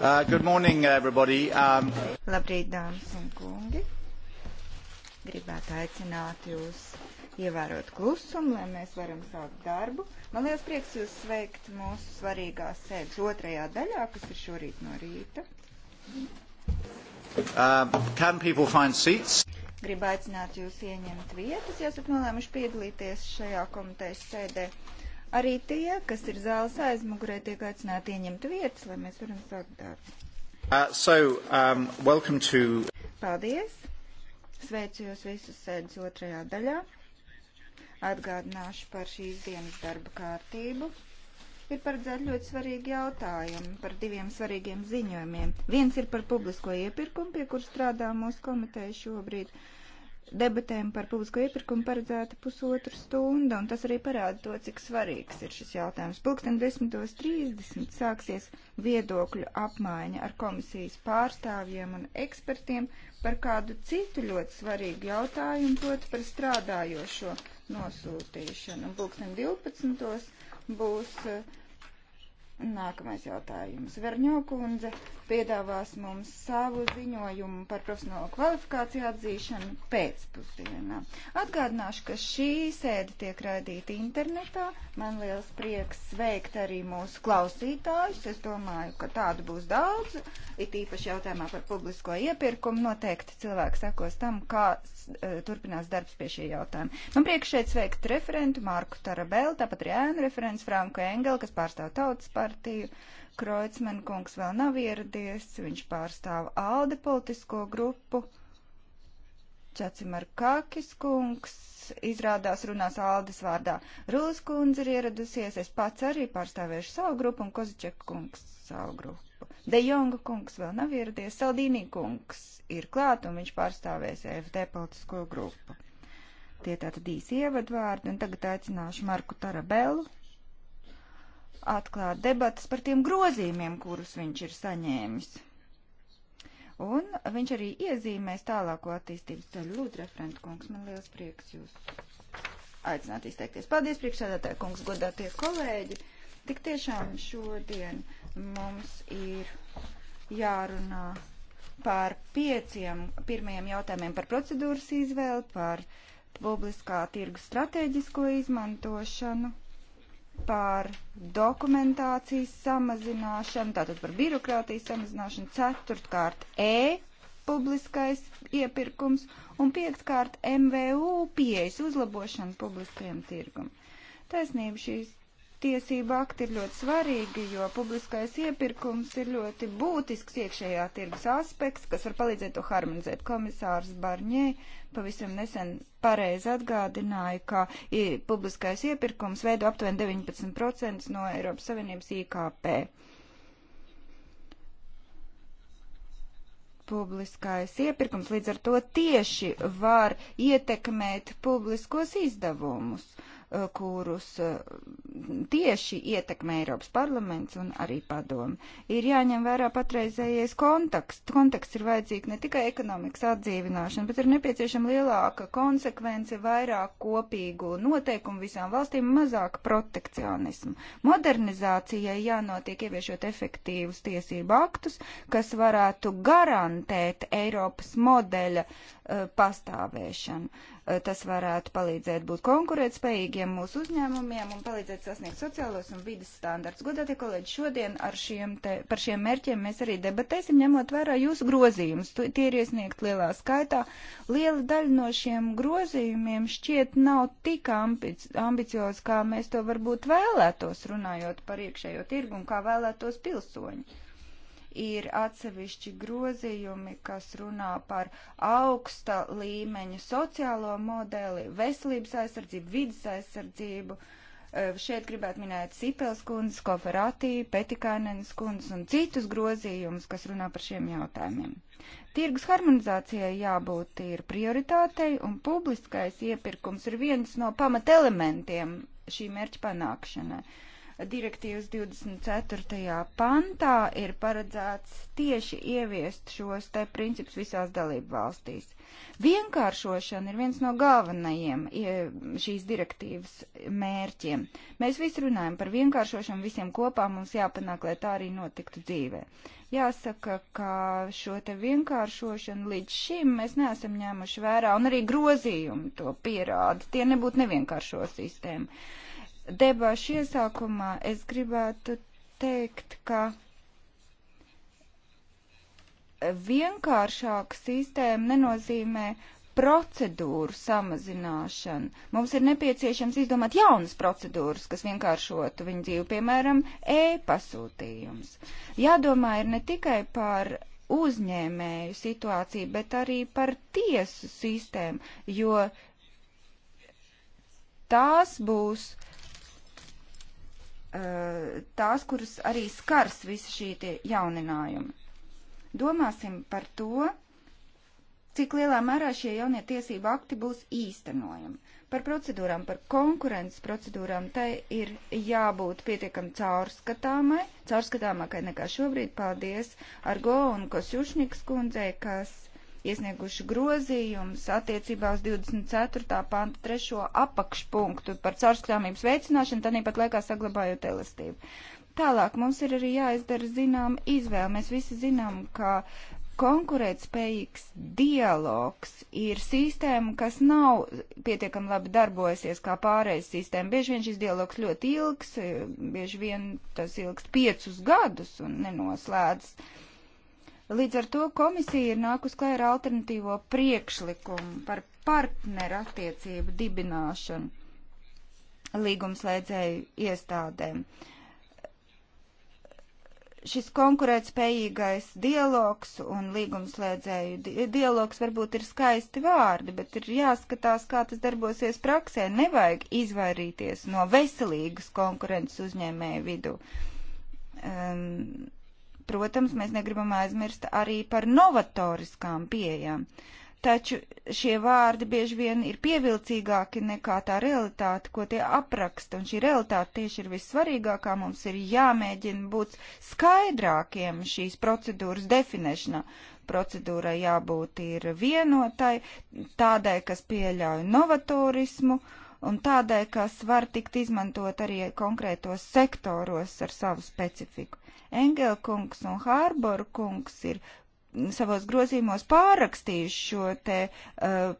Uh, good morning, everybody. Um... Labrīt, dāmas un kungi. Gribētu aicināt jūs ievērot klusumu, lai mēs varam sākt darbu. Man liels prieks jūs sveikt mūsu svarīgās sēdes otrajā daļā, kas ir šorīt no rīta. Uh, can people find seats? Gribu aicināt jūs ieņemt vietas, ja esat nolēmuši piedalīties šajā komitejas sēdē. Uh, Arī tie, kas ir zāles aizmugurē, tiek aicināti ieņemt vietas, lai mēs varam sākt darbu. Uh, so, um, welcome to... Paldies! Sveicu jūs visus sēdes otrajā daļā. Atgādināšu par šīs dienas darba kārtību ir paredzēti ļoti svarīgi jautājumi par diviem svarīgiem ziņojumiem. Viens ir par publisko iepirkumu, pie kur strādā mūsu komiteja šobrīd, Debatēm par publisko iepirkumu paredzēta pusotra stunda, un tas arī parāda to, cik svarīgs ir šis jautājums. Pulksten 10.30 sāksies viedokļu apmaiņa ar komisijas pārstāvjiem un ekspertiem par kādu citu ļoti svarīgu jautājumu, proti par strādājošo nosūtīšanu. Un pulksten 12. būs uh, Nākamais jautājums. Verņo kundze piedāvās mums savu ziņojumu par profesionālo kvalifikāciju atzīšanu pēcpusdienā. Atgādināšu, ka šī sēde tiek raidīta internetā. Man liels prieks sveikt arī mūsu klausītājus. Es domāju, ka tādu būs daudz. It īpaši jautājumā par publisko iepirkumu noteikti cilvēki sekos tam, kā uh, turpinās darbs pie šī jautājuma. Man prieks šeit sveikt referentu Marku Tarabelu, tāpat arī ēnu referents Franku Engelu, kas pārstāv tautas par partiju. Kreutzmann kungs vēl nav ieradies, viņš pārstāv ALDE politisko grupu. Čacimar Kakis kungs izrādās runās Aldes vārdā. Rūlas kundze ir ieradusies, es pats arī pārstāvēšu savu grupu un Koziček kungs savu grupu. De Jonga kungs vēl nav ieradies, Saldīnī kungs ir klāt un viņš pārstāvēs EFD politisko grupu. Tie tātad īsi ievadvārdi un tagad aicināšu Marku Tarabelu atklāt debatas par tiem grozījumiem, kurus viņš ir saņēmis. Un viņš arī iezīmēs tālāko attīstības ceļu. Lūdzu, referenta kungs, man liels prieks jūs aicināt izteikties. Paldies, priekšsēdētāji kungs, godātie kolēģi. Tik tiešām šodien mums ir jārunā par pieciem pirmajiem jautājumiem par procedūras izvēli, par publiskā tirgus strateģisko izmantošanu par dokumentācijas samazināšanu, tātad par birokrātijas samazināšanu, ceturtkārt E publiskais iepirkums un piektkārt MVU pieejas uzlabošana publiskajam tirgum. Taisnība šīs tiesība akti ir ļoti svarīgi, jo publiskais iepirkums ir ļoti būtisks iekšējā tirgus aspekts, kas var palīdzēt to harmonizēt. Komisārs Barņē pavisam nesen pareizi atgādināja, ka publiskais iepirkums veido aptuveni 19% no Eiropas Savienības IKP. publiskais iepirkums, līdz ar to tieši var ietekmēt publiskos izdevumus. Uh, Eh, kurus eh, tieši ietekmē Eiropas parlaments un arī padomi. Ir jāņem vērā patreizējais konteksts. Konteksts ir vajadzīga ne tikai ekonomikas atdzīvināšana, bet ir nepieciešama lielāka konsekvence, vairāk kopīgu noteikumu visām valstīm, mazāk protekcionismu. Modernizācijai jānotiek ieviešot efektīvus tiesību aktus, kas varētu garantēt Eiropas modeļa uh, pastāvēšanu. Tas varētu palīdzēt būt konkurētspējīgiem mūsu uzņēmumiem un palīdzēt sasniegt sociālos un vidas standarts. Godātie kolēģi, šodien šiem te, par šiem mērķiem mēs arī debatēsim, ņemot vērā jūsu grozījumus. Tie ir iesniegt lielā skaitā. Liela daļa no šiem grozījumiem šķiet nav tik ambic ambiciozi, kā mēs to varbūt vēlētos, runājot par iekšējo tirgu un kā vēlētos pilsoņi ir atsevišķi grozījumi, kas runā par augsta līmeņa sociālo modeli, veselības aizsardzību, vidas aizsardzību. E, šeit gribētu minēt Sipels kundzes, Koferatī, Petikainens kundzes un citus grozījumus, kas runā par šiem jautājumiem. Tirgus harmonizācijai jābūt ir prioritātei, un publiskais iepirkums ir viens no pamatelementiem šī mērķa panākšanai. Uh, direktīvas 24. pantā ir paredzēts tieši ieviest šos te principus visās dalību valstīs. Vienkāršošana ir viens no galvenajiem šīs direktīvas mērķiem. Mēs visi runājam par vienkāršošanu, visiem kopā mums jāpanāk, lai tā arī notiktu dzīvē. Jāsaka, ka šo te vienkāršošanu līdz šim mēs neesam ņēmuši vērā, un arī grozījumi to pierāda. Tie nebūtu nevienkāršo sistēmu. Debašu iesākumā es gribētu teikt, ka vienkāršāka sistēma nenozīmē procedūru samazināšanu. Mums ir nepieciešams izdomāt jaunas procedūras, kas vienkāršotu viņu dzīvi, piemēram, e-pasūtījums. Jādomā ir ne tikai par uzņēmēju situāciju, bet arī par tiesu sistēmu, jo tās būs uh, Eh, tās, kuras arī skars visi šie jauninājumi. Domāsim par to, cik lielā mērā šie jaunie tiesību akti būs īstenojami. Par procedūrām, par konkurences procedūrām, tai ir jābūt pietiekami caurskatāmai, caurskatāmākai nekā šobrīd. Paldies Argo un Kosjušņiks kundzei, kas iesnieguši grozījumus attiecībā uz 24. pantu trešo apakšpunktu par caurskatāmības veicināšanu, tanīpat laikā saglabājot elastību. Tālāk mums ir arī jāizdara zinām izvēle. Mēs visi zinām, ka konkurētspējīgs dialogs ir sistēma, kas nav pietiekami labi darbojasies kā pārējais sistēma. Bieži vien šis dialogs ļoti ilgs, bieži vien tas ilgs piecus gadus un nenoslēdz Līdz ar to komisija ir nākus klēra alternatīvo priekšlikumu par partneru attiecību dibināšanu līgumslēdzēju iestādēm. Šis konkurētspējīgais dialogs un līgumslēdzēju di dialogs varbūt ir skaisti vārdi, bet ir jāskatās, kā tas darbosies praksē. Nevajag izvairīties no veselīgas konkurences uzņēmēju vidu. Um, Protams, mēs negribam aizmirst arī par novatoriskām pieejām. Taču šie vārdi bieži vien ir pievilcīgāki nekā tā realitāte, ko tie apraksta, un šī realitāte tieši ir vissvarīgākā. Mums ir jāmēģina būt skaidrākiem šīs procedūras definēšanā procedūrai jābūt ir vienotai, tādai, kas pieļauj novatorismu un tādai, kas var tikt izmantot arī konkrētos sektoros ar savu specifiku. Engelkungs un Hārborkungs ir savos grozījumos pārrakstījuši šo te uh,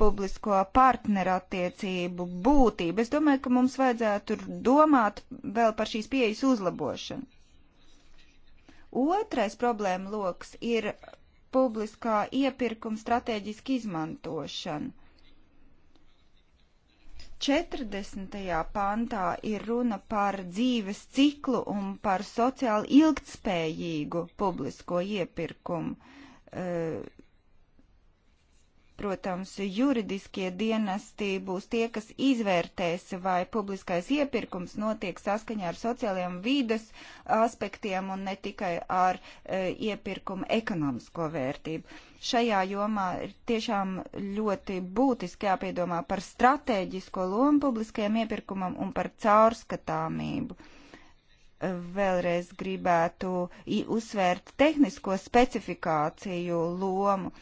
publisko partnerattiecību būtību. Es domāju, ka mums vajadzētu domāt vēl par šīs pieejas uzlabošanu. Otrais problēma loks ir publiskā iepirkuma strateģiska izmantošana. 40. pantā ir runa par dzīves ciklu un par sociāli ilgtspējīgu publisko iepirkumu. Uh, Protams, juridiskie dienesti būs tie, kas izvērtēs, vai publiskais iepirkums notiek saskaņā ar sociālajiem vīdes aspektiem un ne tikai ar e, iepirkumu ekonomisko vērtību. Šajā jomā ir tiešām ļoti būtiski jāpiedomā par stratēģisko lomu publiskajam iepirkumam un par caurskatāmību e, vēlreiz gribētu uzsvērt tehnisko specifikāciju lomu.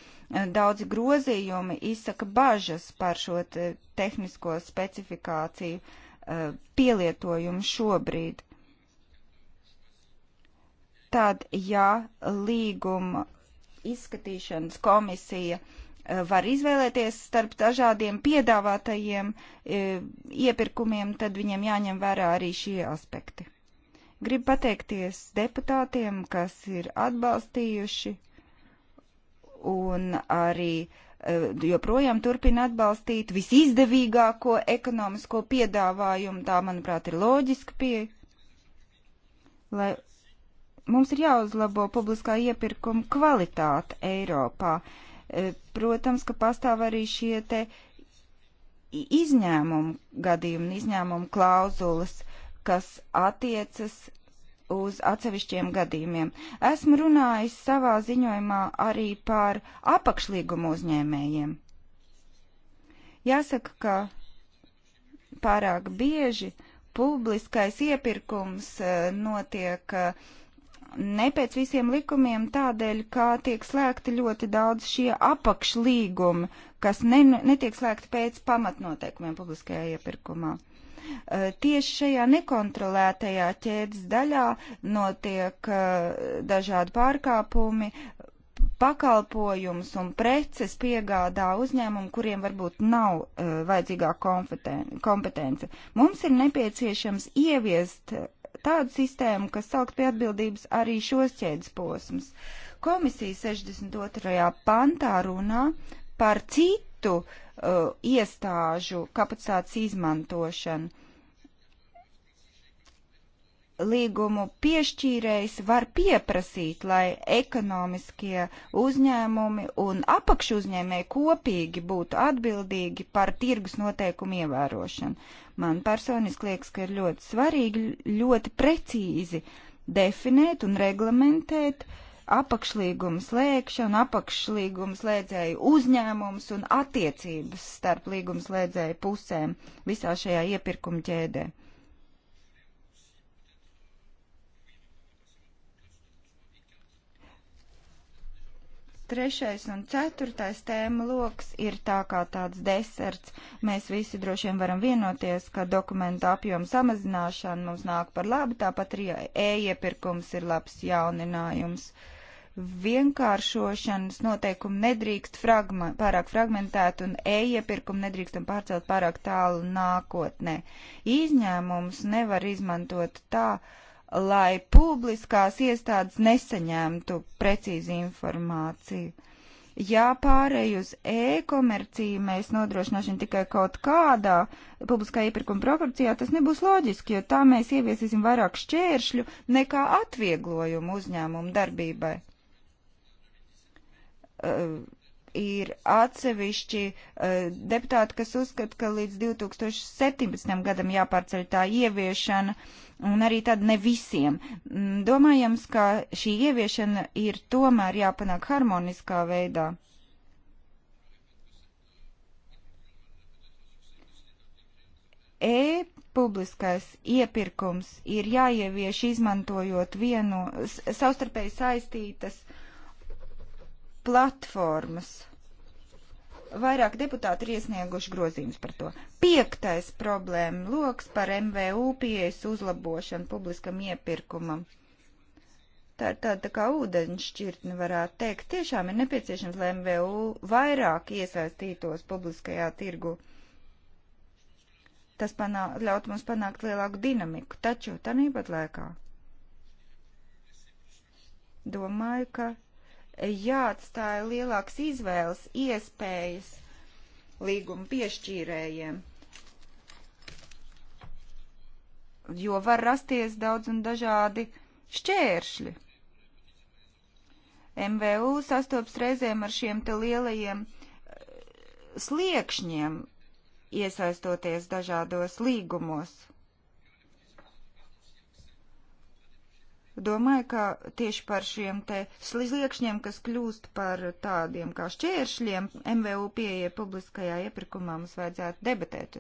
Daudzi grozījumi izsaka bažas par šo te tehnisko specifikāciju eh, pielietojumu šobrīd. Tad, ja līguma izskatīšanas komisija eh, var izvēlēties starp dažādiem piedāvātajiem eh, iepirkumiem, tad viņiem jāņem vērā arī šie aspekti. Gribu pateikties deputātiem, kas ir atbalstījuši un arī e, joprojām turpina atbalstīt visizdevīgāko ekonomisko piedāvājumu. Tā, manuprāt, ir loģiska pieeja. Lai mums ir jāuzlabo publiskā iepirkuma kvalitāte Eiropā. E, protams, ka pastāv arī šie te izņēmumu gadījumi, izņēmumu klauzulas, kas attiecas uz atsevišķiem gadījumiem. Esmu runājis savā ziņojumā arī par apakšlīgumu uzņēmējiem. Jāsaka, ka pārāk bieži publiskais iepirkums eh, notiek eh, ne pēc visiem likumiem, tādēļ, kā tiek slēgti ļoti daudz šie apakšlīgumi, kas ne, netiek slēgti pēc pamatnoteikumiem publiskajā iepirkumā. Eh, tieši šajā nekontrolētajā ķēdes daļā notiek eh, dažādi pārkāpumi, pakalpojumus un preces piegādā uzņēmumu, kuriem varbūt nav uh, vajadzīgā kompetence. Mums ir nepieciešams ieviest tādu sistēmu, kas saukt pie atbildības arī šos ķēdes posmus. Komisija 62. pantā runā par citu uh, uh, iestāžu kapacitātes izmantošanu. Līgumu piešķīrējs var pieprasīt, lai ekonomiskie uzņēmumi un apakšuzņēmēji kopīgi būtu atbildīgi par tirgus noteikumu ievērošanu. Man personiski liekas, ka ir ļoti svarīgi ļoti precīzi definēt un reglamentēt uh, apakšlīguma slēgšanu, apakšlīguma slēdzēju uzņēmums un attiecības starp līguma slēdzēju pusēm visā šajā iepirkuma ķēdē. Trešais un ceturtais tēma loks ir tā kā tāds deserts. Mēs visi droši vien varam vienoties, ka dokumentu apjomu samazināšana mums nāk par labu, tāpat arī e-iepirkums ir labs jauninājums. Uh, vienkāršošanas noteikumi nedrīkst fragma, pārāk fragmentēt un e-iepirkumu nedrīkstam pārcelt pārāk tālu nākotnē. Izņēmums nevar izmantot tā, lai publiskās iestādes nesaņemtu precīzi informāciju. Ja pārēj uz e-komerciju mēs nodrošināsim tikai kaut kādā publiskā iepirkuma proporcijā, tas nebūs loģiski, jo tā mēs ieviesīsim vairāk šķēršļu nekā atvieglojumu uzņēmumu darbībai. Eh, ir atsevišķi uh, deputāti, kas uzskata, ka līdz 2017. gadam jāpārceļ tā ieviešana, un arī tad ne visiem. Mm, domājams, ka šī ieviešana ir tomēr jāpanāk harmoniskā veidā. E publiskais iepirkums ir jāievieš izmantojot vienu savstarpēji saistītas uh, platformas. Vairāk deputāti ir iesnieguši grozījumus par to. Piektais problēma loks par MVU pieejas uzlabošanu publiskam iepirkumam. Tā ir tāda tā kā ūdenšķirtne, varētu teikt. Tiešām ir nepieciešams, lai MVU vairāk iesaistītos publiskajā tirgu. Tas panā, ļaut mums panākt lielāku dinamiku, taču tanīpat laikā. Domāju, ka jāatstāja lielāks izvēles iespējas līguma piešķīrējiem. Jo var rasties daudz un dažādi šķēršļi. MVU sastopas reizēm ar šiem te lielajiem eh, sliekšņiem, iesaistoties dažādos līgumos Domāju, ka tieši par šiem te sliekšņiem, kas kļūst par tādiem kā šķēršļiem MVU pieeja publiskajā iepirkumā, mums vajadzētu debatēt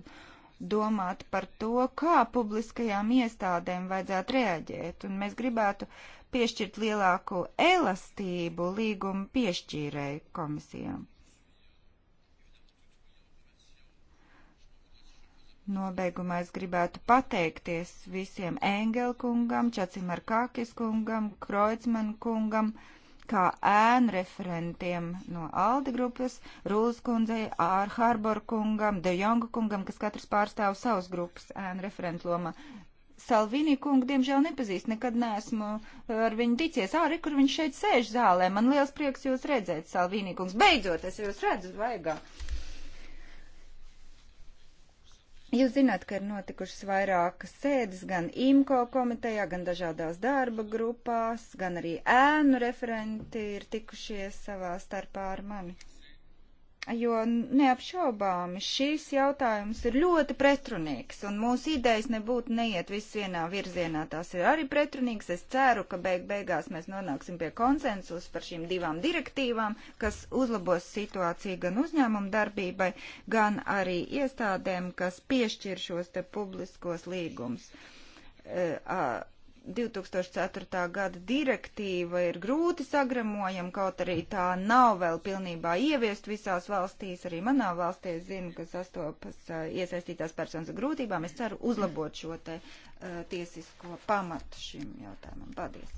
domāt par to, kā publiskajām iestādēm vajadzētu reaģēt, un mēs gribētu piešķirt lielāku elastību līgumu piešķīrēju komisijām. Nobeigumā es gribētu pateikties visiem Engelkungam, Čacimarkakis kungam, Kreutzmann kungam, kā ēnu referentiem no Aldi grupas, Rūlas kundzei, Ār Harbor kungam, De Jonga kungam, kas katrs pārstāv savas grupas ēnu referentu lomā. Salvini kungu, diemžēl, nepazīst, nekad neesmu uh, ar viņu ticies. Ārī, kur viņš šeit sēž zālē, man liels prieks jūs redzēt, Salvini kungs. Beidzot, es jūs redzu zvaigā. Uh, Jūs zināt, ka ir notikušas vairākas sēdes gan IMCO komitejā, gan dažādās darba grupās, gan arī ēnu referenti ir tikušies savā starpā ar mani jo neapšaubāmi šīs jautājums ir ļoti pretrunīgs, un mūsu idejas nebūtu neiet viss vienā virzienā. Tās ir arī pretrunīgas. Es ceru, ka beig beigās mēs nonāksim pie konsensus par šīm divām direktīvām, kas uzlabos situāciju gan uzņēmumu darbībai, gan arī iestādēm, kas piešķir šos te publiskos līgumus. Uh, uh, 2004. gada direktīva ir grūti sagramojama, kaut arī tā nav vēl pilnībā ieviest visās valstīs. Arī manā valstī es zinu, ka sastopas iesaistītās personas grūtībām. Es ceru uzlabot šo te uh, tiesisko pamatu šim jautājumam. Paldies!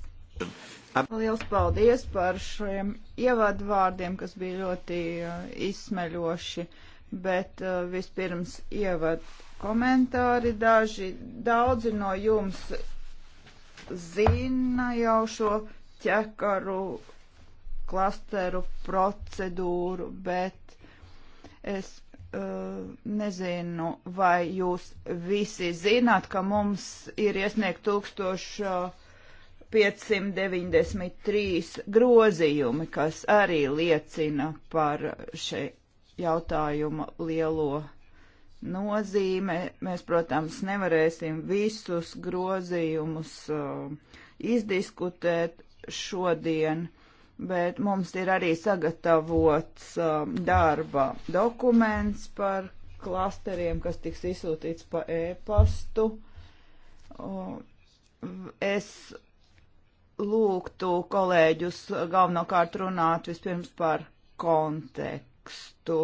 Liels paldies par šiem ievadvārdiem, kas bija ļoti uh, izsmeļoši, bet uh, vispirms ievad komentāri daži, daudzi no jums zina jau šo ķekaru klasteru procedūru, bet es uh, nezinu, vai jūs visi zināt, ka mums ir iesniegt 1593 grozījumi, kas arī liecina par šī jautājuma lielo nozīme. Mēs, protams, nevarēsim visus grozījumus uh, izdiskutēt šodien, bet mums ir arī sagatavots uh, darba dokuments par klasteriem, kas tiks izsūtīts pa e-pastu. Uh, es lūgtu kolēģus galvenokārt runāt vispirms par kontekstu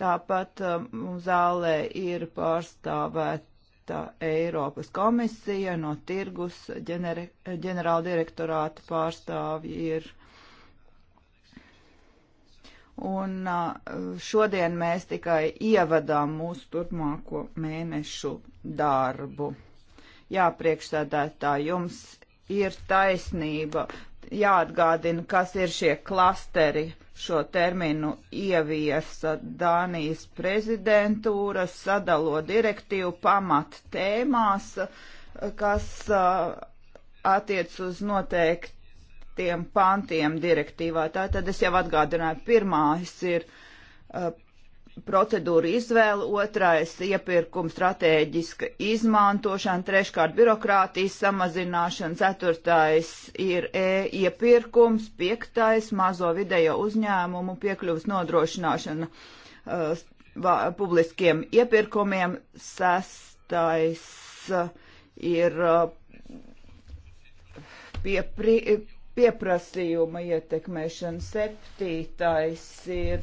Tāpat um, zālē ir pārstāvēta Eiropas komisija, no tirgus ģener ģenerāldirektorāta pārstāvji ir. Un uh, šodien mēs tikai ievadām mūsu turpmāko mēnešu darbu. Jā, priekšsēdētā, jums ir taisnība jāatgādina, kas ir šie klasteri. Šo terminu ieviesa Dānijas prezidentūra, sadalo direktīvu pamat tēmās, kas uh, attiec uz noteiktiem pantiem direktīvā. Tātad es jau atgādināju, pirmais ir uh, procedūra izvēle, otrais iepirkuma stratēģiska izmantošana, treškārt birokrātijas samazināšana, ceturtais ir e iepirkums, piektais mazo vidējo uzņēmumu piekļuvas nodrošināšana uh, publiskiem iepirkumiem, sestais uh, ir uh, piepri, pieprasījuma ietekmēšana, septītais ir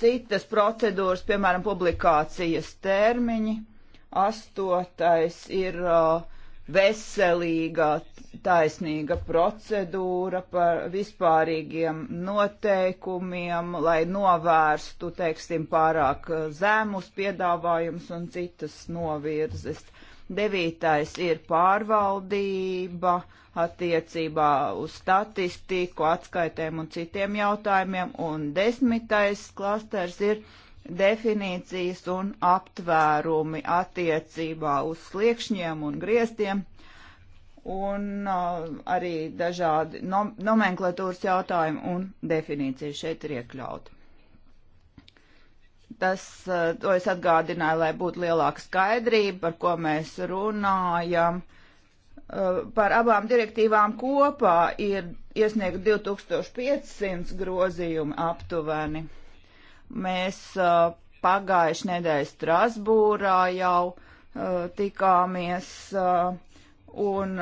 citas procedūras, piemēram, publikācijas termiņi. Astotais ir uh, veselīga, taisnīga procedūra par vispārīgiem noteikumiem, lai novērstu, teiksim, pārāk zemus piedāvājumus un citas novirzes. Devītais ir pārvaldība attiecībā uz statistiku, atskaitēm un citiem jautājumiem. Un desmitais klasters ir definīcijas un aptvērumi attiecībā uz sliekšņiem un griestiem un uh, arī dažādi nom nomenklatūras jautājumi un definīcijas šeit ir iekļauti. Tas, eh, to es atgādināju, lai būtu lielāka skaidrība, par ko mēs runājam. Eh, par abām direktīvām kopā ir iesniegt 2500 grozījumi aptuveni. Mēs eh, pagājuši nedēļa Strasbūrā jau tikāmies Un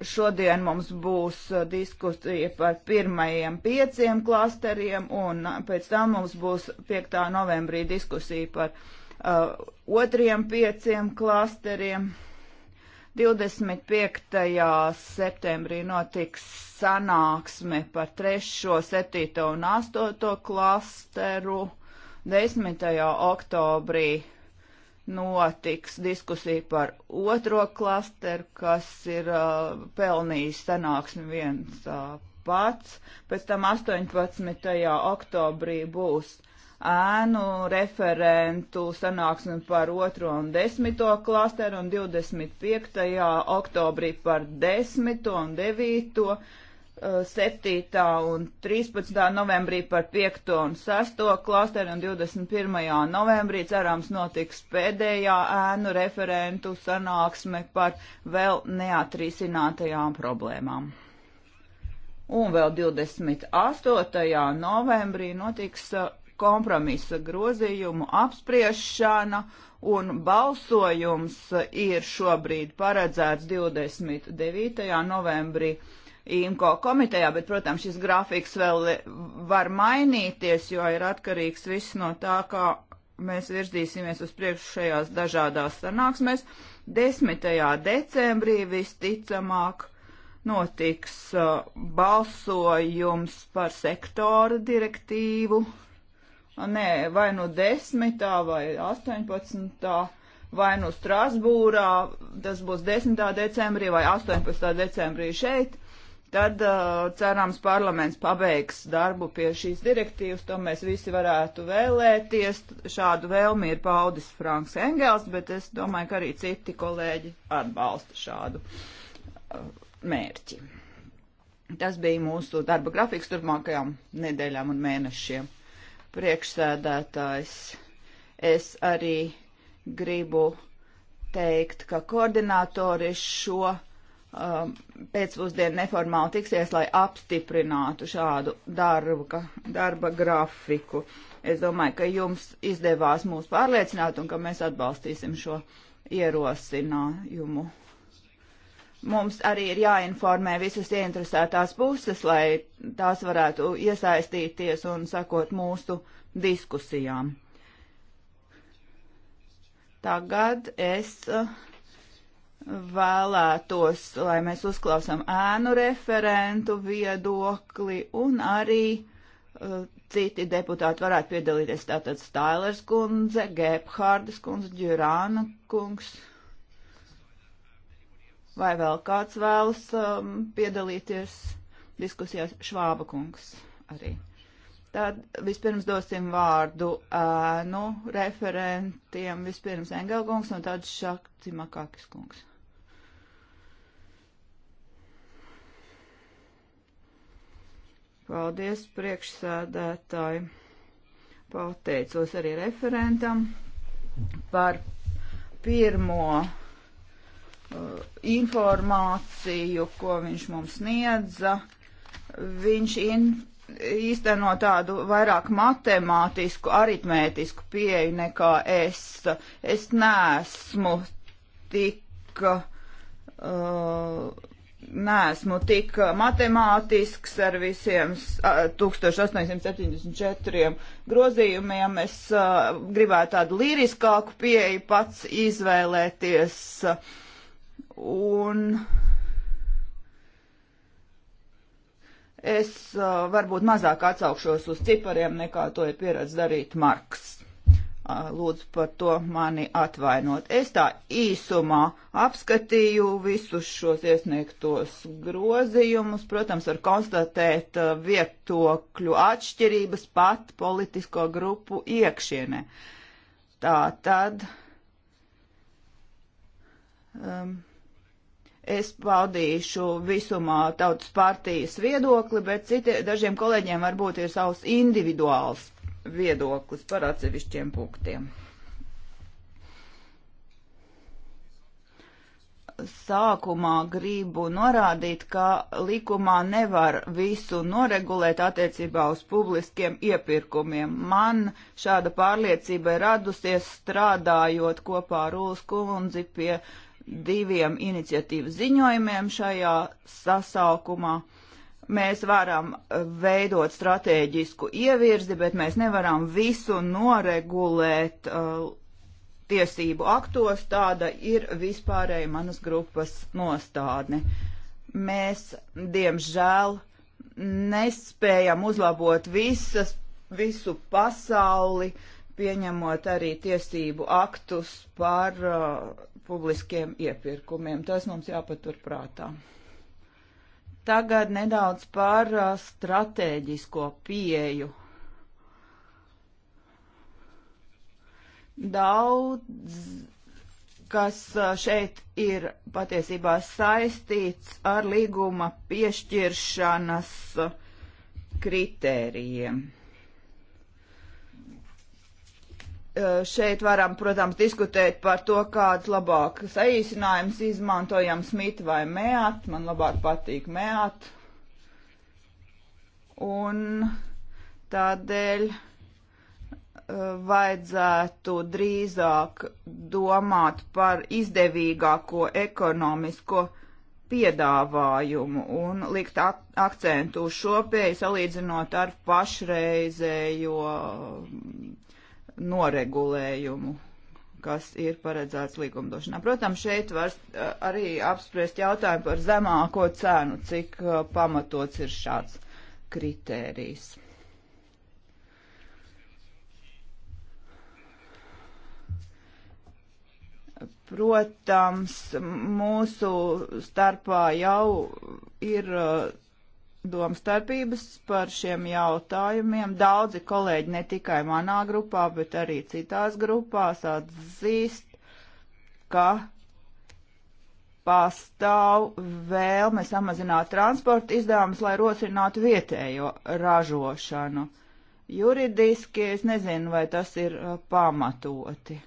šodien mums būs diskusija par pirmajiem pieciem klasteriem, un pēc tam mums būs 5. novembrī diskusija par uh, otriem pieciem klasteriem. 25. septembrī notiks sanāksme par 3., 7. un 8. klasteru. 10. oktobrī notiks diskusija par otro klasteru, kas ir uh, pelnījis sanāksmi viens uh, pats. Pēc tam 18. oktobrī būs ēnu referentu sanāksmi par otro un desmito klasteru un 25. oktobrī par desmito un devīto klasteru 7. Eh, un 13. novembrī par 5. un 6. klasteri un 21. novembrī cerams notiks pēdējā ēnu referentu sanāksme par vēl neatrisinātajām problēmām. Un vēl 28. novembrī notiks eh, kompromisa grozījumu apspriešana un balsojums eh, ir šobrīd paredzēts 29. novembrī IMCO komitejā, bet, protams, šis grafiks vēl var mainīties, jo ir atkarīgs viss no tā, kā mēs virzīsimies uz priekšu šajās dažādās sanāksmēs. 10. decembrī visticamāk notiks uh, balsojums par sektora direktīvu. Uh, nē, vai nu 10. vai 18. vai nu Strasbūrā, tas būs 10. decembrī vai 18. decembrī šeit Tad, uh, cerams, parlaments pabeigs darbu pie šīs direktīvas, to mēs visi varētu vēlēties. Šādu vēlmi ir paudis Franks Engels, bet es domāju, ka arī citi kolēģi atbalsta šādu uh, mērķi. Tas bija mūsu darba grafiks turpmākajām nedēļām un mēnešiem. Priekšsēdētājs, es arī gribu teikt, ka koordinātori šo Um, pēcpusdienu neformāli tiksies, lai apstiprinātu šādu darba, darba grafiku. Es domāju, ka jums izdevās mūs pārliecināt un ka mēs atbalstīsim šo ierosinājumu. Mums arī ir jāinformē visas ieinteresētās puses, lai tās varētu iesaistīties un sakot mūsu diskusijām. Tagad es uh, vēlētos, lai mēs uzklausām ēnu referentu viedokli un arī uh, citi deputāti varētu piedalīties. Tātad Stailers kundze, Gebhārdas kundze, Džurāna kungs. Vai vēl kāds vēlas um, piedalīties diskusijās? Švāba kungs arī. Tad vispirms dosim vārdu ēnu referentiem, vispirms Engelkungs un tad Šakcimakakis kungs. Paldies priekšsēdētāji. Pateicos arī referentam par pirmo uh, informāciju, ko viņš mums sniedza. Viņš in, īsteno tādu vairāk matemātisku, aritmētisku pieeju nekā es. Es neesmu tik. Uh, neesmu tik uh, matemātisks ar visiem 1874 uh, grozījumiem. Es uh, gribētu tādu liriskāku pieeju pats izvēlēties. Un es uh, varbūt mazāk atsaukšos uz cipariem, nekā to ir pieredz darīt Marks lūdzu par to mani atvainot. Es tā īsumā apskatīju visus šos iesniegtos grozījumus, protams, var konstatēt vietokļu atšķirības pat politisko grupu iekšienē. Tā tad um, es paudīšu visumā tautas partijas viedokli, bet citi, dažiem kolēģiem varbūt ir savs individuāls viedoklis par atsevišķiem punktiem. Sākumā gribu norādīt, ka likumā nevar visu noregulēt attiecībā uz publiskiem iepirkumiem. Man šāda pārliecība ir radusies strādājot kopā ar Rūlas kundzi pie diviem iniciatīvas ziņojumiem šajā sasaukumā. Uh, Mēs varam eh, veidot stratēģisku ievirzi, bet mēs nevaram visu noregulēt uh, tiesību aktos. Tāda ir vispārēja manas grupas nostādne. Mēs, diemžēl, nespējam uzlabot visas, visu pasauli, pieņemot arī tiesību aktus par uh, publiskiem iepirkumiem. Tas mums jāpatur prātā. Tagad nedaudz par uh, stratēģisko pieeju. Daudz, kas uh, šeit ir patiesībā saistīts ar līguma piešķiršanas uh, kritērijiem. Eh, šeit varam, protams, diskutēt par to, kāds labāk saīsinājums izmantojam smit vai meat. Man labāk patīk meat. Un tādēļ eh, vajadzētu drīzāk domāt par izdevīgāko ekonomisko piedāvājumu un likt ak akcentu uz šo pieeju salīdzinot ar pašreizējo noregulējumu, kas ir paredzēts likumdošanā. Protams, šeit var eh, arī apspriest jautājumu par zemāko cenu, cik eh, pamatots ir šāds kritērijs. Protams, mūsu starpā jau ir eh, domstarpības par šiem jautājumiem. Daudzi kolēģi ne tikai manā grupā, bet arī citās grupās atzīst, ka pastāv vēlme samazināt transporta izdevumus, lai rosinātu vietējo ražošanu. Juridiski es nezinu, vai tas ir uh, pamatoti.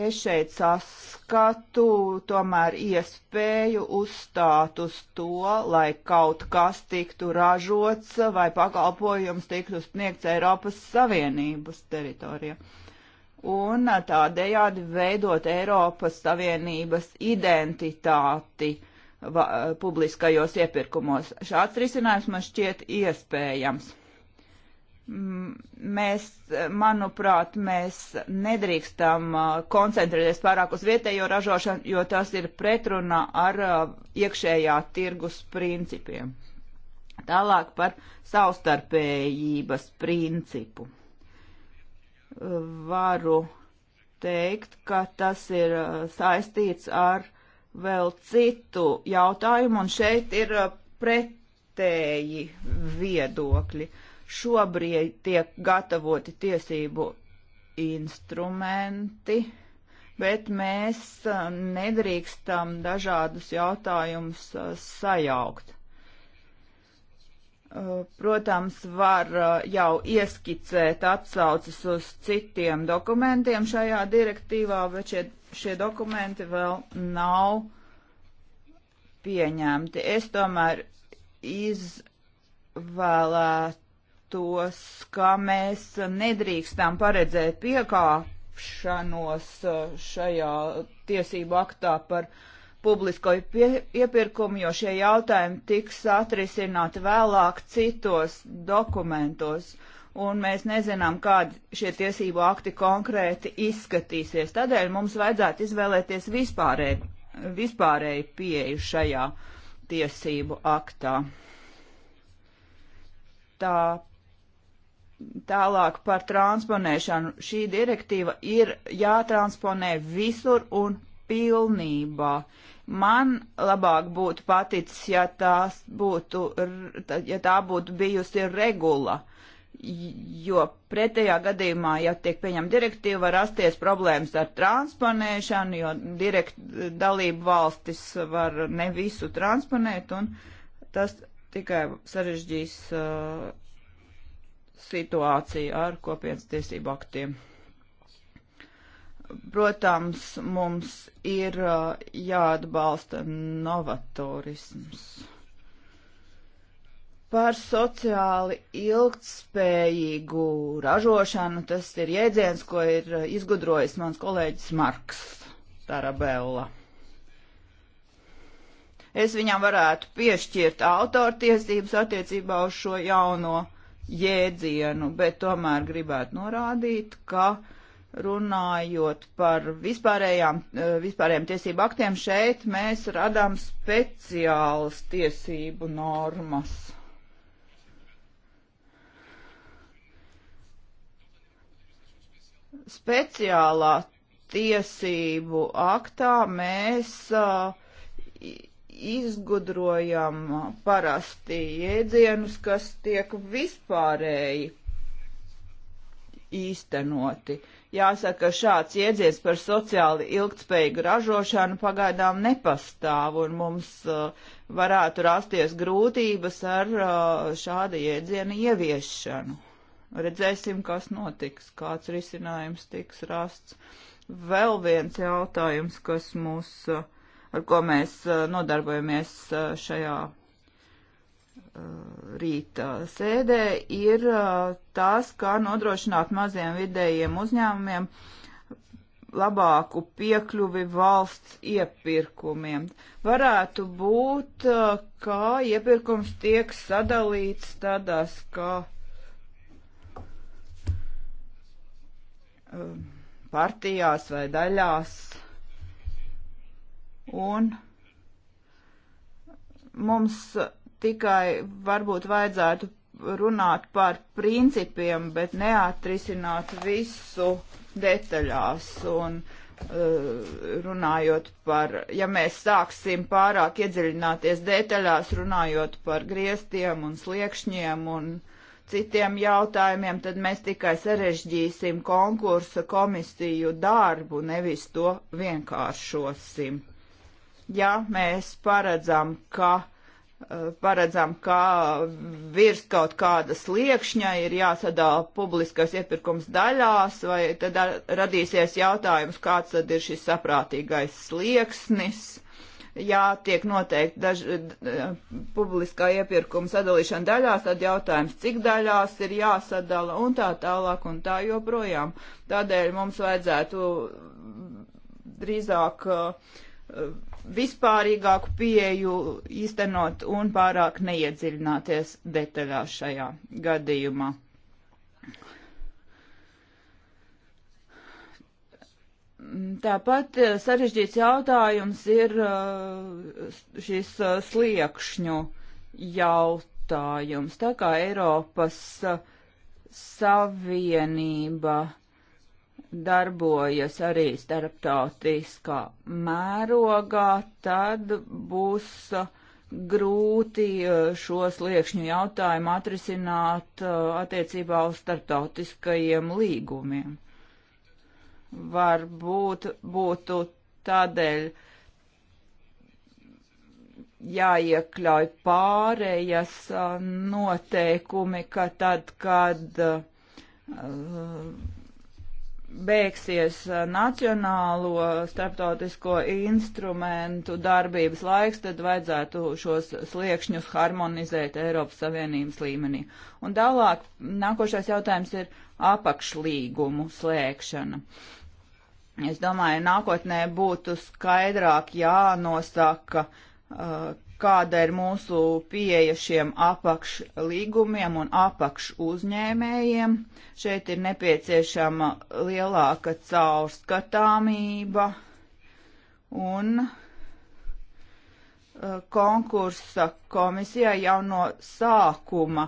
Es šeit saskatu tomēr iespēju uzstāt uz to, lai kaut kas tiktu ražots vai pakalpojums tiktu sniegts Eiropas Savienības teritorijā. Un tādējādi veidot Eiropas Savienības identitāti va, publiskajos iepirkumos. Šāds risinājums man šķiet iespējams mēs, manuprāt, mēs nedrīkstam uh, koncentrēties pārāk uz vietējo ražošanu, jo tas ir pretrunā ar uh, iekšējā tirgus principiem. Tālāk par savstarpējības principu. Varu teikt, ka tas ir uh, saistīts ar vēl citu jautājumu, un šeit ir pretēji viedokļi. Uh, Šobrīd tiek gatavoti tiesību instrumenti, bet mēs nedrīkstam dažādus jautājumus sajaukt. Protams, var jau ieskicēt atsaucas uz citiem dokumentiem šajā direktīvā, bet šie, šie dokumenti vēl nav pieņemti. Es tomēr izvēlēt uzskatos, ka mēs nedrīkstam paredzēt piekāpšanos eh, šajā tiesību aktā par publisko iepirkumu, jo šie jautājumi tiks atrisināti vēlāk citos dokumentos, un mēs nezinām, kādi šie tiesību akti konkrēti izskatīsies. Tādēļ mums vajadzētu izvēlēties vispārēju, vispārēju pieeju šajā tiesību aktā. Tā Tālāk par transponēšanu. Šī direktīva ir jātransponē visur un pilnībā. Man labāk būtu paticis, ja, būtu, ja tā būtu bijusi regula, jo pretējā gadījumā, ja tiek pieņemta direktīva, var rasties problēmas ar transponēšanu, jo direkt dalību valstis var ne visu transponēt, un tas tikai sarežģīs uh, situāciju ar kopienas tiesību aktiem. Protams, mums ir uh, jāatbalsta novatorisms par sociāli ilgtspējīgu ražošanu. Tas ir jēdziens, ko ir uh, izgudrojis mans kolēģis Marks Tarabella. Es viņam varētu piešķirt autortiesības attiecībā uz šo jauno jēdzienu, bet tomēr gribētu norādīt, ka runājot par vispārējām, eh, vispārējām tiesību aktiem, šeit mēs radām speciālas tiesību normas. Speciālā tiesību aktā mēs uh, izgudrojam parasti jēdzienus, kas tiek vispārēji īstenoti. Jāsaka, šāds jēdziens par sociāli ilgtspējīgu ražošanu pagaidām nepastāv, un mums uh, varētu rasties grūtības ar uh, šāda jēdziena ieviešanu. Redzēsim, kas notiks, kāds risinājums tiks rasts. Vēl viens jautājums, kas mūs uh, ar ko mēs uh, nodarbojamies uh, šajā uh, rīta sēdē, ir tas, kā nodrošināt maziem vidējiem uzņēmumiem labāku piekļuvi valsts iepirkumiem. Varētu būt, ka iepirkums tiek sadalīts tādās kā um, partijās vai daļās un mums tikai varbūt vajadzētu runāt par principiem, bet neatrisināt visu detaļās. Un, uh, runājot par, ja mēs sāksim pārāk iedziļināties detaļās, runājot par griestiem un sliekšņiem un citiem jautājumiem, tad mēs tikai sarežģīsim konkursa komisiju darbu, nevis to vienkāršosim ja mēs paredzam, ka eh, paredzam, ka virs kaut kādas liekšņa ir jāsadala publiskais iepirkums daļās, vai tad radīsies jautājums, kāds tad ir šis saprātīgais slieksnis. Jā, tiek noteikti daž, eh, publiskā iepirkuma sadalīšana daļās, tad jautājums, cik daļās ir jāsadala un tā tālāk un tā joprojām. Tādēļ mums vajadzētu drīzāk uh, vispārīgāku pieeju īstenot un pārāk neiedziļināties detaļās šajā gadījumā. Tāpat eh, sarežģīts jautājums ir eh, šis eh, sliekšņu jautājums. Tā kā Eiropas Savienība darbojas arī starptautiskā mērogā, tad būs uh, grūti uh, šo sliekšņu jautājumu atrisināt uh, attiecībā uz starptautiskajiem līgumiem. Varbūt būtu tādēļ jāiekļauj pārējas noteikumi, ka tad, kad uh, beigsies uh, nacionālo starptautisko instrumentu darbības laiks, tad vajadzētu šos sliekšņus harmonizēt Eiropas Savienības līmenī. Un tālāk nākošais jautājums ir apakšlīgumu slēgšana. Es domāju, nākotnē būtu skaidrāk jānosaka, uh, kāda ir mūsu pieeja šiem apakšlīgumiem un apakšuzņēmējiem. Šeit ir nepieciešama lielāka caurskatāmība un uh, konkursa komisijā jau no sākuma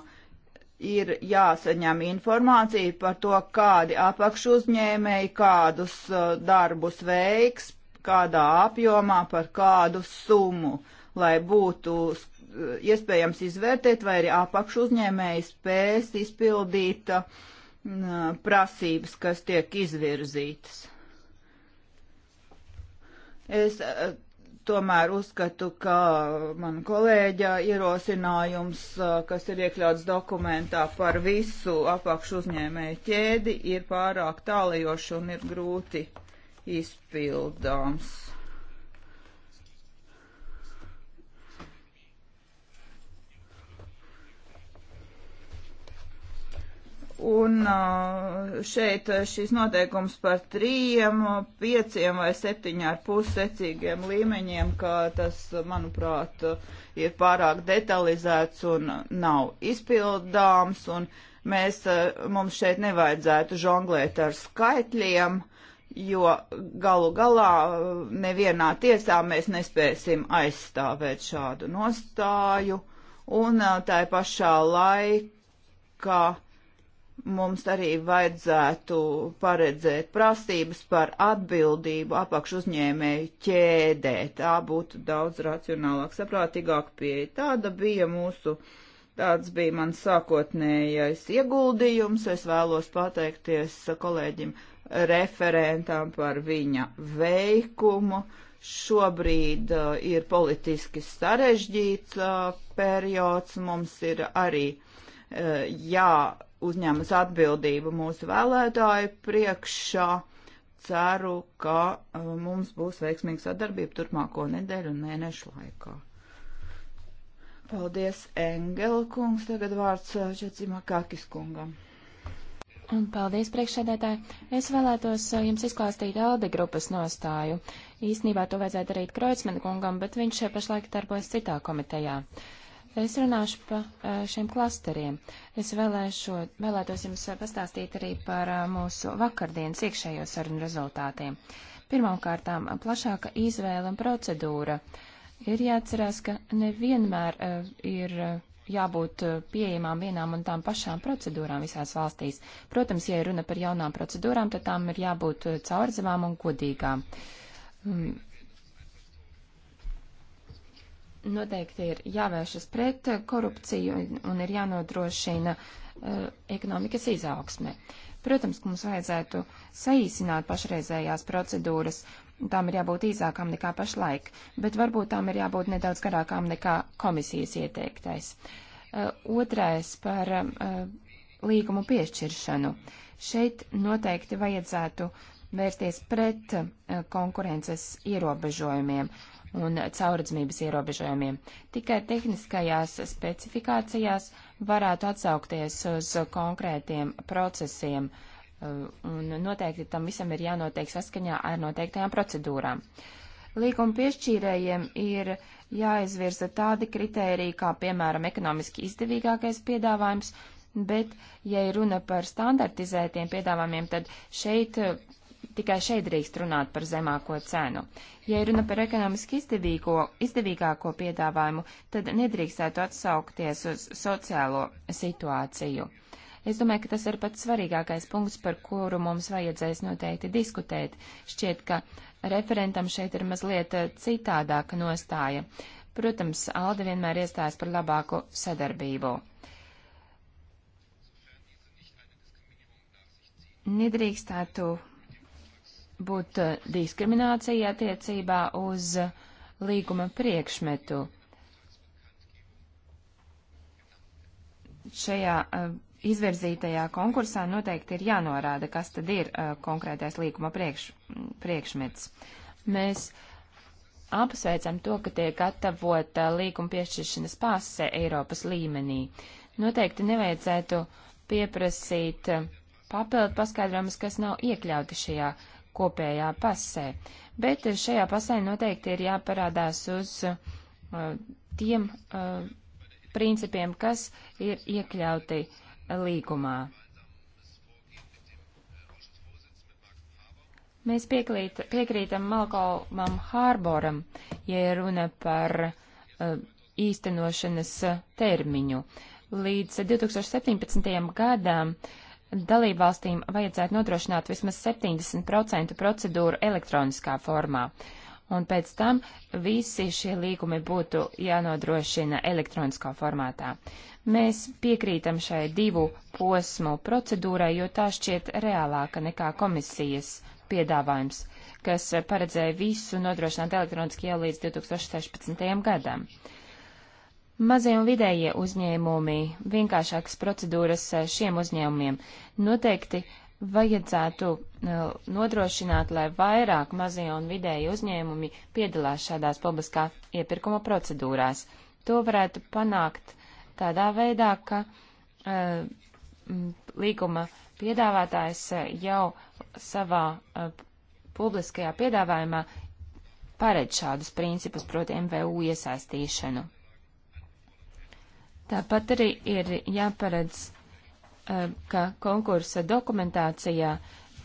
ir jāsaņem informācija par to, kādi apakšuzņēmēji kādus uh, darbus veiks, kādā apjomā, par kādu summu lai būtu iespējams izvērtēt, vai arī apakšu uzņēmēji spēs izpildīt uh, prasības, kas tiek izvirzītas. Es uh, tomēr uzskatu, ka man kolēģa ierosinājums, uh, kas ir iekļauts dokumentā par visu apakšu uzņēmēju ķēdi, ir pārāk tālajoši un ir grūti izpildāms. Un šeit šis noteikums par trījiem, pieciem vai septiņiem ar pussecīgiem līmeņiem, ka tas, manuprāt, ir pārāk detalizēts un nav izpildāms, un mēs, mums šeit nevajadzētu žonglēt ar skaitļiem, jo galu galā nevienā tiesā mēs nespēsim aizstāvēt šādu nostāju, un tā pašā laikā Mums arī vajadzētu paredzēt prasības par atbildību apakšu uzņēmēju ķēdē. Tā būtu daudz racionālāk, saprātīgāk pieeja. Tāda bija mūsu, tāds bija mans sākotnējais ieguldījums. Es vēlos pateikties kolēģim referentam par viņa veikumu. Šobrīd uh, ir politiski sarežģīts uh, periods, mums ir arī uh, jā uzņemas atbildību mūsu vēlētāju priekšā. Ceru, ka uh, mums būs veiksmīga sadarbība turpmāko nedēļu un mēnešu laikā. Paldies, Engela kungs. Tagad vārds Čecimā uh, Kakis kungam. Un paldies, priekšsēdētāji. Es vēlētos uh, jums izklāstīt Alde grupas nostāju. Īsnībā to vajadzētu darīt Kreutzmanu kungam, bet viņš pašlaik darbojas citā komitejā. Uh, Es runāšu pa eh, šiem klasteriem. Es vēlēšu, vēlētos jums eh, pastāstīt arī par eh, mūsu vakardienas iekšējo sarunu rezultātiem. Pirmkārtām, plašāka izvēle un procedūra. Ir jāatcerās, ka nevienmēr ir jābūt pieejamām vienām un tām pašām procedūrām visās valstīs. Protams, ja runa par jaunām procedūrām, tad tām ir jābūt caurzemām un godīgām mm, noteikti ir jāvēršas pret korupciju un ir jānodrošina uh, ekonomikas izaugsme. Protams, ka mums vajadzētu saīsināt pašreizējās procedūras, tām ir jābūt īsākām nekā pašlaik, bet varbūt tām ir jābūt nedaudz garākām nekā komisijas ieteiktais. Uh, otrais par uh, līgumu piešķiršanu. Šeit noteikti vajadzētu vērsties pret konkurences ierobežojumiem un caurredzamības ierobežojumiem. Tikai tehniskajās specifikācijās varētu atsaukties uz konkrētiem procesiem, uh, un noteikti tam visam ir jānotiek saskaņā ar noteiktajām procedūrām. Līguma piešķīrējiem ir jāizvirza tādi kritēriji, kā piemēram ekonomiski izdevīgākais piedāvājums, bet, ja ir runa par standartizētiem piedāvājumiem, tad šeit uh, Tikai šeit drīkst runāt par zemāko cenu. Ja runa par ekonomiski izdevīgo, izdevīgāko piedāvājumu, tad nedrīkstētu atsaukties uz sociālo situāciju. Es domāju, ka tas ir pats svarīgākais punkts, par kuru mums vajadzēs noteikti diskutēt. Šķiet, ka referentam šeit ir mazliet eh, citādāka nostāja. Protams, Alde vienmēr iestājas par labāku sadarbību. Nedrīkstētu būt eh, diskriminācija attiecībā uz līguma priekšmetu. Šajā eh, izvirzītajā konkursā noteikti ir jānorāda, kas tad ir eh, konkrētais līguma priekš, priekšmets. Mēs apsveicam to, ka tiek gatavota līguma piešķiršanas pase Eiropas līmenī. Noteikti nevajadzētu pieprasīt papildu paskaidrojumus, kas nav iekļauti šajā uh, kopējā pasē, bet šajā pasē noteikti ir jāparādās uz uh, tiem uh, principiem, kas ir iekļauti līgumā. Mēs piekrīt, piekrītam Malkolmam Hārboram, ja runa par uh, īstenošanas termiņu. Līdz 2017. Uh, gadam uh, dalībvalstīm vajadzētu nodrošināt vismaz 70% procedūru elektroniskā formā. Un pēc tam visi šie līgumi būtu jānodrošina elektroniskā formātā. Mēs piekrītam šai divu posmu procedūrai, jo tā šķiet reālāka nekā komisijas piedāvājums, kas paredzēja visu nodrošināt elektroniski jau līdz 2016. gadam. Mazie un vidējie uzņēmumi, vienkāršākas procedūras eh, šiem uzņēmumiem noteikti vajadzētu eh, nodrošināt, lai vairāk mazie un vidēji uzņēmumi piedalās šādās publiskā iepirkuma procedūrās. To varētu panākt tādā veidā, ka uh, līguma piedāvātājs jau savā uh, publiskajā piedāvājumā paredz šādus principus, proti MVU iesaistīšanu. Tāpat arī ir jāparedz, eh, ka konkursa dokumentācijā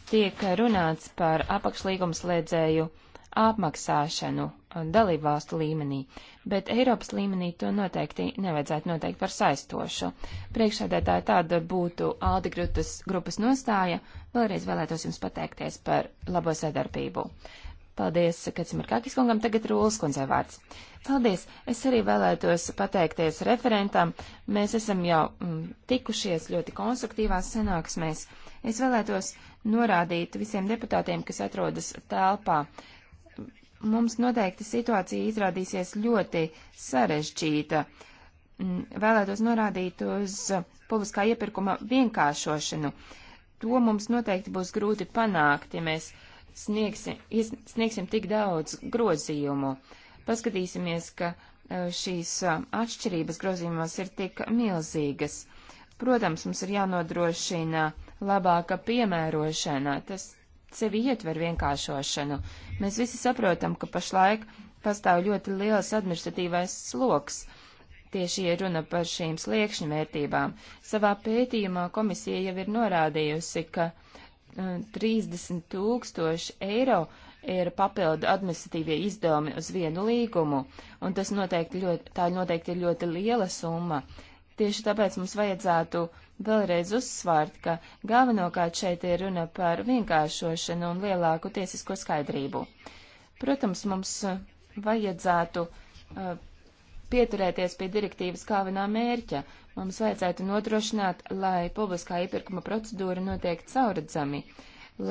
tiek runāts par apakšlīgumslēdzēju apmaksāšanu eh, dalībvalstu līmenī, bet Eiropas līmenī to noteikti nevajadzētu noteikt par saistošu. Priekšādētāji tāda būtu Aldi grupas nostāja. Vēlreiz vēlētos jums pateikties par labo sadarbību. Paldies, Kacimarkakis kungam, tagad Rūlas kundzei vārds. Paldies, es arī vēlētos pateikties referentam. Mēs esam jau mm, tikušies ļoti konstruktīvās sanāksmēs. Es vēlētos norādīt visiem deputātiem, kas atrodas telpā. Mums noteikti situācija izrādīsies ļoti sarežģīta. Mm, vēlētos norādīt uz publiskā iepirkuma vienkāršošanu. To mums noteikti būs grūti panākt, ja mēs sniegsim, sniegsim tik daudz grozījumu. Paskatīsimies, ka e, šīs e, atšķirības grozījumos ir tik milzīgas. Protams, mums ir jānodrošina labāka piemērošana, tas sevi ietver vienkāršošanu. Mēs visi saprotam, ka pašlaik pastāv ļoti liels administratīvais sloks. Tieši ir runa par šīm sliekšņu vērtībām. Savā pētījumā komisija jau ir norādījusi, ka 30 tūkstoši eiro ir papildu administratīvie izdevumi uz vienu līgumu, un tas noteikti ļoti, tā noteikti ir ļoti liela summa. Tieši tāpēc mums vajadzētu vēlreiz uzsvērt, ka galvenokārt šeit ir runa par vienkāršošanu un lielāku tiesisko skaidrību. Protams, mums vajadzētu uh, pieturēties pie direktīvas galvenā mērķa. Mums vajadzētu nodrošināt, lai publiskā iepirkuma procedūra notiek cauradzami,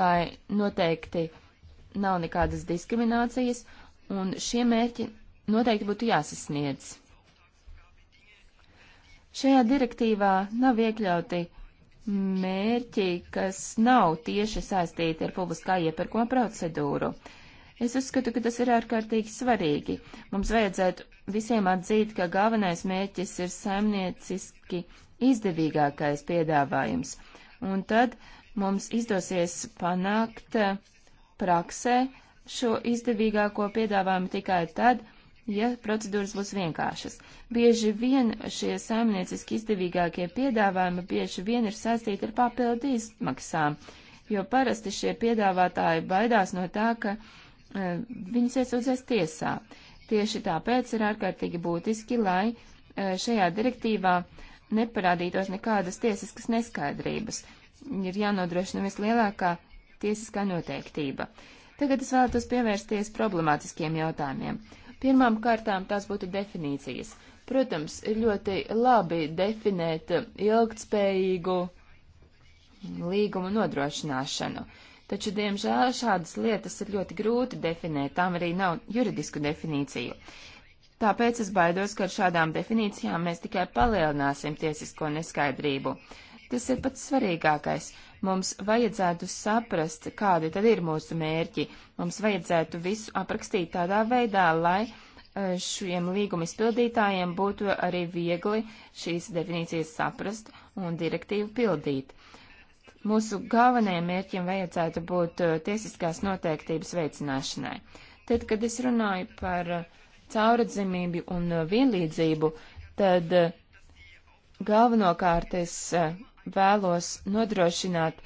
lai noteikti nav nekādas diskriminācijas, un šie mērķi noteikti būtu jāsasniedz. Šajā direktīvā nav iekļauti mērķi, kas nav tieši saistīti ar publiskā iepirkuma procedūru. Uh, Es uzskatu, ka tas ir ārkārtīgi svarīgi. Mums vajadzētu visiem atzīt, ka galvenais mērķis ir saimnieciski izdevīgākais piedāvājums. Un tad mums izdosies panākt eh, praksē šo izdevīgāko piedāvājumu tikai tad, ja procedūras būs vienkāršas. Bieži vien šie saimnieciski izdevīgākie piedāvājumi bieži vien ir saistīti ar papildu izmaksām, jo parasti šie piedāvātāji baidās no tā, ka Eh, viņas iesūdzēs tiesā. Tieši tāpēc ir ārkārtīgi būtiski, lai eh, šajā direktīvā neparādītos nekādas tiesiskas neskaidrības. Ir jānodrošina vislielākā tiesiskā noteiktība. Tagad es vēlētos pievērsties problemātiskiem jautājumiem. Pirmām kārtām tās būtu definīcijas. Protams, ir ļoti labi definēt ilgtspējīgu līgumu nodrošināšanu. Uh, Taču, diemžēl, šādas lietas ir ļoti grūti definēt, tām arī nav juridisku definīciju. Tāpēc es baidos, ka ar šādām definīcijām mēs tikai palielināsim tiesisko neskaidrību. Tas ir pats svarīgākais. Mums vajadzētu saprast, kādi tad ir mūsu mērķi. Mums vajadzētu visu aprakstīt tādā veidā, lai e, šiem līguma izpildītājiem būtu arī viegli šīs definīcijas saprast un direktīvu pildīt. Uh, Mūsu galvenajiem mērķiem vajadzētu būt eh, tiesiskās noteiktības veicināšanai. Tad, kad es runāju par eh, cauradzimību un eh, vienlīdzību, tad galvenokārt es vēlos nodrošināt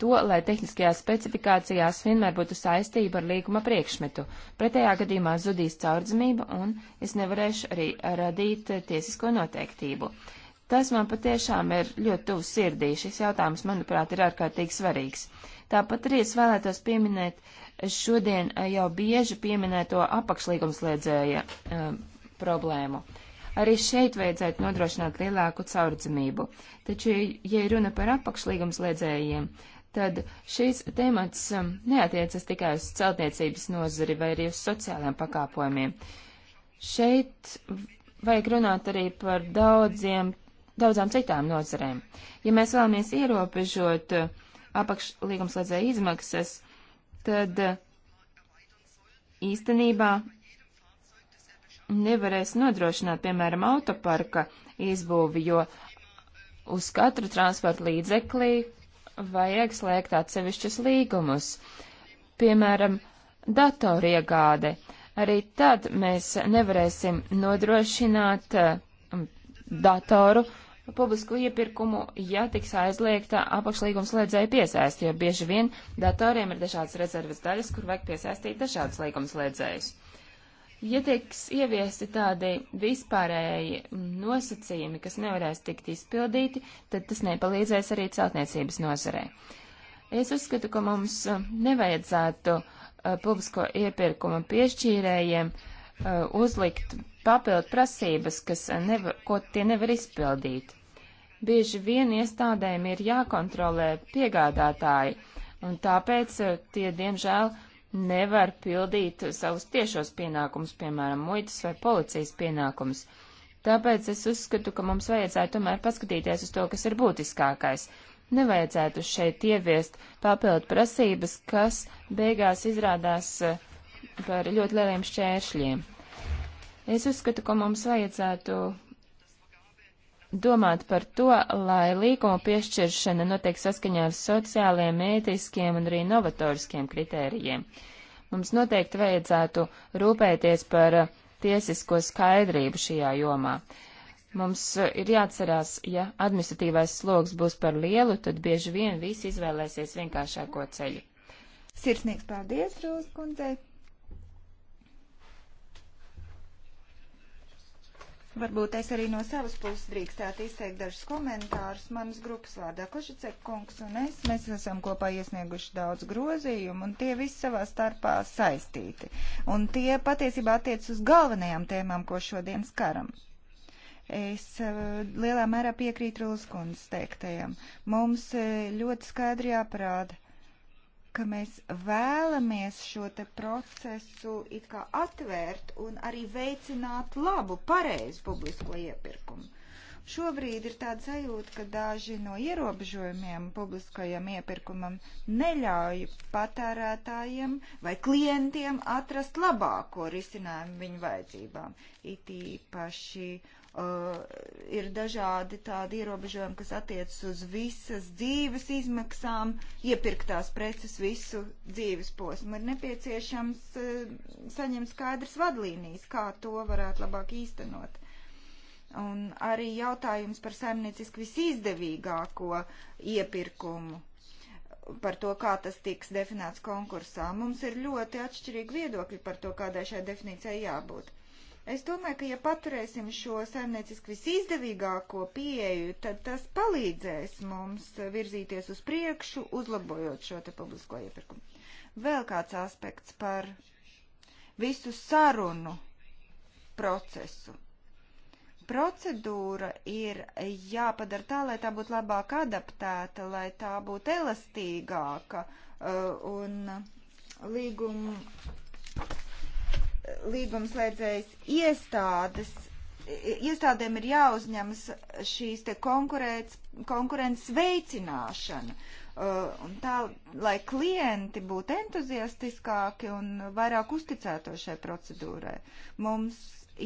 to, lai tehniskajās specifikācijās vienmēr būtu saistība ar līguma priekšmetu. Pretējā gadījumā zudīs caurdzamība un es nevarēšu arī radīt tiesisko noteiktību. Tas man patiešām ir ļoti tuvs sirdī. Šis jautājums, manuprāt, ir ārkārtīgi svarīgs. Tāpat arī es vēlētos pieminēt šodien eh, jau bieži pieminēto apakšlīgumslēdzēja um, problēmu. Arī šeit vajadzētu nodrošināt lielāku caurdzamību. Taču, ja runa par apakšlīgumslēdzējiem, tad šīs temats um, neatiecas tikai uz celtniecības nozari vai arī uz sociālajiem pakāpojumiem. Šeit vajag runāt arī par daudziem daudzām citām nozarēm. Ja mēs vēlamies ierobežot uh, apakšlīgumslēdzēju izmaksas, tad uh, īstenībā nevarēs nodrošināt, piemēram, autoparka izbūvi, jo uz katru transporta līdzeklī vajag slēgt atsevišķus līgumus. Piemēram, datoriegāde. Arī tad mēs nevarēsim nodrošināt uh, datoru publisku iepirkumu, ja tiks aizliegta apakšlīgums slēdzēja piesaist, jo bieži vien datoriem ir dažādas rezerves daļas, kur vajag piesaistīt dažādas līgums slēdzējus. Ja tiks ieviesti tādi vispārēji nosacījumi, kas nevarēs tikt izpildīti, tad tas nepalīdzēs arī celtniecības nozarē. Es uzskatu, ka mums uh, nevajadzētu uh, publisko iepirkumu piešķīrējiem uh, uzlikt papildu prasības, kas nevar, ko tie nevar izpildīt. Bieži vien iestādēm ir jākontrolē piegādātāji, un tāpēc eh, tie, diemžēl, nevar pildīt savus tiešos pienākumus, piemēram, muitas vai policijas pienākumus. Tāpēc es uzskatu, ka mums vajadzētu tomēr paskatīties uz to, kas ir būtiskākais. Nevajadzētu šeit ieviest papildu prasības, kas beigās izrādās eh, par ļoti lieliem šķēršļiem. Es uzskatu, ka mums vajadzētu domāt par to, lai līguma piešķiršana notiek saskaņā ar sociāliem, ētiskiem un arī novatoriskiem kritērijiem. Mums noteikti vajadzētu rūpēties par tiesisko skaidrību šajā jomā. Mums ir jāatcerās, ja administratīvais sloks būs par lielu, tad bieži vien visi izvēlēsies vienkāršāko ceļu. Sirsnīgs paldies, Rūza kundzei! Varbūt es arī no savas puses drīkstētu izteikt dažus komentārus manas grupas vārdā. Košicek kungs un es, mēs esam kopā iesnieguši daudz grozījumu, un tie visi savā starpā saistīti. Un tie patiesībā attiec uz galvenajām tēmām, ko šodien skaram. Es eh, lielā mērā piekrītu Rūskundas teiktajam. Mums eh, ļoti skaidri jāparāda, ka mēs vēlamies šo te procesu it kā atvērt un arī veicināt labu, pareizu publisko iepirkumu. Šobrīd ir tāda sajūta, ka daži no ierobežojumiem publiskajam iepirkumam neļauj patērētājiem vai klientiem atrast labāko risinājumu viņu vajadzībām. It īpaši uh, Uh, ir dažādi tādi ierobežojumi, kas attiecas uz visas dzīves izmaksām, iepirktās preces visu dzīves posmu. Ir nepieciešams uh, saņemt skaidrs vadlīnijas, kā to varētu labāk īstenot. Un arī jautājums par saimnieciski visizdevīgāko iepirkumu par to, kā tas tiks definēts konkursā. Mums ir ļoti atšķirīgi viedokļi par to, kādai šai definīcijai jābūt. Es domāju, ka ja paturēsim šo saimnieciski visizdevīgāko pieeju, tad tas palīdzēs mums virzīties uz priekšu, uzlabojot šo te publisko iepirkumu. Vēl kāds aspekts par visu sarunu procesu. Procedūra ir jāpadara tā, lai tā būtu labāk adaptēta, lai tā būtu elastīgāka uh, un līguma līgumslēdzējas iestādes, iestādēm ir jāuzņemas šīs te konkurences veicināšana. Uh, un tā, lai klienti būtu entuziastiskāki un vairāk uzticēto šai procedūrai, mums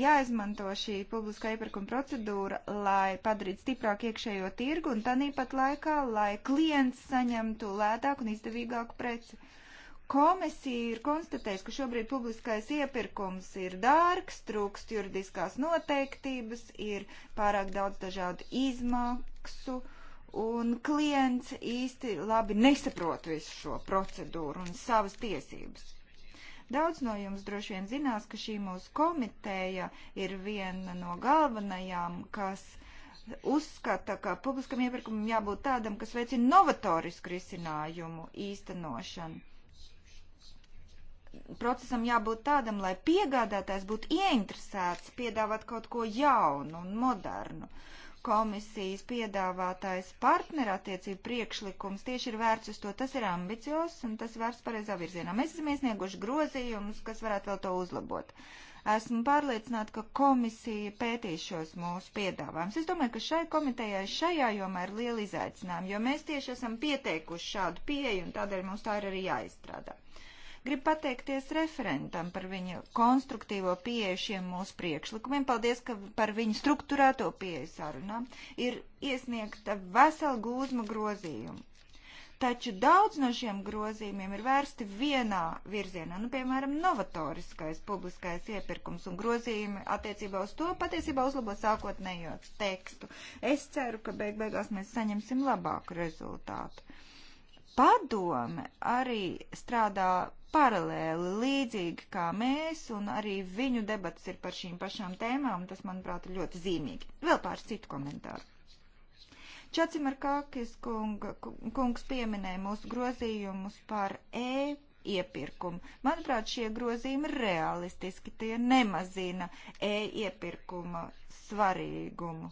jāizmanto šī publiskā iepirkuma procedūra, lai padarītu stiprāku iekšējo tirgu un tāpat laikā, lai klients saņemtu lētāku un izdevīgāku preci. Uh, Komisija ir konstatējusi, ka šobrīd publiskais iepirkums ir dārgs, trūkst juridiskās noteiktības, ir pārāk daudz dažādu izmaksu, un klients īsti labi nesaprot visu šo procedūru un savas tiesības. Daudz no jums droši vien zinās, ka šī mūsu komiteja ir viena no galvenajām, kas uzskata, ka publiskam iepirkumam jābūt tādam, kas veicina novatorisku risinājumu īstenošanu procesam jābūt tādam, lai piegādātājs būtu ieinteresēts piedāvāt kaut ko jaunu un modernu. Komisijas piedāvātais partnerattiecību priekšlikums tieši ir vērts uz to, tas ir ambiciozs un tas vērts pareizā virzienā. Mēs esam iesnieguši grozījumus, kas varētu vēl to uzlabot. Esmu pārliecināta, ka komisija pētīs šos mūsu piedāvājumus. Es domāju, ka šai komitejai šajā jomā ir liela izaicinājuma, jo mēs tieši esam pieteikuši šādu pieeju un tādēļ mums tā ir arī jāizstrādā. Gribu pateikties referentam par viņa konstruktīvo pieeju šiem mūsu priekšlikumiem. Paldies, ka par viņu struktūrēto pieeju sarunām ir iesniegta vesela gūzma grozījumu taču daudz no šiem grozījumiem ir vērsti vienā virzienā, nu, piemēram, novatoriskais publiskais iepirkums un grozījumi attiecībā uz to patiesībā uzlabo sākotnējo tekstu. Es ceru, ka beig beigās mēs saņemsim labāku rezultātu padome arī strādā paralēli, līdzīgi kā mēs, un arī viņu debats ir par šīm pašām tēmām, un tas, manuprāt, ir ļoti zīmīgi. Vēl pāris citu komentāru. Čacimarkākis kung, kungs pieminēja mūsu grozījumus par e iepirkumu. Manuprāt, šie grozījumi ir realistiski, tie nemazina e iepirkuma svarīgumu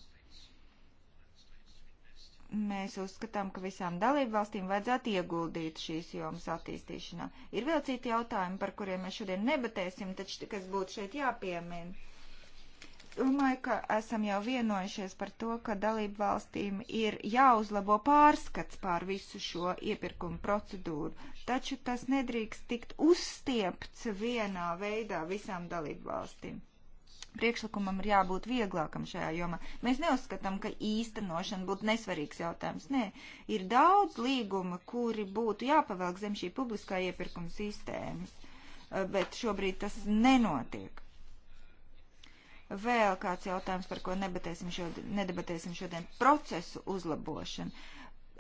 mēs uzskatām, ka visām dalību valstīm vajadzētu ieguldīt šīs jomas attīstīšanā. Ir vēl citi jautājumi, par kuriem mēs šodien nebatēsim, taču kas būtu šeit jāpiemina. Domāju, ka esam jau vienojušies par to, ka dalību valstīm ir jāuzlabo pārskats pār visu šo iepirkumu procedūru, taču tas nedrīkst tikt uzstiepts vienā veidā visām dalību valstīm priekšlikumam ir jābūt vieglākam šajā jomā. Mēs neuzskatām, ka īstenošana būtu nesvarīgs jautājums. Nē, ir daudz līguma, kuri būtu jāpavelk zem šī publiskā iepirkuma sistēmas, eh, bet šobrīd tas nenotiek. Vēl kāds jautājums, par ko nebatēsim šodien, nedebatēsim šodien - procesu uzlabošana.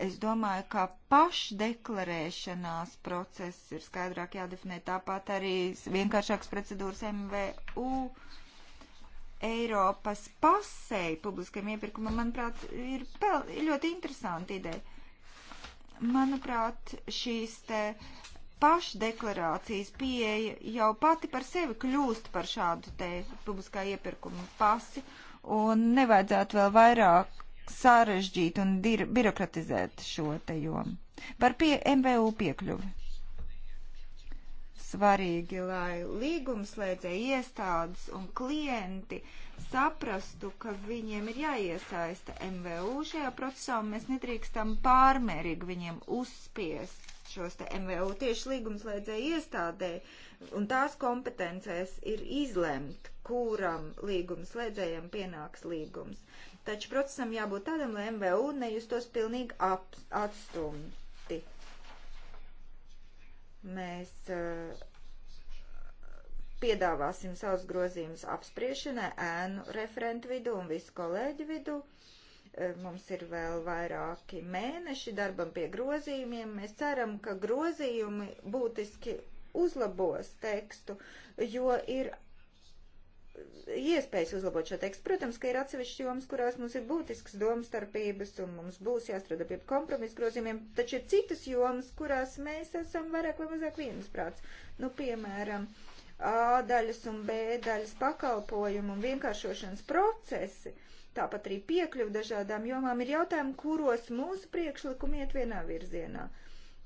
Es domāju, ka pašdeklarēšanās process ir skaidrāk jādefinē, tāpat arī vienkāršāks procedūras MVU. Uh, Eiropas pasēju publiskam iepirkumam, manuprāt, ir, pel, ir ļoti interesanti ideja. Manuprāt, šīs te pašdeklarācijas pieeja jau pati par sevi kļūst par šādu te publiskā iepirkuma pasi un nevajadzētu vēl vairāk sarežģīt un birokratizēt šo te jomu. Par pie MVU piekļuvi svarīgi, lai līgumslēdzēji iestādes un klienti saprastu, ka viņiem ir jāiesaista MVU šajā procesā, un mēs nedrīkstam pārmērīgi viņiem uzspiest šos te MVU tieši līgumslēdzēji iestādē, un tās kompetencēs ir izlemt, kuram līgumslēdzējiem pienāks līgums. Taču procesam jābūt tādam, lai MVU nejustos pilnīgi ap, atstumti Mēs eh, piedāvāsim savus grozījumus apspriešanai ēnu referentu vidū un visu kolēģu vidū. Eh, mums ir vēl vairāki mēneši darbam pie grozījumiem. Mēs ceram, ka grozījumi būtiski uzlabos tekstu, jo ir iespējas uzlabot šo tekstu. Protams, ka ir atsevišķi jomas, kurās mums ir būtisks domstarpības un mums būs jāstrādā pie kompromisu grozījumiem, taču ir citas jomas, kurās mēs esam vairāk vai mazāk vienasprāts. Nu, piemēram, A daļas un B daļas pakalpojumu un vienkāršošanas procesi. Tāpat arī piekļuvu dažādām jomām ir jautājumi, kuros mūsu priekšlikumi iet vienā virzienā.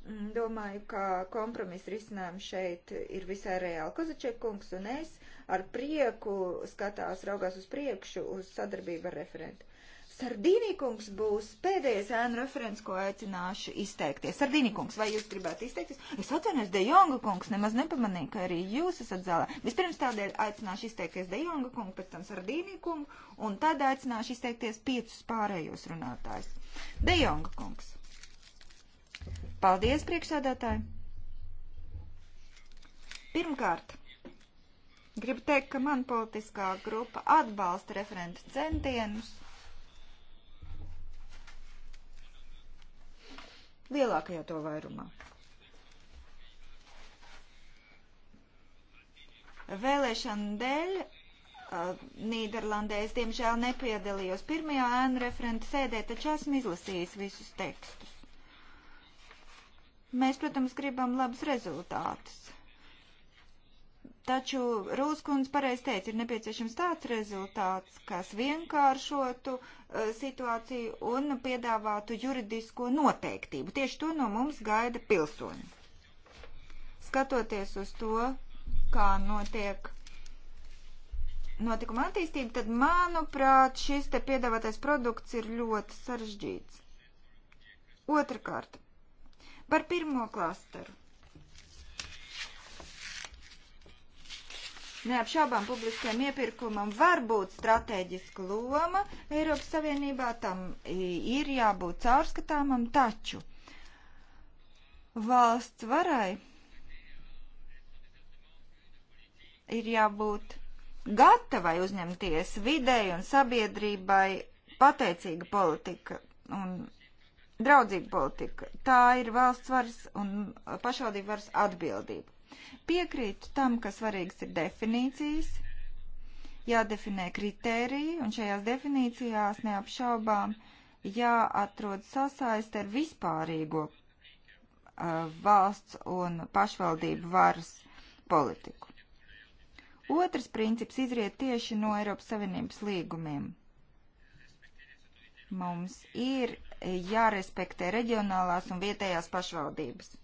Mm, domāju, ka kompromisa risinājums šeit ir visai reāli. Kozačekungs un es ar prieku skatās, raugās uz priekšu, uz sadarbību ar referentu. Sardīnīkungs būs pēdējais ēnu referents, ko aicināšu izteikties. Sardīnīkungs, vai jūs gribētu izteikties? Es atvainojos, De Jonga kungs, nemaz nepamanīju, ka arī jūs esat zālē. Vispirms tādēļ aicināšu izteikties De Jonga kungu, pēc tam Sardīnīkungu, un tad aicināšu izteikties piecus pārējos runātājus. De Jonga kungs. Paldies, priekšsādātāji! Pirmkārt, Gribu teikt, ka man politiskā grupa atbalsta referentu centienus. Lielākajā to vairumā. Vēlēšana dēļ Nīderlandē es diemžēl nepiedalījos pirmajā ēnu referenta sēdē, taču esmu izlasījis visus tekstus. Mēs, protams, gribam labus rezultātus. Taču Rūskundze pareizi teica, ir nepieciešams tāds rezultāts, kas vienkāršotu uh, situāciju un piedāvātu juridisko noteiktību. Tieši to no mums gaida pilsoņi. Skatoties uz to, kā notiek notikuma attīstība, tad, manuprāt, šis te piedāvātais produkts ir ļoti sarežģīts. Otrakārt, par pirmo klasteru Neapšaubām publiskajam iepirkumam var būt strateģiska loma Eiropas Savienībā, tam ir jābūt caurskatāmam, taču valsts varai ir jābūt gatavai uzņemties videi un sabiedrībai pateicīga politika un draudzīga politika. Tā ir valsts varas un pašvaldību varas atbildība. Piekrītu tam, ka svarīgs ir definīcijas, jādefinē kritēriji, un šajās definīcijās neapšaubām jāatrod sasaist ar vispārīgo uh, valsts un pašvaldību varas politiku. Otrs princips izriet tieši no Eiropas Savienības līgumiem. Mums ir jārespektē reģionālās un vietējās pašvaldības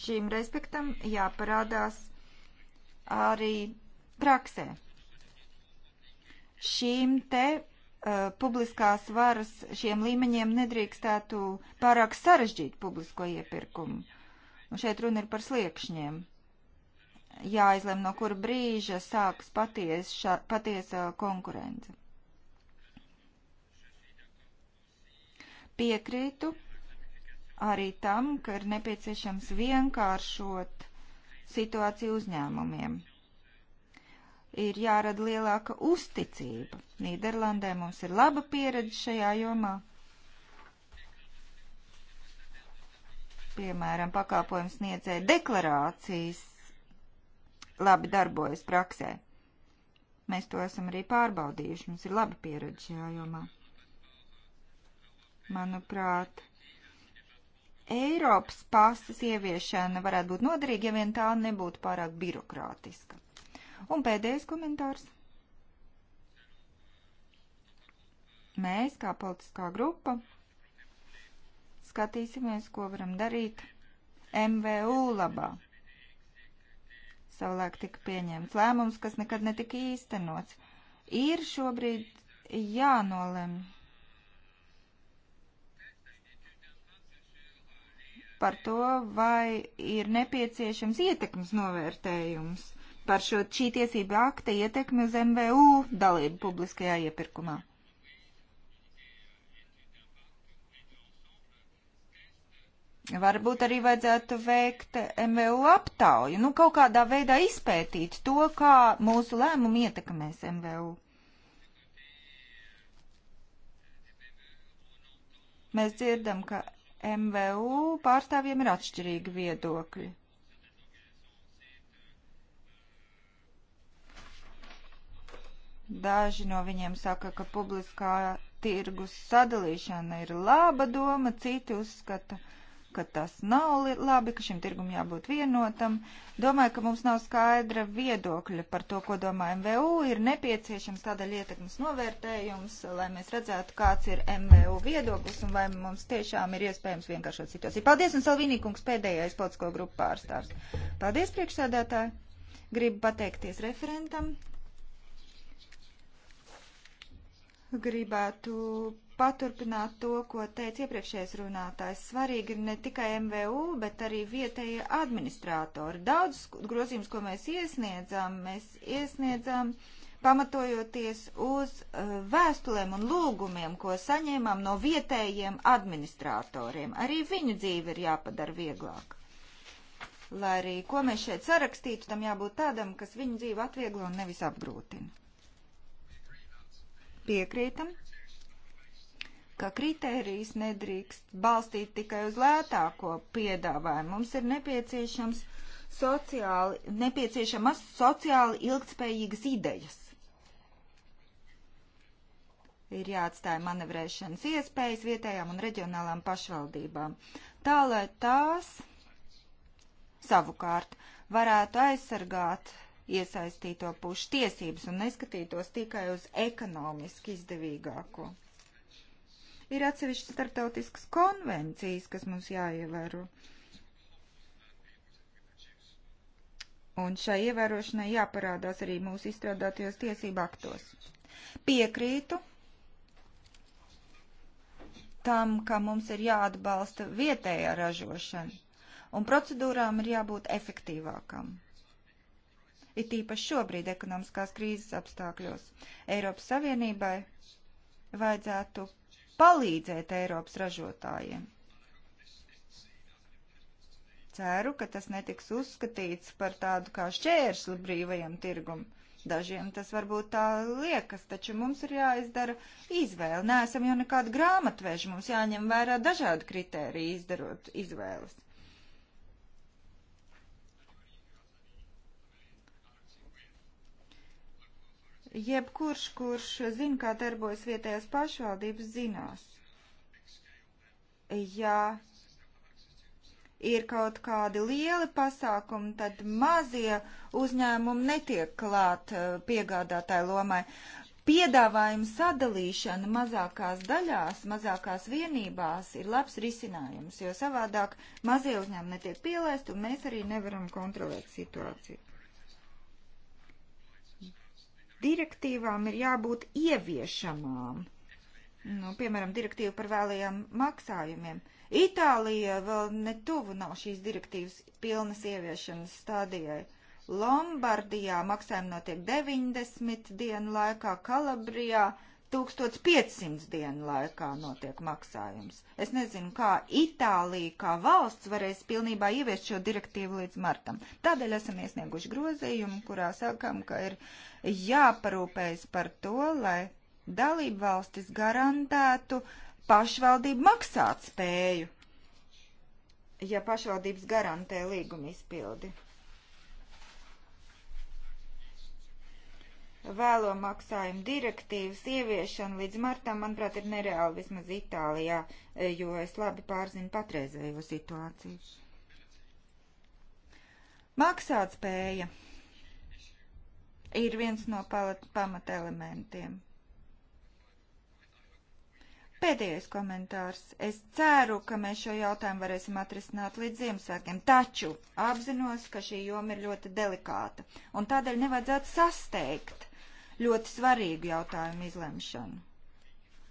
šīm respektam jāparādās arī praksē. Šīm te uh, publiskās varas, šiem līmeņiem nedrīkstētu pārāk sarežģīt publisko iepirkumu. Un šeit runa ir par sliekšņiem. Jāizlem, no kura brīža sāks paties, šā, patiesa konkurence. Piekrītu arī tam, ka ir nepieciešams vienkāršot situāciju uzņēmumiem. Ir jārada lielāka uzticība. Nīderlandē mums ir laba pieredze šajā jomā. Piemēram, pakāpojums sniedzēja deklarācijas labi darbojas praksē. Mēs to esam arī pārbaudījuši. Mums ir laba pieredze šajā jomā. Manuprāt, Eiropas pasas ieviešana varētu būt noderīga, ja vien tā nebūtu pārāk birokrātiska. Un pēdējais komentārs. Mēs, kā politiskā grupa, skatīsimies, ko varam darīt MVU labā. Savulaik tika pieņemts lēmums, kas nekad netika īstenots. Ir šobrīd jānolemj par to, vai ir nepieciešams ietekmes novērtējums par šo šī tiesība akta ietekmi uz MVU dalību publiskajā iepirkumā. Varbūt arī vajadzētu veikt MVU aptauju, nu kaut kādā veidā izpētīt to, kā mūsu lēmumu ietekmēs MVU. Mēs dzirdam, ka MVU pārstāvjiem ir atšķirīgi viedokļi. Daži no viņiem saka, ka publiskā tirgus sadalīšana ir laba doma, citi uzskata, ka ka tas nav labi, ka šim tirgum jābūt vienotam. Domāju, ka mums nav skaidra viedokļa par to, ko domā MVU. Ir nepieciešams tādēļ ietekmes novērtējums, lai mēs redzētu, kāds ir MVU viedoklis un vai mums tiešām ir iespējams vienkāršot situāciju. Paldies, un Salvinīkungs pēdējais politisko grupu pārstāvs. Paldies, priekšsēdētāji! Gribu pateikties referentam. Gribētu paturpināt to, ko teica iepriekšējais runātājs. Svarīgi ir ne tikai MVU, bet arī vietējie administratori. Daudz grozījums, ko mēs iesniedzām, mēs iesniedzām pamatojoties uz eh, vēstulēm un lūgumiem, ko saņēmām no vietējiem administratoriem. Arī viņu dzīve ir jāpadara vieglāk. Lai arī ko mēs šeit sarakstītu, tam jābūt tādam, kas viņu dzīvi atvieglo un nevis apgrūtina. Piekrītam ka kritērijas nedrīkst balstīt tikai uz lētāko piedāvājumu. Mums ir nepieciešams sociāli, nepieciešamas sociāli ilgtspējīgas idejas. Ir jāatstāja manevrēšanas iespējas vietējām un reģionālām pašvaldībām, tā lai tās savukārt varētu aizsargāt iesaistīto pušu tiesības un neskatītos tikai uz ekonomiski izdevīgāko. Ir atsevišķas starptautiskas konvencijas, kas mums jāievēro. Un šai ievērošanai jāparādās arī mūsu izstrādātajos tiesību aktos. Piekrītu tam, ka mums ir jāatbalsta vietējā ražošana, un procedūrām ir jābūt efektīvākām. It īpaši šobrīd ekonomiskās krīzes apstākļos Eiropas Savienībai vajadzētu palīdzēt Eiropas ražotājiem. Ceru, ka tas netiks uzskatīts par tādu kā šķērsli brīvajam tirgumam. Dažiem tas varbūt tā liekas, taču mums ir jāizdara izvēle. Nē, esam jau nekāda grāmatveža, mums jāņem vērā dažādi kritēriji izdarot izvēles. Jebkurš, kurš zina, kā darbojas vietējās pašvaldības, zinās, ja ir kaut kādi lieli pasākumi, tad mazie uzņēmumi netiek klāt eh, piegādātāju lomai. Piedāvājuma sadalīšana mazākās daļās, mazākās vienībās ir labs risinājums, jo savādāk mazie uzņēmumi netiek pielaisti un mēs arī nevaram kontrolēt situāciju direktīvām ir jābūt ieviešamām. Nu, piemēram, direktīva par vēlajiem maksājumiem. Itālija vēl netuvu nav šīs direktīvas pilnas ieviešanas stadijai. Lombardijā maksājumi notiek 90 dienu laikā, Kalabrijā uh, 1500 dienu laikā notiek maksājums. Es nezinu, kā Itālija, kā valsts varēs pilnībā ieviest šo direktīvu līdz martam. Tādēļ esam iesnieguši grozījumu, kurā sakam, ka ir jāparūpējas par to, lai dalību valstis garantētu pašvaldību maksāt spēju, ja pašvaldības garantē līguma izpildi. vēlo maksājumu direktīvas ieviešana līdz martam, manuprāt, ir nereāli vismaz Itālijā, e, jo es labi pārzinu patreizējo situāciju. Maksāt spēja ir viens no pamata elementiem. Pēdējais komentārs. Es ceru, ka mēs šo jautājumu varēsim atrisināt līdz Ziemassvētkiem, taču apzinos, ka šī joma ir ļoti delikāta, un tādēļ nevajadzētu sasteigt ļoti svarīgu jautājumu izlemšanu.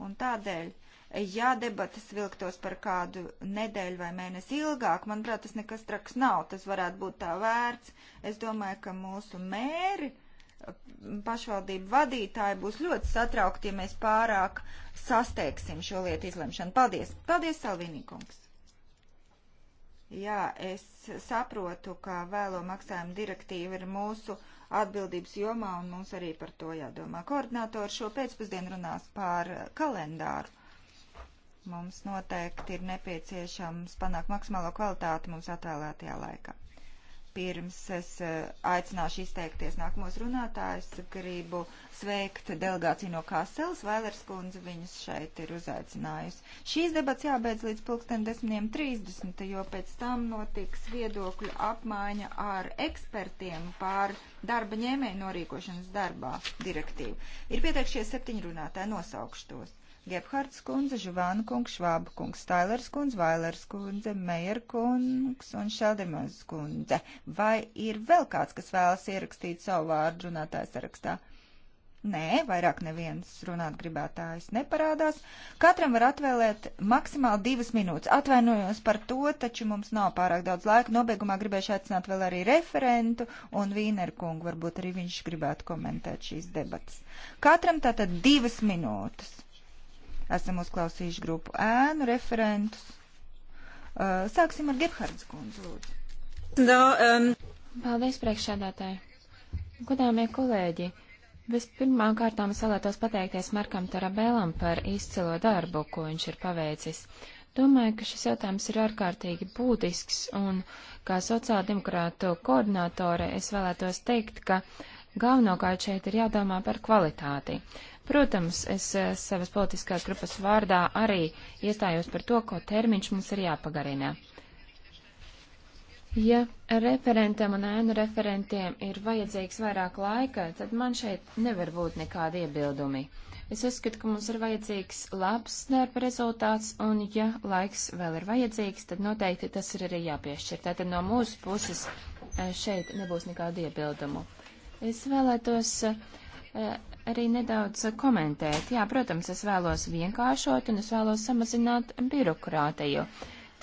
Un tādēļ, ja debatas vilktos par kādu nedēļu vai mēnesi ilgāk, manuprāt, tas nekas traks nav, tas varētu būt tā vērts. Es domāju, ka mūsu mēri pašvaldību vadītāji būs ļoti satraukti, ja mēs pārāk sasteigsim šo lietu izlemšanu. Paldies! Paldies, Salvinīkungs! Jā, es saprotu, ka vēlo maksājumu direktīva ir mūsu atbildības jomā, un mums arī par to jādomā. Koordinātori šo pēcpusdienu runās par uh, kalendāru. Mums noteikti ir nepieciešams panākt maksimālo kvalitāti mums atvēlētajā laikā. Pirms es eh, aicināšu izteikties nākamos runātājus, gribu sveikt delegāciju no Kāseles. Vailers kundze viņus šeit ir uzaicinājusi. Šīs debats jābeidz līdz pulksten 10.30, jo pēc tam notiks viedokļu apmaiņa ar ekspertiem pār darba ņēmēju norīkošanas darbā direktīvu. Ir pieteikšies septiņi runātāji, nosaukšos. Gebhards kundze, Žuvāna kungs, Švāba kungs, Stailers kundze, Vailers kundze, Meijer kungs un Šeldermans kundze. Vai ir vēl kāds, kas vēlas ierakstīt savu vārdu runātāju sarakstā? Nē, vairāk neviens runāt gribētājs neparādās. Katram var atvēlēt maksimāli divas minūtes. Atvainojos par to, taču mums nav pārāk daudz laika. Nobeigumā gribēšu aicināt vēl arī referentu un Vīneru kungu. Varbūt arī viņš gribētu komentēt šīs debatas. Katram tātad divas minūtes. Esam uzklausījuši grupu ēnu referentus. Uh, sāksim ar Gebhardas kundzi, lūdzu. No, um... Paldies, priekšsēdētāji. Godāmie kolēģi, vispirmām kārtām es vēlētos pateikties Markam Tarabēlam par izcilo darbu, ko viņš ir paveicis. Domāju, ka šis jautājums ir ārkārtīgi būtisks, un kā sociāldemokrātu koordinātore es vēlētos teikt, ka galvenokārt šeit ir jādomā par kvalitāti. Protams, es eh, savas politiskās grupas vārdā arī iestājos par to, ko termiņš mums ir jāpagarina. Ja referentam un ēnu referentiem ir vajadzīgs vairāk laika, tad man šeit nevar būt nekādi iebildumi. Es uzskatu, ka mums ir vajadzīgs labs darba rezultāts, un ja laiks vēl ir vajadzīgs, tad noteikti tas ir arī jāpiešķir. Tātad no mūsu puses eh, šeit nebūs nekādu iebildumu. Es vēlētos eh, arī nedaudz komentēt. Jā, protams, es vēlos vienkāršot un es vēlos samazināt birokrātiju,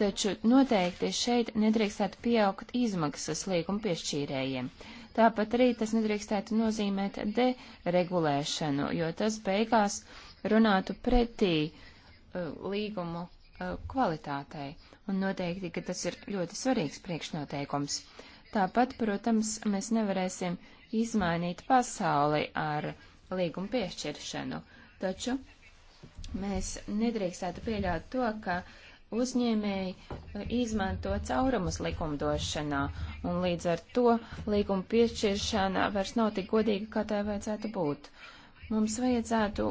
taču noteikti šeit nedrīkstētu pieaugt izmaksas līguma piešķīrējiem. Tāpat arī tas nedrīkstētu nozīmēt deregulēšanu, jo tas beigās runātu pretī uh, līgumu uh, kvalitātei, un noteikti, ka tas ir ļoti svarīgs priekšnoteikums. Tāpat, protams, mēs nevarēsim izmainīt pasauli ar uh, līgumu piešķiršanu. Taču mēs nedrīkstētu pieļaut to, ka uzņēmēji e, izmanto caurumus likumdošanā, un līdz ar to līguma piešķiršana vairs nav tik godīga, kā tai vajadzētu būt. Mums vajadzētu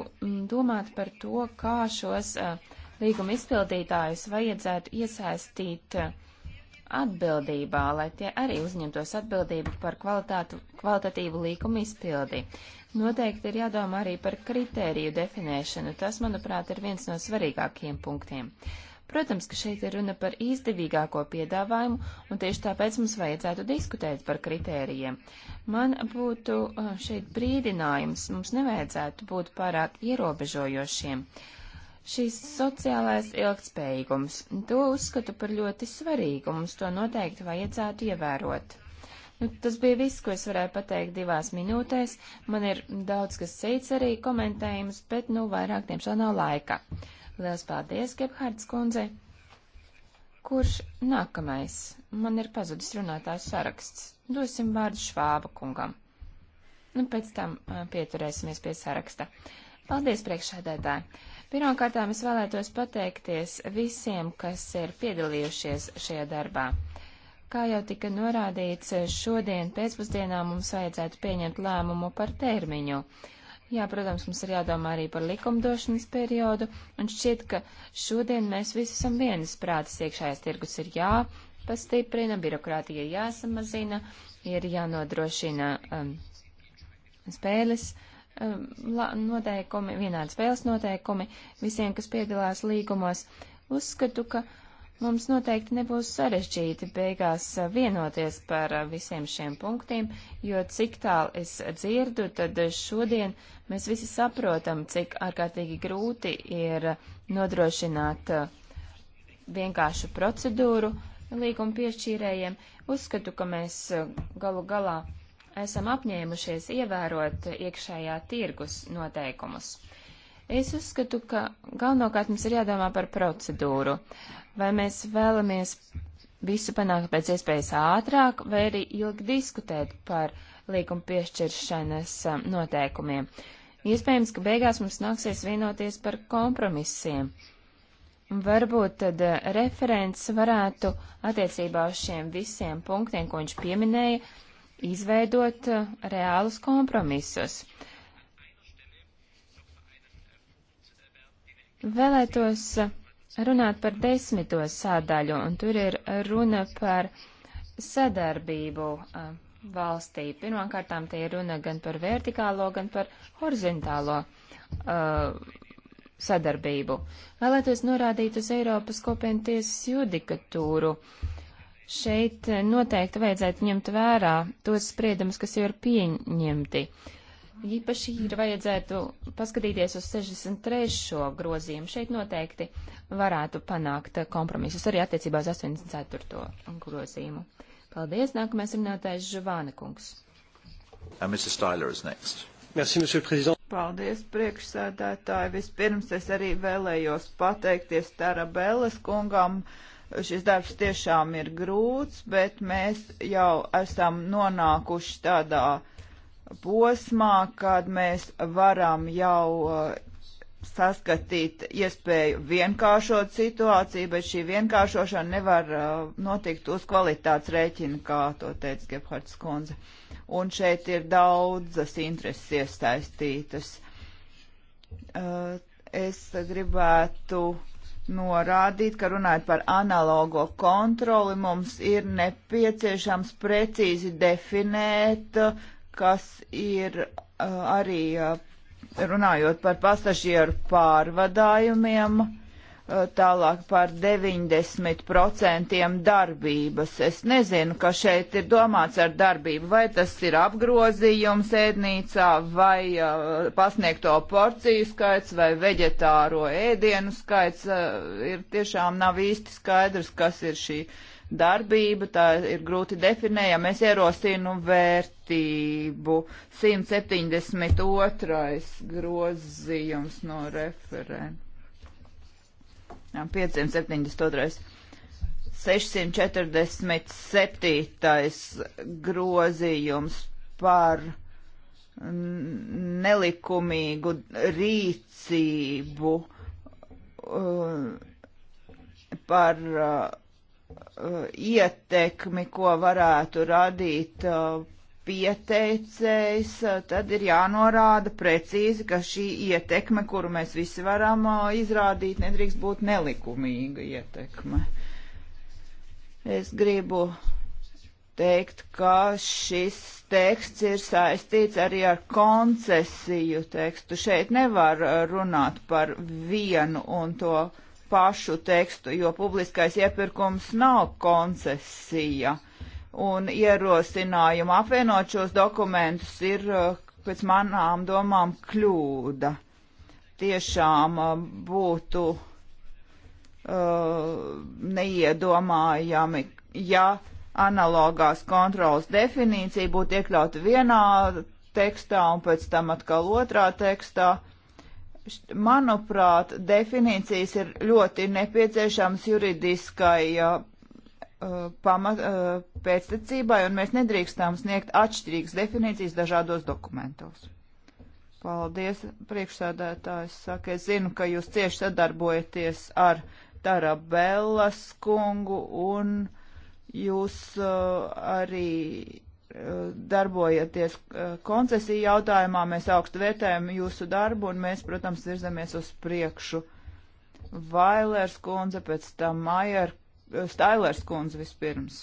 domāt par to, kā šos e, līguma izpildītājus vajadzētu iesaistīt e, atbildībā, lai tie arī uzņemtos atbildību par kvalitatīvu līkumu izpildi. Noteikti ir jādomā arī par kritēriju definēšanu. Tas, manuprāt, ir viens no svarīgākajiem punktiem. Protams, ka šeit ir runa par izdevīgāko piedāvājumu, un tieši tāpēc mums vajadzētu diskutēt par kritērijiem. Man būtu uh, šeit brīdinājums, mums nevajadzētu būt pārāk ierobežojošiem. Šis sociālais ilgtspējīgums, to uzskatu par ļoti svarīgu, mums to noteikti vajadzētu ievērot. Nu, tas bija viss, ko es varēju pateikt divās minūtēs. Man ir daudz, kas cits arī komentējums, bet, nu, vairāk, diemžēl, nav laika. Lielas paldies, Gebhards kundze. Kurš nākamais? Man ir pazudis runātājs saraksts. Dosim vārdu Švāba kungam. Nu, pēc tam uh, pieturēsimies pie saraksta. Paldies, priekšsēdētāji! Pirmkārtām es vēlētos pateikties visiem, kas ir piedalījušies šajā darbā. Kā jau tika norādīts, šodien pēcpusdienā mums vajadzētu pieņemt lēmumu par termiņu. Jā, protams, mums ir jādomā arī par likumdošanas periodu, un šķiet, ka šodien mēs visi esam vienas prātas iekšējais tirgus ir jāpastiprina, birokrātija ir jāsamazina, ir jānodrošina um, spēles um, la, noteikumi, vienādi spēles noteikumi visiem, kas piedalās līgumos. Uzskatu, ka uh, Mums noteikti nebūs sarežģīti beigās vienoties par visiem šiem punktiem, jo cik tālu es dzirdu, tad šodien mēs visi saprotam, cik ārkārtīgi grūti ir nodrošināt vienkāršu procedūru līguma piešķīrējiem. Uzskatu, ka mēs galu galā esam apņēmušies ievērot iekšējā tirgus noteikumus. Es uzskatu, ka galvenokārt mums ir jādomā par procedūru. Uh, vai mēs vēlamies visu panākt pēc iespējas ātrāk, vai arī ilgi diskutēt par līguma piešķiršanas um, noteikumiem. Iespējams, ka beigās mums nāksies vienoties par kompromisiem. Varbūt tad uh, referents varētu attiecībā uz šiem visiem punktiem, ko viņš pieminēja, izveidot uh, reālus kompromisus. Vēlētos uh, runāt par desmito sādaļu, un tur ir runa par sadarbību a, valstī. Pirmkārtām te ir runa gan par vertikālo, gan par horizontālo uh, sadarbību. Vēlētos norādīt uz Eiropas kopienu tiesas judikatūru. Šeit noteikti vajadzētu ņemt vērā tos spriedumus, kas jau ir pieņemti. Uh, Īpaši ir vajadzētu paskatīties uz 63. grozījumu. Šeit noteikti varētu panākt kompromisus arī attiecībā uz 84. grozījumu. Paldies. Nākamais runātājs Žvāna kungs. Paldies, priekšsēdētāji. Vispirms es arī vēlējos pateikties Tarabēles kungam. Šis darbs tiešām ir grūts, bet mēs jau esam nonākuši tādā uh, posmā, kad mēs varam jau uh, saskatīt iespēju vienkāršot situāciju, bet šī vienkāršošana nevar uh, notikt uz kvalitātes rēķina, kā to teica Gebhards Konze. Un šeit ir daudzas intereses iesaistītas. Uh, es gribētu norādīt, ka runājot par analogo kontroli, mums ir nepieciešams precīzi definēt uh, kas ir uh, arī uh, runājot par pasažieru pārvadājumiem, uh, tālāk par 90% darbības. Es nezinu, ka šeit ir domāts ar darbību, vai tas ir apgrozījums ēdnīcā, vai uh, pasniegto porciju skaits, vai veģetāro ēdienu skaits. Uh, ir tiešām nav īsti skaidrs, kas ir šī darbība, tā ir grūti definējama. Es ierosinu vērtību 172. grozījums no referenta. 572. 647. grozījums par nelikumīgu rīcību, uh, par uh, Uh, ietekmi, ko varētu radīt uh, pieteicējs, uh, tad ir jānorāda precīzi, ka šī ietekme, kuru mēs visi varam izrādīt, nedrīkst būt nelikumīga ietekme. Es gribu teikt, ka šis teksts ir saistīts arī ar koncesiju tekstu. Šeit nevar runāt par vienu un to pašu pašu tekstu, jo publiskais iepirkums nav koncesija. Un ierosinājumu apvienot šos dokumentus ir eh, pēc manām domām kļūda. Tiešām eh, būtu uh, neiedomājami, ja analogās kontrolas definīcija būtu iekļauta vienā tekstā un pēc tam atkal otrā tekstā manuprāt, definīcijas ir ļoti nepieciešams juridiskai uh, pamat, uh, pēctecībai, un mēs nedrīkstām sniegt atšķirīgas definīcijas dažādos dokumentos. Paldies, priekšsēdētājs. Saka, es zinu, ka jūs cieši sadarbojaties ar Tarabellas kungu, un jūs uh, arī darbojaties koncesiju jautājumā. Mēs augstu vērtējam jūsu darbu un mēs, protams, virzamies uz priekšu. Vailers kundze, pēc tam Maier, Stailers kundze vispirms.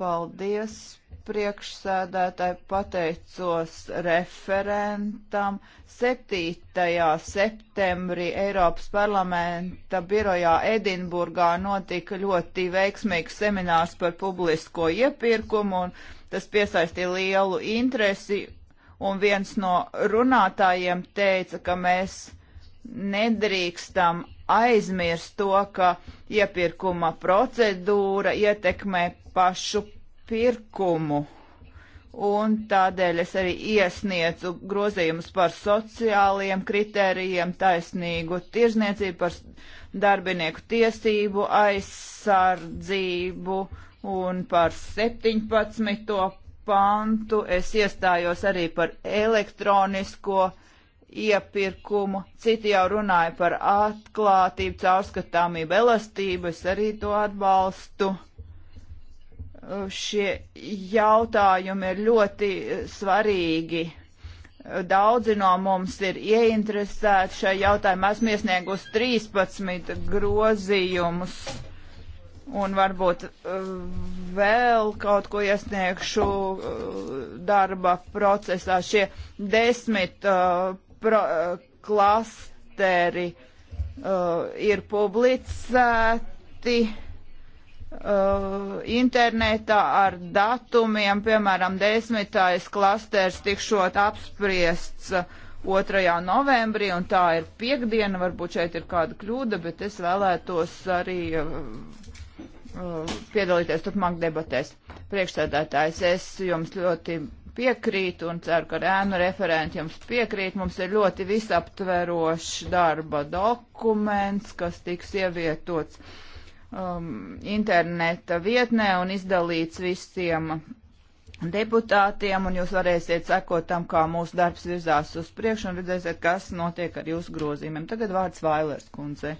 Paldies priekšsēdētāji, pateicos referentam. 7. septembrī Eiropas parlamenta birojā Edinburgā notika ļoti veiksmīgs seminārs par publisko iepirkumu, un tas piesaistīja lielu interesi, un viens no runātājiem teica, ka mēs nedrīkstam aizmirst to, ka iepirkuma procedūra ietekmē pašu pirkumu. Un tādēļ es arī iesniedzu grozījumus par sociāliem kritērijiem, taisnīgu tirzniecību, par darbinieku tiesību aizsardzību un par 17. pantu. Es iestājos arī par elektronisko iepirkumu, citi jau runāja par atklātību, caurskatāmību, elastību, es arī to atbalstu šie jautājumi ir ļoti svarīgi. Daudzi no mums ir ieinteresēti šajā jautājumā. Esmu iesniegusi 13 grozījumus un varbūt eh, vēl kaut ko iesniegšu eh, darba procesā. Šie desmit uh, pro, klasteri uh, ir publicēti. Uh, Uh, internetā ar datumiem, piemēram, desmitais klasters tikšot apspriests 2. Uh, novembrī, un tā ir piekdiena, varbūt šeit ir kāda kļūda, bet es vēlētos arī uh, uh, piedalīties turpmāk debatēs. Priekšsēdētājs, es jums ļoti piekrītu un ceru, ka ēnu referenti jums piekrīt. Mums ir ļoti visaptverošs darba dokuments, kas tiks ievietots um, interneta vietnē un izdalīts visiem deputātiem, un jūs varēsiet sekot tam, kā mūsu darbs virzās uz priekšu, un redzēsiet, kas notiek ar jūsu grozījumiem. Tagad vārds Vailers kundze.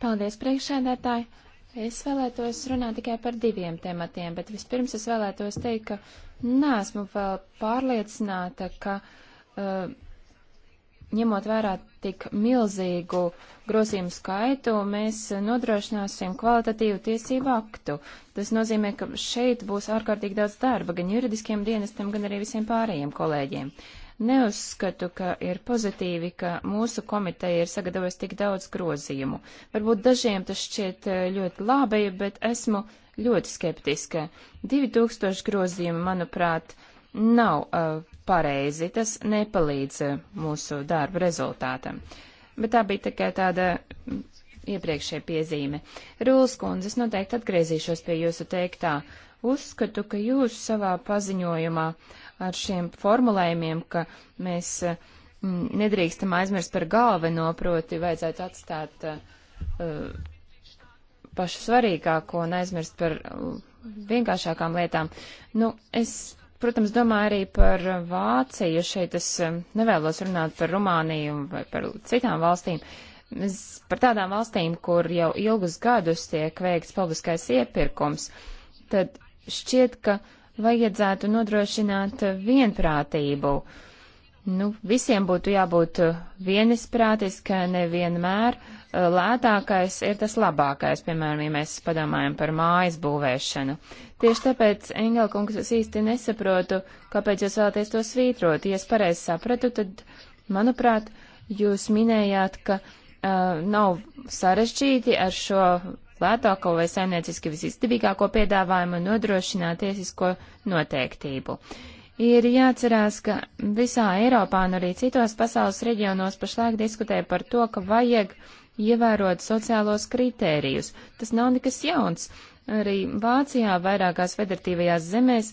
Paldies, priekšēdētāji. Es vēlētos runāt tikai par diviem tematiem, bet vispirms es vēlētos teikt, ka neesmu vēl pārliecināta, ka uh, ņemot vērā tik milzīgu grozījumu skaitu, mēs nodrošināsim kvalitatīvu tiesību aktu. Tas nozīmē, ka šeit būs ārkārtīgi daudz darba gan juridiskiem dienestam, gan arī visiem pārējiem kolēģiem. Neuzskatu, ka ir pozitīvi, ka mūsu komiteja ir sagatavojusi tik daudz grozījumu. Varbūt dažiem tas šķiet eh, ļoti labi, bet esmu ļoti skeptiska. 2000 grozījumu, manuprāt, nav uh, pareizi, tas nepalīdz eh, mūsu darba rezultātam. Bet tā bija tikai tāda iepriekšējā piezīme. Rūlas kundze, es noteikti atgriezīšos pie jūsu teiktā. Uzskatu, ka jūs savā paziņojumā ar šiem formulējumiem, ka mēs eh, nedrīkstam aizmirst par galveno, proti vajadzētu atstāt uh, pašu svarīgāko un aizmirst par uh, vienkāršākām lietām. Nu, es protams, domāju arī par Vāciju. Šeit es um, nevēlos runāt par Rumāniju vai par citām valstīm. Es par tādām valstīm, kur jau ilgus gadus tiek veikts publiskais iepirkums, tad šķiet, ka vajadzētu nodrošināt vienprātību. Uh, Nu, visiem būtu jābūt uh, vienisprātis, ka nevienmēr uh, lētākais ir tas labākais, piemēram, ja mēs padomājam par mājas būvēšanu. Tieši tāpēc, Engelkungs, es īsti nesaprotu, kāpēc jūs vēlaties to svītrot. Ja es pareizi sapratu, tad, manuprāt, jūs minējāt, ka uh, nav sarežģīti ar šo lētāko vai saimnieciski visizdevīgāko piedāvājumu nodrošināt tiesisko noteiktību. Uh, Ir jāatcerās, ka visā Eiropā un arī citos pasaules reģionos pašlaik diskutē par to, ka vajag ievērot sociālos kritērijus. Tas nav nekas jauns. Arī Vācijā vairākās federatīvajās zemēs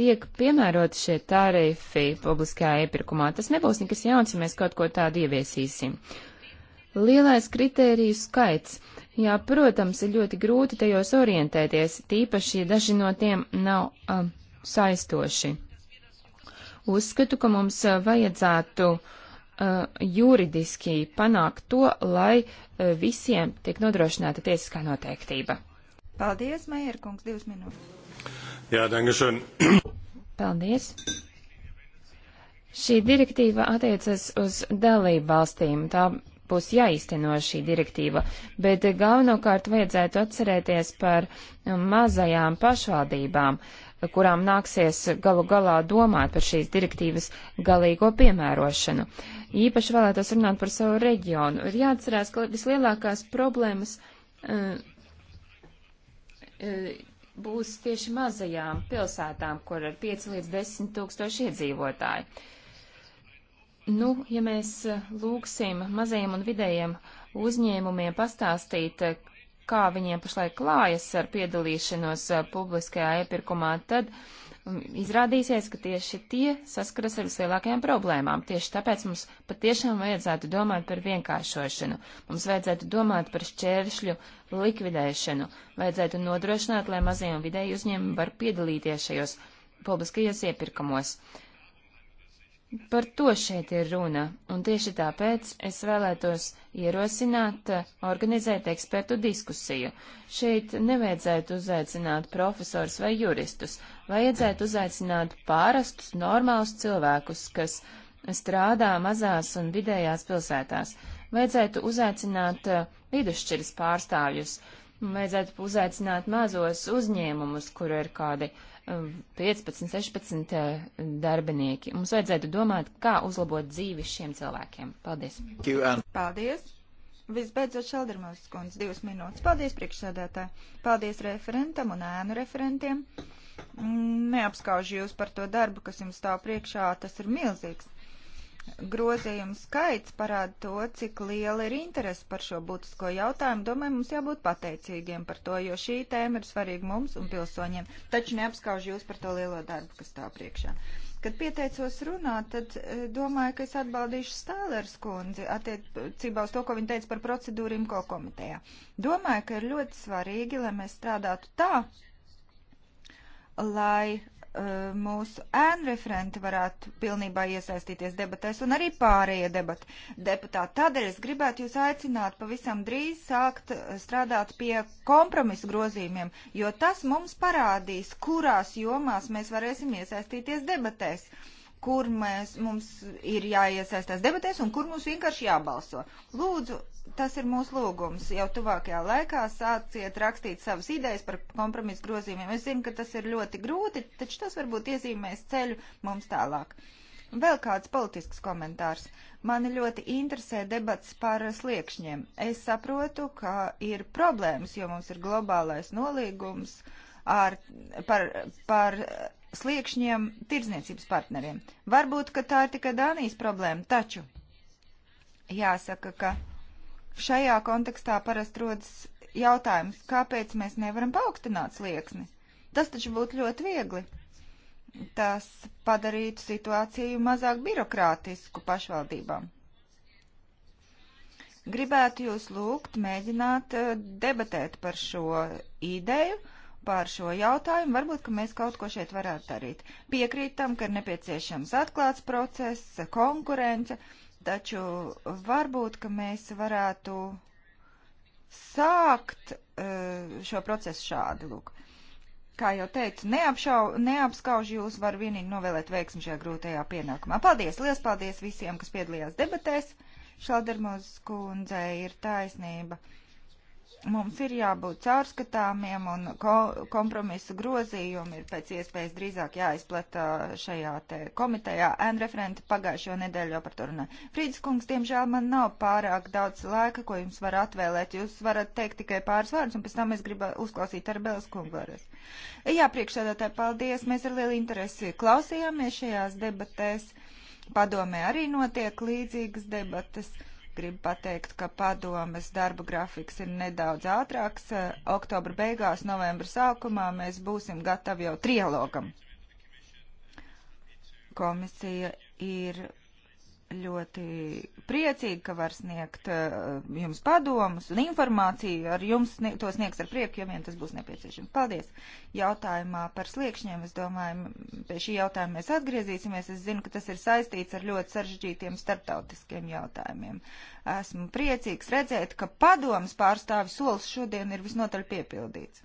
tiek piemēroti šie tarifi publiskajā iepirkumā. Tas nebūs nekas jauns, ja mēs kaut ko tādu ieviesīsim. Lielais kritēriju skaits. Jā, protams, ir ļoti grūti tajos orientēties, tīpaši, ja daži no tiem nav um, saistoši. Uzskatu, ka mums eh, vajadzētu uh, juridiski panākt to, lai uh, visiem tiek nodrošināta tiesiskā noteiktība. Paldies, Maierkungs, divas minūtes. Jā, dangašan. Paldies. Šī direktīva attiecas uz dalību valstīm. Tā būs jāizteno šī direktīva, bet galvenokārt vajadzētu atcerēties par mazajām pašvaldībām. Uh, kurām nāksies galu galā domāt par šīs direktīvas galīgo piemērošanu. Īpaši vēlētos runāt par savu reģionu. Ir jāatcerās, ka vislielākās problēmas uh, uh, būs tieši mazajām pilsētām, kur ir 5 līdz 10 tūkstoši iedzīvotāji. Nu, ja mēs eh, lūksim mazajiem un vidējiem uzņēmumiem pastāstīt, kā viņiem pašlaik klājas ar piedalīšanos uh, publiskajā iepirkumā, tad um, izrādīsies, ka tieši tie saskaras ar vislielākajām problēmām. Tieši tāpēc mums patiešām vajadzētu domāt par vienkāršošanu, mums vajadzētu domāt par šķēršļu likvidēšanu, vajadzētu nodrošināt, lai mazie un vidēji uzņēmumi var piedalīties šajos publiskajos iepirkumos. Uh, Par to šeit ir runa, un tieši tāpēc es vēlētos ierosināt, organizēt ekspertu diskusiju. Šeit nevajadzētu uzaicināt profesors vai juristus, vajadzētu uzaicināt pārastus, normālus cilvēkus, kas strādā mazās un vidējās pilsētās. Vajadzētu uzaicināt eh, vidusšķiras pārstāvjus, vajadzētu uzaicināt mazos uzņēmumus, kur ir kādi uh, 15, 16 eh, darbinieki. Mums vajadzētu domāt, kā uzlabot dzīvi šiem cilvēkiem. Paldies! Paldies! Visbeidzot, Šaldermās kundze, divas minūtes. Paldies priekšsēdētāji, paldies referentam un ēnu referentiem. Mm, neapskaužu jūs par to darbu, kas jums stāv priekšā, tas ir milzīgs grozījumu skaits parāda to, cik liela ir interese par šo būtisko jautājumu. Domāju, mums jābūt pateicīgiem par to, jo šī tēma ir svarīga mums un pilsoņiem. Taču neapskauž jūs par to lielo darbu, kas tā priekšā. Kad pieteicos runāt, tad eh, domāju, ka es atbaldīšu Stēlers kundzi attiecībā uz to, ko viņa teica par procedūru IMKO komitejā. Domāju, ka ir ļoti svarīgi, lai mēs strādātu tā, lai Eh, mūsu ēnu referenti varētu pilnībā iesaistīties debatēs un arī pārējie debati deputāti. Tādēļ es gribētu jūs aicināt pavisam drīz sākt eh, strādāt pie kompromisu grozījumiem, jo tas mums parādīs, kurās jomās mēs varēsim iesaistīties debatēs. Uh, kur mēs, mums ir jāiesaistās debatēs un kur mums vienkārši jābalso. Lūdzu, tas ir mūsu lūgums. Jau tuvākajā laikā sāciet rakstīt savas idejas par kompromisu grozījumiem. Es zinu, ka tas ir ļoti grūti, taču tas varbūt iezīmēs ceļu mums tālāk. Vēl kāds politisks komentārs. Mani ļoti interesē debats par sliekšņiem. Es saprotu, ka ir problēmas, jo mums ir globālais nolīgums ar, par, par sliekšņiem tirdzniecības partneriem. Varbūt, ka tā ir tikai Dānijas problēma, taču jāsaka, ka šajā kontekstā parasti rodas jautājums, kāpēc mēs nevaram paaugstināt slieksni. Tas taču būtu ļoti viegli. Tas padarītu situāciju mazāk birokrātisku pašvaldībām. Gribētu jūs lūgt mēģināt eh, debatēt par šo ideju par šo jautājumu. Varbūt, ka mēs kaut ko šeit varētu darīt. Piekrīt tam, ka ir nepieciešams atklāts process, konkurence, taču varbūt, ka mēs varētu sākt eh, šo procesu šādi. Lūk. Kā jau teicu, neapšau, neapskauž jūs var vienīgi novēlēt veiksmi šajā grūtajā pienākumā. Paldies! Lielas paldies visiem, kas piedalījās debatēs! Šaldermos kundzei ir taisnība Mums ir jābūt caurskatāmiem un ko, kompromisu grozījumi ir pēc iespējas drīzāk jāizplata šajā te komitejā. Ēn referenti pagājušo nedēļu jau par to runāja. Frīdis kungs, diemžēl man nav pārāk daudz laika, ko jums var atvēlēt. Jūs varat teikt tikai pāris vārdus un pēc tam es gribu uzklausīt ar Bēles kungu varas. Jā, priekšsēdētāji, paldies. Mēs ar lielu interesi klausījāmies šajās debatēs. Padomē arī notiek līdzīgas debatas. Gribu pateikt, ka padomas darba grafiks ir nedaudz ātrāks. Eh, oktobra beigās, novembra sākumā mēs būsim gatavi jau trialogam. Komisija ir ļoti priecīgi, ka var sniegt eh, jums padomus un informāciju. Ar jums to sniegs ar prieku, ja vien tas būs nepieciešams. Paldies! Jautājumā par sliekšņiem, es domāju, pie šī jautājuma mēs atgriezīsimies. Es zinu, ka tas ir saistīts ar ļoti sarežģītiem starptautiskiem jautājumiem. Esmu priecīgs redzēt, ka padomas pārstāvi solis šodien ir visnotaļ piepildīts.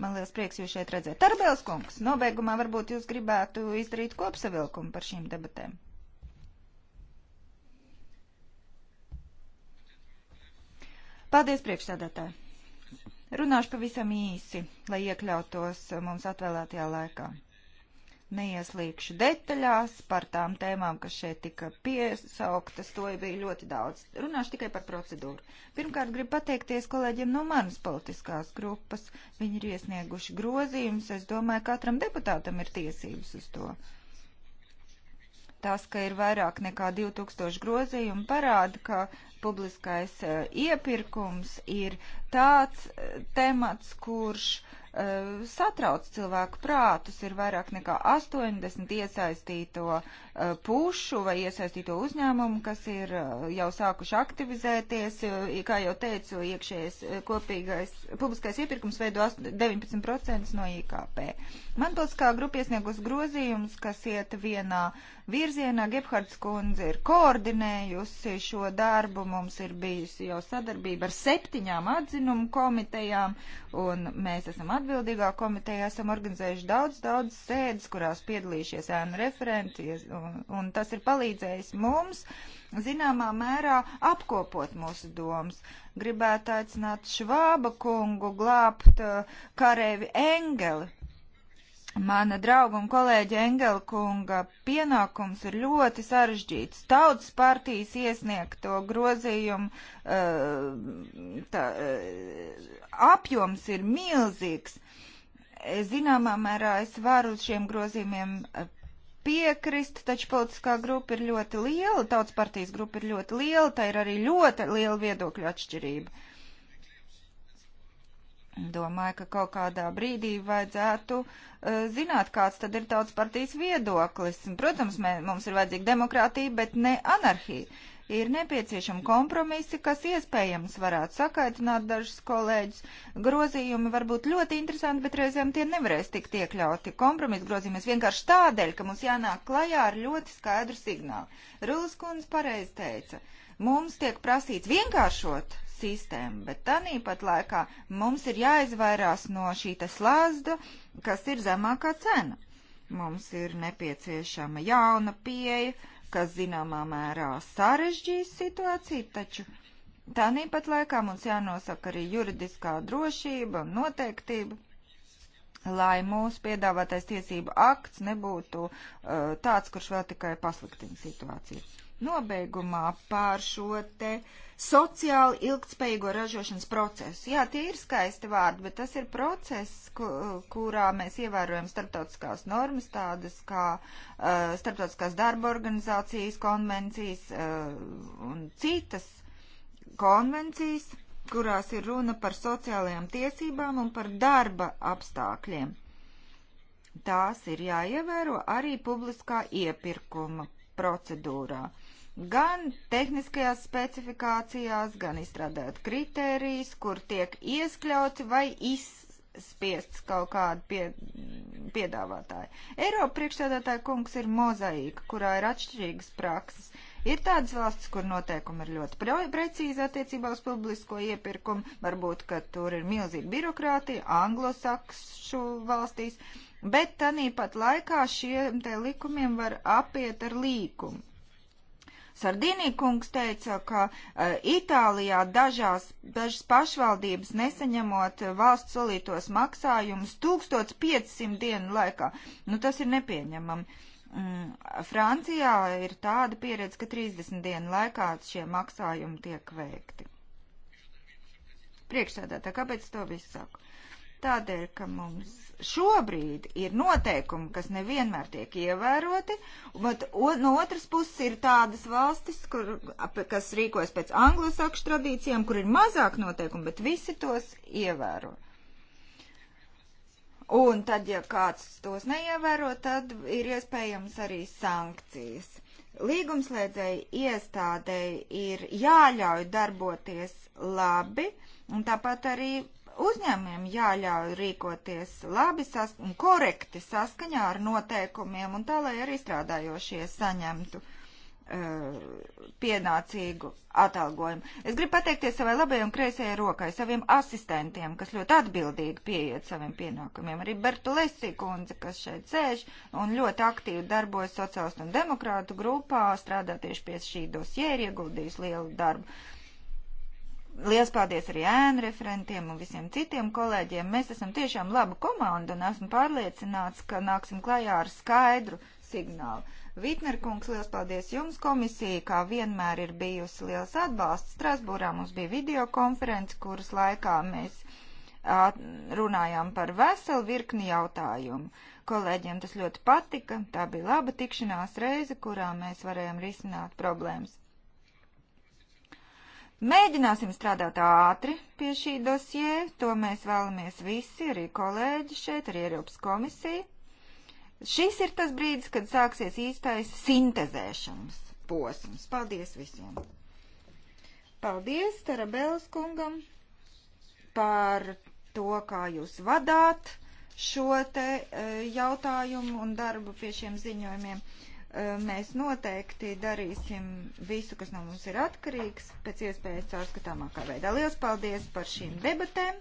Man liels prieks jūs šeit redzēt. Tarbēls kungs, nobeigumā varbūt jūs gribētu izdarīt kopsavilkumu par šīm debatēm. Paldies, priekšsēdētāji! Runāšu pavisam īsi, lai iekļautos mums atvēlētajā laikā. Neieslīgšu detaļās par tām tēmām, kas šeit tika piesauktas, to bija ļoti daudz. Runāšu tikai par procedūru. Pirmkārt, gribu pateikties kolēģiem no manas politiskās grupas. Viņi ir iesnieguši grozījumus. Es domāju, katram deputātam ir tiesības uz to. Uh, Tas, ka ir vairāk nekā 2000 grozījumu, parāda, ka publiskais uh, iepirkums ir tāds uh, temats, kurš uh, satrauc cilvēku prātus. Ir vairāk nekā 80 iesaistīto Uh, pušu vai iesaistīto uzņēmumu, kas ir uh, jau sākuši aktivizēties. Uh, kā jau teicu, iekšējais kopīgais publiskais iepirkums veido 19% no IKP. Man politiskā grupa iesniegus grozījums, kas iet vienā virzienā. Gebhards kundze ir koordinējusi šo darbu. Mums ir bijusi jau sadarbība ar septiņām atzinumu komitejām, un mēs esam atbildīgā komiteja. Esam organizējuši daudz, daudz sēdes, kurās piedalījušies ēnu referenti un tas ir palīdzējis mums zināmā mērā apkopot mūsu domas. Gribētu aicināt Švāba kungu glābt uh, karēvi Engeli. Mana drauga un kolēģa Engela kunga pienākums ir ļoti sarežģīts. Tautas partijas iesniegto grozījumu uh, tā, uh, apjoms ir milzīgs. Zināmā mērā es varu uz šiem grozījumiem piekrist, taču politiskā grupa ir ļoti liela, tautas partijas grupa ir ļoti liela, tā ir arī ļoti liela viedokļu atšķirība. Domāju, ka kaut kādā brīdī vajadzētu uh, zināt, kāds tad ir tautas partijas viedoklis. Protams, mē, mums ir vajadzīga demokrātija, bet ne anarhija ir nepieciešami kompromisi, kas iespējams varētu sakaitināt dažus kolēģus. Grozījumi var būt ļoti interesanti, bet reizēm tie nevarēs tikt iekļauti. Kompromisu grozījumies vienkārši tādēļ, ka mums jānāk klajā ar ļoti skaidru signālu. Rūlis kundze pareizi teica, mums tiek prasīts vienkāršot sistēmu, bet tāpat laikā mums ir jāizvairās no šī slazda, kas ir zemākā cena. Mums ir nepieciešama jauna pieeja, kas zināmā mērā sarežģīs situāciju, taču tāpat laikā mums jānosaka arī juridiskā drošība un noteiktība, lai mūsu piedāvātais tiesību akts nebūtu uh, tāds, kurš vēl tikai pasliktina situāciju. Nobeigumā pār šo te sociāli ilgtspējīgo ražošanas procesu. Jā, tie ir skaisti vārdi, bet tas ir process, kurā mēs ievērojam starptautiskās normas, tādas kā uh, starptautiskās darba organizācijas konvencijas uh, un citas konvencijas, kurās ir runa par sociālajām tiesībām un par darba apstākļiem. Tās ir jāievēro arī publiskā iepirkuma procedūrā gan tehniskajās specifikācijās, gan izstrādājot kritērijas, kur tiek ieskļauti vai izspiests kaut kādi pie, piedāvātāji. Eiropa priekšstādātāja kungs ir mozaīka, kurā ir atšķirīgas prakses. Ir tādas valstis, kur noteikumi ir ļoti pre precīzi attiecībā uz publisko iepirkumu, varbūt, ka tur ir milzīga birokrātija, anglosakšu valstīs, bet tanī pat laikā šiem te likumiem var apiet ar līkumu. Sardīnī kungs teica, ka uh, Itālijā dažās, dažas pašvaldības nesaņemot eh, valsts solītos maksājumus 1500 dienu laikā. Nu, tas ir nepieņemami. Mm, Francijā ir tāda pieredze, ka 30 dienu laikā šie maksājumi tiek veikti. Priekšsēdētā, kāpēc to visu saku? Tādēļ, ka mums šobrīd ir noteikumi, kas nevienmēr tiek ievēroti, bet o, no otras puses ir tādas valstis, kur, kas rīkojas pēc anglosakšu tradīcijām, kur ir mazāk noteikumi, bet visi tos ievēro. Un tad, ja kāds tos neievēro, tad ir iespējams arī sankcijas. Līgumslēdzēji iestādēji ir jāļauj darboties labi, un tāpat arī uzņēmiem jāļauj rīkoties labi sas un korekti saskaņā ar noteikumiem un tā, lai arī strādājošie saņemtu uh, pienācīgu atalgojumu. Es gribu pateikties savai labajai un kreisajai rokai, saviem asistentiem, kas ļoti atbildīgi pieiet saviem pienākumiem. Arī Bertu Lesi kundze, kas šeit sēž un ļoti aktīvi darbojas sociālistu un demokrātu grupā, strādā tieši pie šī dosjē, ir ieguldījis lielu darbu. Uh, Liels paldies arī ēnu referentiem un visiem citiem kolēģiem. Mēs esam tiešām laba komanda un esmu pārliecināts, ka nāksim klajā ar skaidru signālu. Vitner kungs, liels paldies jums komisija, kā vienmēr ir bijusi liels atbalsts. Strasbūrā mums bija videokonference, kuras laikā mēs runājām par veselu virkni jautājumu. Kolēģiem tas ļoti patika, tā bija laba tikšanās reize, kurā mēs varējām risināt problēmas. Mēģināsim strādāt ātri pie šī dosie, to mēs vēlamies visi, arī kolēģi šeit, arī Eiropas komisija. Šis ir tas brīdis, kad sāksies īstais sintezēšanas posms. Paldies visiem! Paldies Tarabēlas kungam par to, kā jūs vadāt šo te eh, jautājumu un darbu pie šiem ziņojumiem. Mēs noteikti darīsim visu, kas no mums ir atkarīgs, pēc iespējas caurskatāmākā veidā. Lielas paldies par šīm debatēm!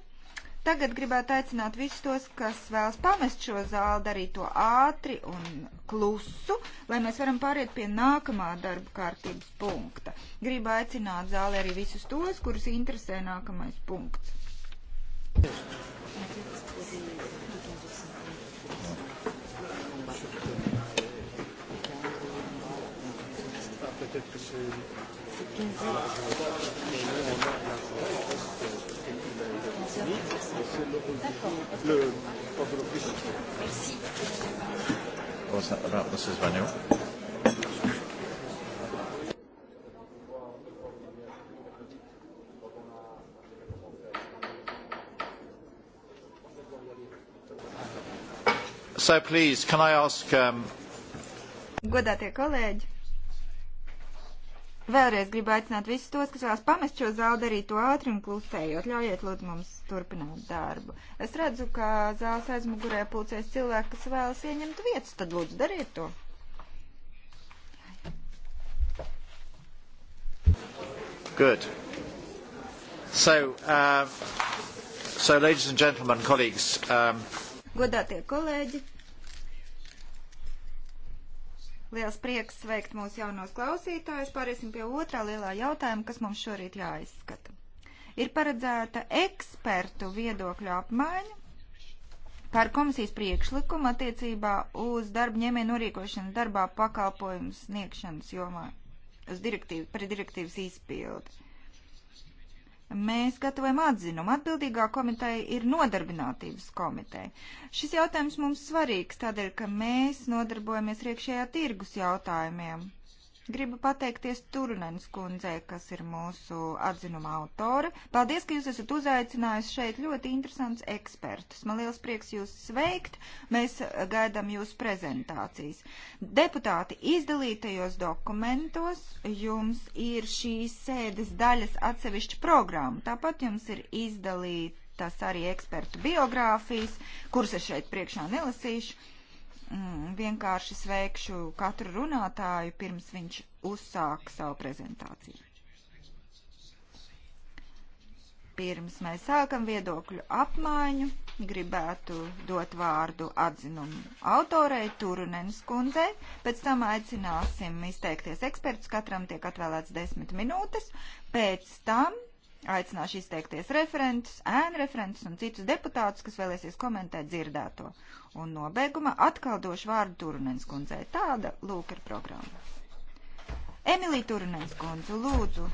Tagad gribētu aicināt visus tos, kas vēlas pamest šo zāli, darīt to ātri un klusu, lai mēs varam pāriet pie nākamā darba kārtības punkta. Gribu aicināt zāli arī visus tos, kurus interesē nākamais punkts. Thank you. peut-être que c'est... Merci. What's that about Mrs. Manuel? So please, can I ask um, Godātie kolēģi, Vēlreiz gribu aicināt visus tos, kas vēlas pamest šo zāli, darīt to ātri un klusējot. Ļaujiet, lūdzu, mums turpināt darbu. Es redzu, ka zāles aizmugurē pulcēs cilvēki, kas vēlas ieņemt vietas, tad lūdzu, dariet to. Good. So, uh, so ladies and gentlemen, colleagues. Um... Godātie kolēģi, Liels prieks sveikt mūsu jaunos klausītājus. Pāriesim pie otrā lielā jautājuma, kas mums šorīt jāizskata. Ir paredzēta ekspertu viedokļu apmaiņa par komisijas priekšlikumu attiecībā uz darba ņēmēju norīkošanu darbā pakalpojumu sniegšanas jomā uz direktīvu, par direktīvas izpildi. Mēs gatavojam atzinumu. Atbildīgā komiteja ir nodarbinātības komiteja. Šis jautājums mums svarīgs tādēļ, ka mēs nodarbojamies riekšējā tirgus jautājumiem. Gribu pateikties Turunenes kundzei, kas ir mūsu atzinuma autore. Paldies, ka jūs esat uzaicinājis šeit ļoti interesants ekspertus. Man liels prieks jūs sveikt. Mēs gaidām jūsu prezentācijas. Deputāti, izdalītajos dokumentos jums ir šīs sēdes daļas atsevišķa programma. Tāpat jums ir izdalītas arī ekspertu biogrāfijas, kuras es šeit priekšā nelasīšu mm, vienkārši sveikšu katru runātāju, pirms viņš uzsāk savu prezentāciju. Pirms mēs sākam viedokļu apmaiņu, gribētu dot vārdu atzinumu autorei Turunenes kundzei, pēc tam aicināsim izteikties ekspertus, katram tiek atvēlēts desmit minūtes, pēc tam Aicināšu izteikties referentus, ēnu referentus un citus deputātus, kas vēlēsies komentēt dzirdēto. Un nobeigumā atkal došu vārdu Turunens kundzei. Tāda, lūk, ir programma. Emilija Turunens kundze, lūdzu,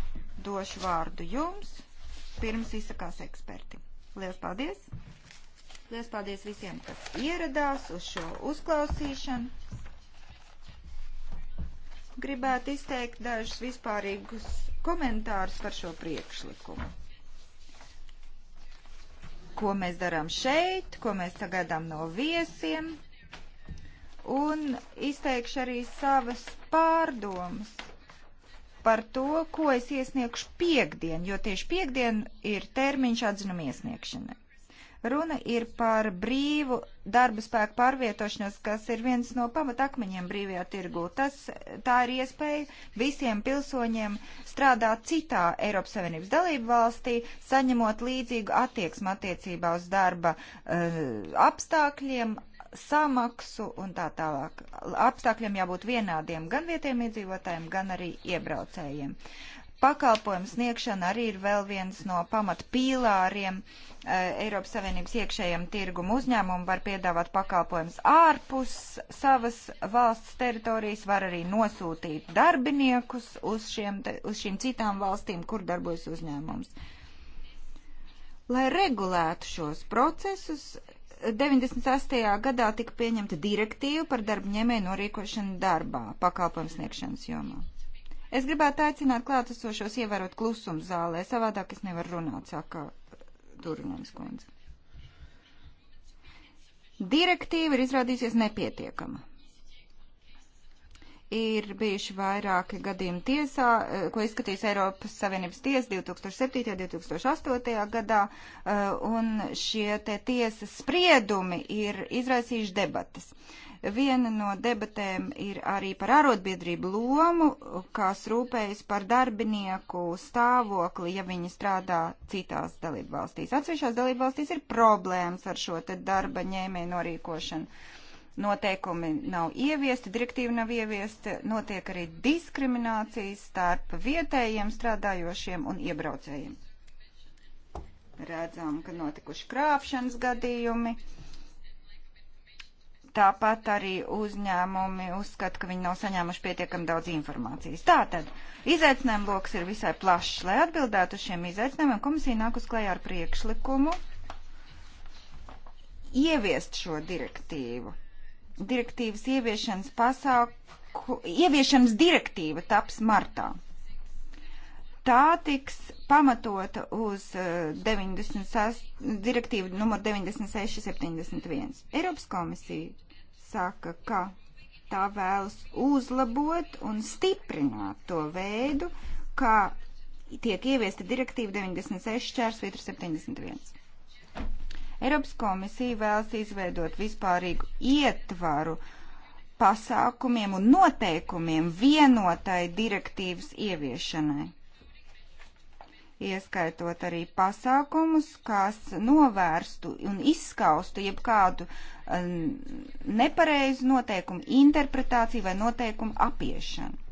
došu vārdu jums, pirms izsakās eksperti. Lielas paldies! Lielas paldies visiem, kas ieradās uz šo uzklausīšanu. Gribētu izteikt dažus vispārīgus komentārus par šo priekšlikumu ko mēs darām šeit, ko mēs sagaidām no viesiem, un izteikšu arī savas pārdomas par to, ko es iesniegšu piekdien, jo tieši piekdien ir termiņš atzinuma iesniegšanai. Runa ir par brīvu darba spēku pārvietošanos, kas ir viens no pamatakmeņiem brīvajā tirgū. Tas, tā ir iespēja visiem pilsoņiem strādāt citā Eiropas Savienības dalību valstī, saņemot līdzīgu attieksmu attiecībā uz darba uh, apstākļiem, samaksu un tā tālāk. Apstākļiem jābūt vienādiem gan vietiem iedzīvotājiem, gan arī iebraucējiem. Uh, Pakalpojumu sniegšana arī ir vēl viens no pamatpīlāriem eh, Eiropas Savienības iekšējiem tirgumu uzņēmumu var piedāvāt pakalpojums ārpus savas valsts teritorijas, var arī nosūtīt darbiniekus uz, šiem, uz šīm citām valstīm, kur darbojas uzņēmums. Lai regulētu šos procesus, 98. gadā tika pieņemta direktīva par darba ņēmēju norīkošanu darbā pakalpojums sniegšanas jomā. Es gribētu aicināt klātesošos ievērot klusumu zālē, savādāk es nevaru runāt, saka Durunēns kundze. Direktīva ir izrādījusies nepietiekama. Ir bijuši vairāki gadījumi tiesā, eh, ko izskatīs Eiropas Savienības tiesa 2007. un 2008. gadā, eh, un šie te tiesas spriedumi ir izraisījuši debatas. Uh, Viena no debatēm ir arī par arotbiedrību lomu, kas rūpējas par darbinieku stāvokli, ja viņi strādā citās dalību valstīs. Atsevišķās dalību valstīs ir problēmas ar šo te darba ņēmēju norīkošanu. Noteikumi nav ieviesti, direktīva nav ieviesta, notiek arī diskriminācijas starp vietējiem strādājošiem un iebraucējiem. Redzam, ka notikuši krāpšanas gadījumi Tāpat arī uzņēmumi uzskata, ka viņi nav saņēmuši pietiekami daudz informācijas. Tātad, izaicinājuma lokus ir visai plašs. Lai atbildētu uz šiem izaicinājumiem, komisija nāk uz klajā ar priekšlikumu ieviest šo direktīvu. Direktīvas ieviešanas pasāku, ieviešanas direktīva taps martā tā tiks pamatota uz 96, eh, direktīvu numur 9671. Eiropas komisija saka, ka tā vēlas uzlabot un stiprināt to veidu, kā tiek ieviesta direktīva 96 čērsvītra 71. Eiropas komisija vēlas izveidot vispārīgu ietvaru pasākumiem un noteikumiem vienotai direktīvas ieviešanai ieskaitot arī pasākumus, kas novērstu un izskaustu jebkādu um, nepareizu noteikumu interpretāciju vai noteikumu apiešanu.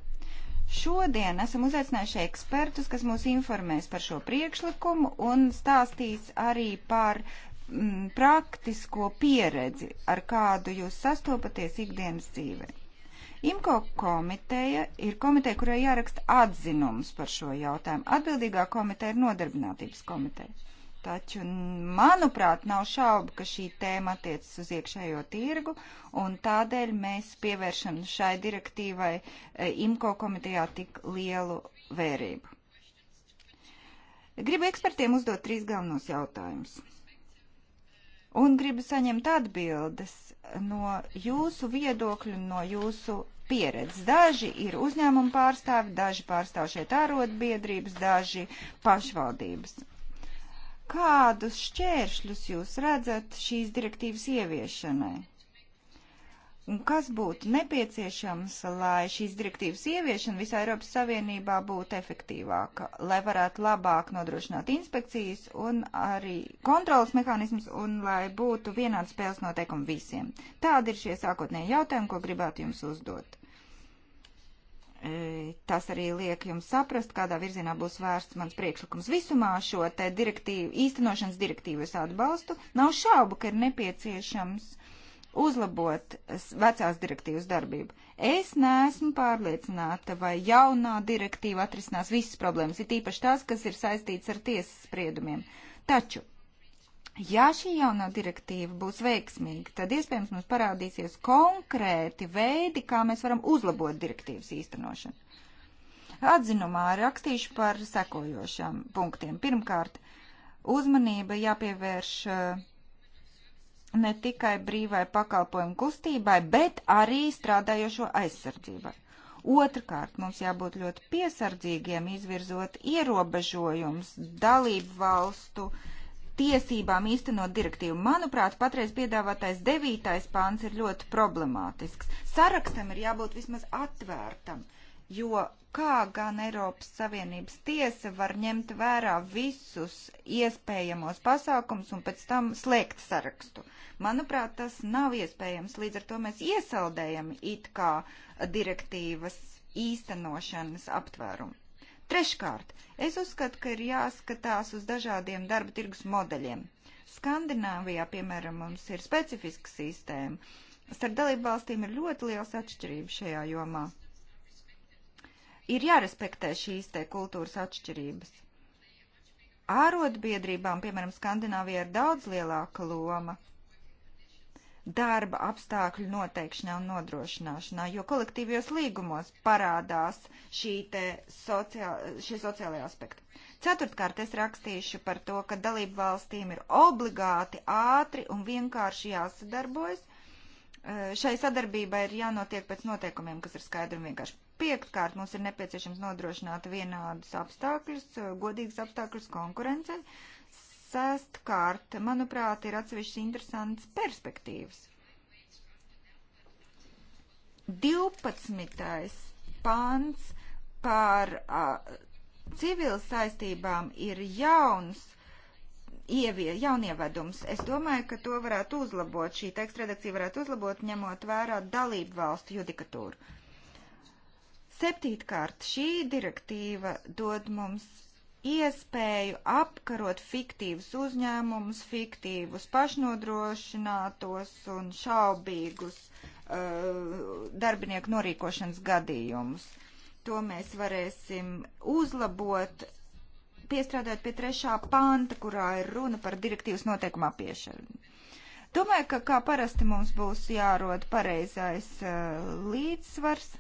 Šodien esam uzaicinājuši ekspertus, kas mūs informēs par šo priekšlikumu un stāstīs arī par mm, praktisko pieredzi, ar kādu jūs sastopaties ikdienas dzīvē. IMCO komiteja ir komiteja, kurai jāraksta atzinums par šo jautājumu. Atbildīgā komiteja ir nodarbinātības komiteja. Taču, manuprāt, nav šaubu, ka šī tēma attiecas uz iekšējo tirgu, un tādēļ mēs pievēršam šai direktīvai eh, IMCO komitejā tik lielu vērību. Gribu ekspertiem uzdot trīs galvenos jautājumus. Un gribu saņemt atbildes no jūsu viedokļu, no jūsu pieredze. Daži ir uzņēmumu pārstāvi, daži pārstāv šeit ārotbiedrības, daži pašvaldības. Kādus šķēršļus jūs redzat šīs direktīvas ieviešanai? Un kas būtu nepieciešams, lai šīs direktīvas ieviešana visā Eiropas Savienībā būtu efektīvāka, lai varētu labāk nodrošināt inspekcijas un arī kontrolas mehānismus un lai būtu vienāds spēles noteikumi visiem? Tādi ir šie sākotnēji jautājumi, ko gribētu jums uzdot. E, tas arī liek jums saprast, kādā virzienā būs vērsts mans priekšlikums. Visumā šo te direktīvu, īstenošanas direktīvu es atbalstu. Nav šaubu, ka ir nepieciešams uh, uzlabot vecās direktīvas darbību. Es neesmu pārliecināta, vai jaunā direktīva atrisinās visas problēmas, ir tīpaši tās, kas ir saistīts ar tiesas spriedumiem. Taču, ja šī jaunā direktīva būs veiksmīga, tad iespējams mums parādīsies konkrēti veidi, kā mēs varam uzlabot direktīvas īstenošanu. Atzinumā rakstīšu par sekojošām punktiem. Pirmkārt, uzmanība jāpievērš uh, ne tikai brīvai pakalpojumu kustībai, bet arī strādājošo aizsardzībai. Otrkārt, mums jābūt ļoti piesardzīgiem, izvirzot ierobežojums dalību valstu tiesībām īstenot direktīvu. Manuprāt, patreiz piedāvātais devītais pāns ir ļoti problemātisks. Sarakstam ir jābūt vismaz atvērtam. Uh, jo kā gan Eiropas Savienības tiesa var ņemt vērā visus iespējamos pasākums un pēc tam slēgt sarakstu? Manuprāt, tas nav iespējams, līdz ar to mēs iesaldējam it kā direktīvas īstenošanas aptvērumu. Treškārt, es uzskatu, ka ir jāskatās uz dažādiem darba tirgus modeļiem. Skandināvijā, piemēram, mums ir specifiska sistēma. Starp dalību valstīm ir ļoti liels atšķirības šajā jomā. Ir jārespektē šīs te kultūras atšķirības. Ārotbiedrībām, piemēram, Skandināvijā ir daudz lielāka loma darba apstākļu noteikšanā un nodrošināšanā, jo kolektīvajos līgumos parādās šī te sociāla, šie sociālajie aspekti. Ceturtkārt, es rakstīšu par to, ka dalību valstīm ir obligāti ātri un vienkārši jāsadarbojas. Šai sadarbībai ir jānotiek pēc noteikumiem, kas ir skaidri un vienkārši. Piektkārt mums ir nepieciešams nodrošināt vienādus apstākļus, eh, godīgus apstākļus konkurencei. Sestkārt, manuprāt, ir atsevišķas interesantas perspektīvas. 12. pāns par uh, civil saistībām ir jauns ievie, jaunievedums. Es domāju, ka to varētu uzlabot, šī teksta redakcija varētu uzlabot, ņemot vērā dalību valstu judikatūru. Septītkārt, šī direktīva dod mums iespēju apkarot fiktīvus uzņēmumus, fiktīvus pašnodrošinātos un šaubīgus uh, darbinieku norīkošanas gadījumus. To mēs varēsim uzlabot, piestrādājot pie trešā panta, kurā ir runa par direktīvas noteikumu apiešanu. Domāju, ka kā parasti mums būs jārod pareizais uh, līdzsvars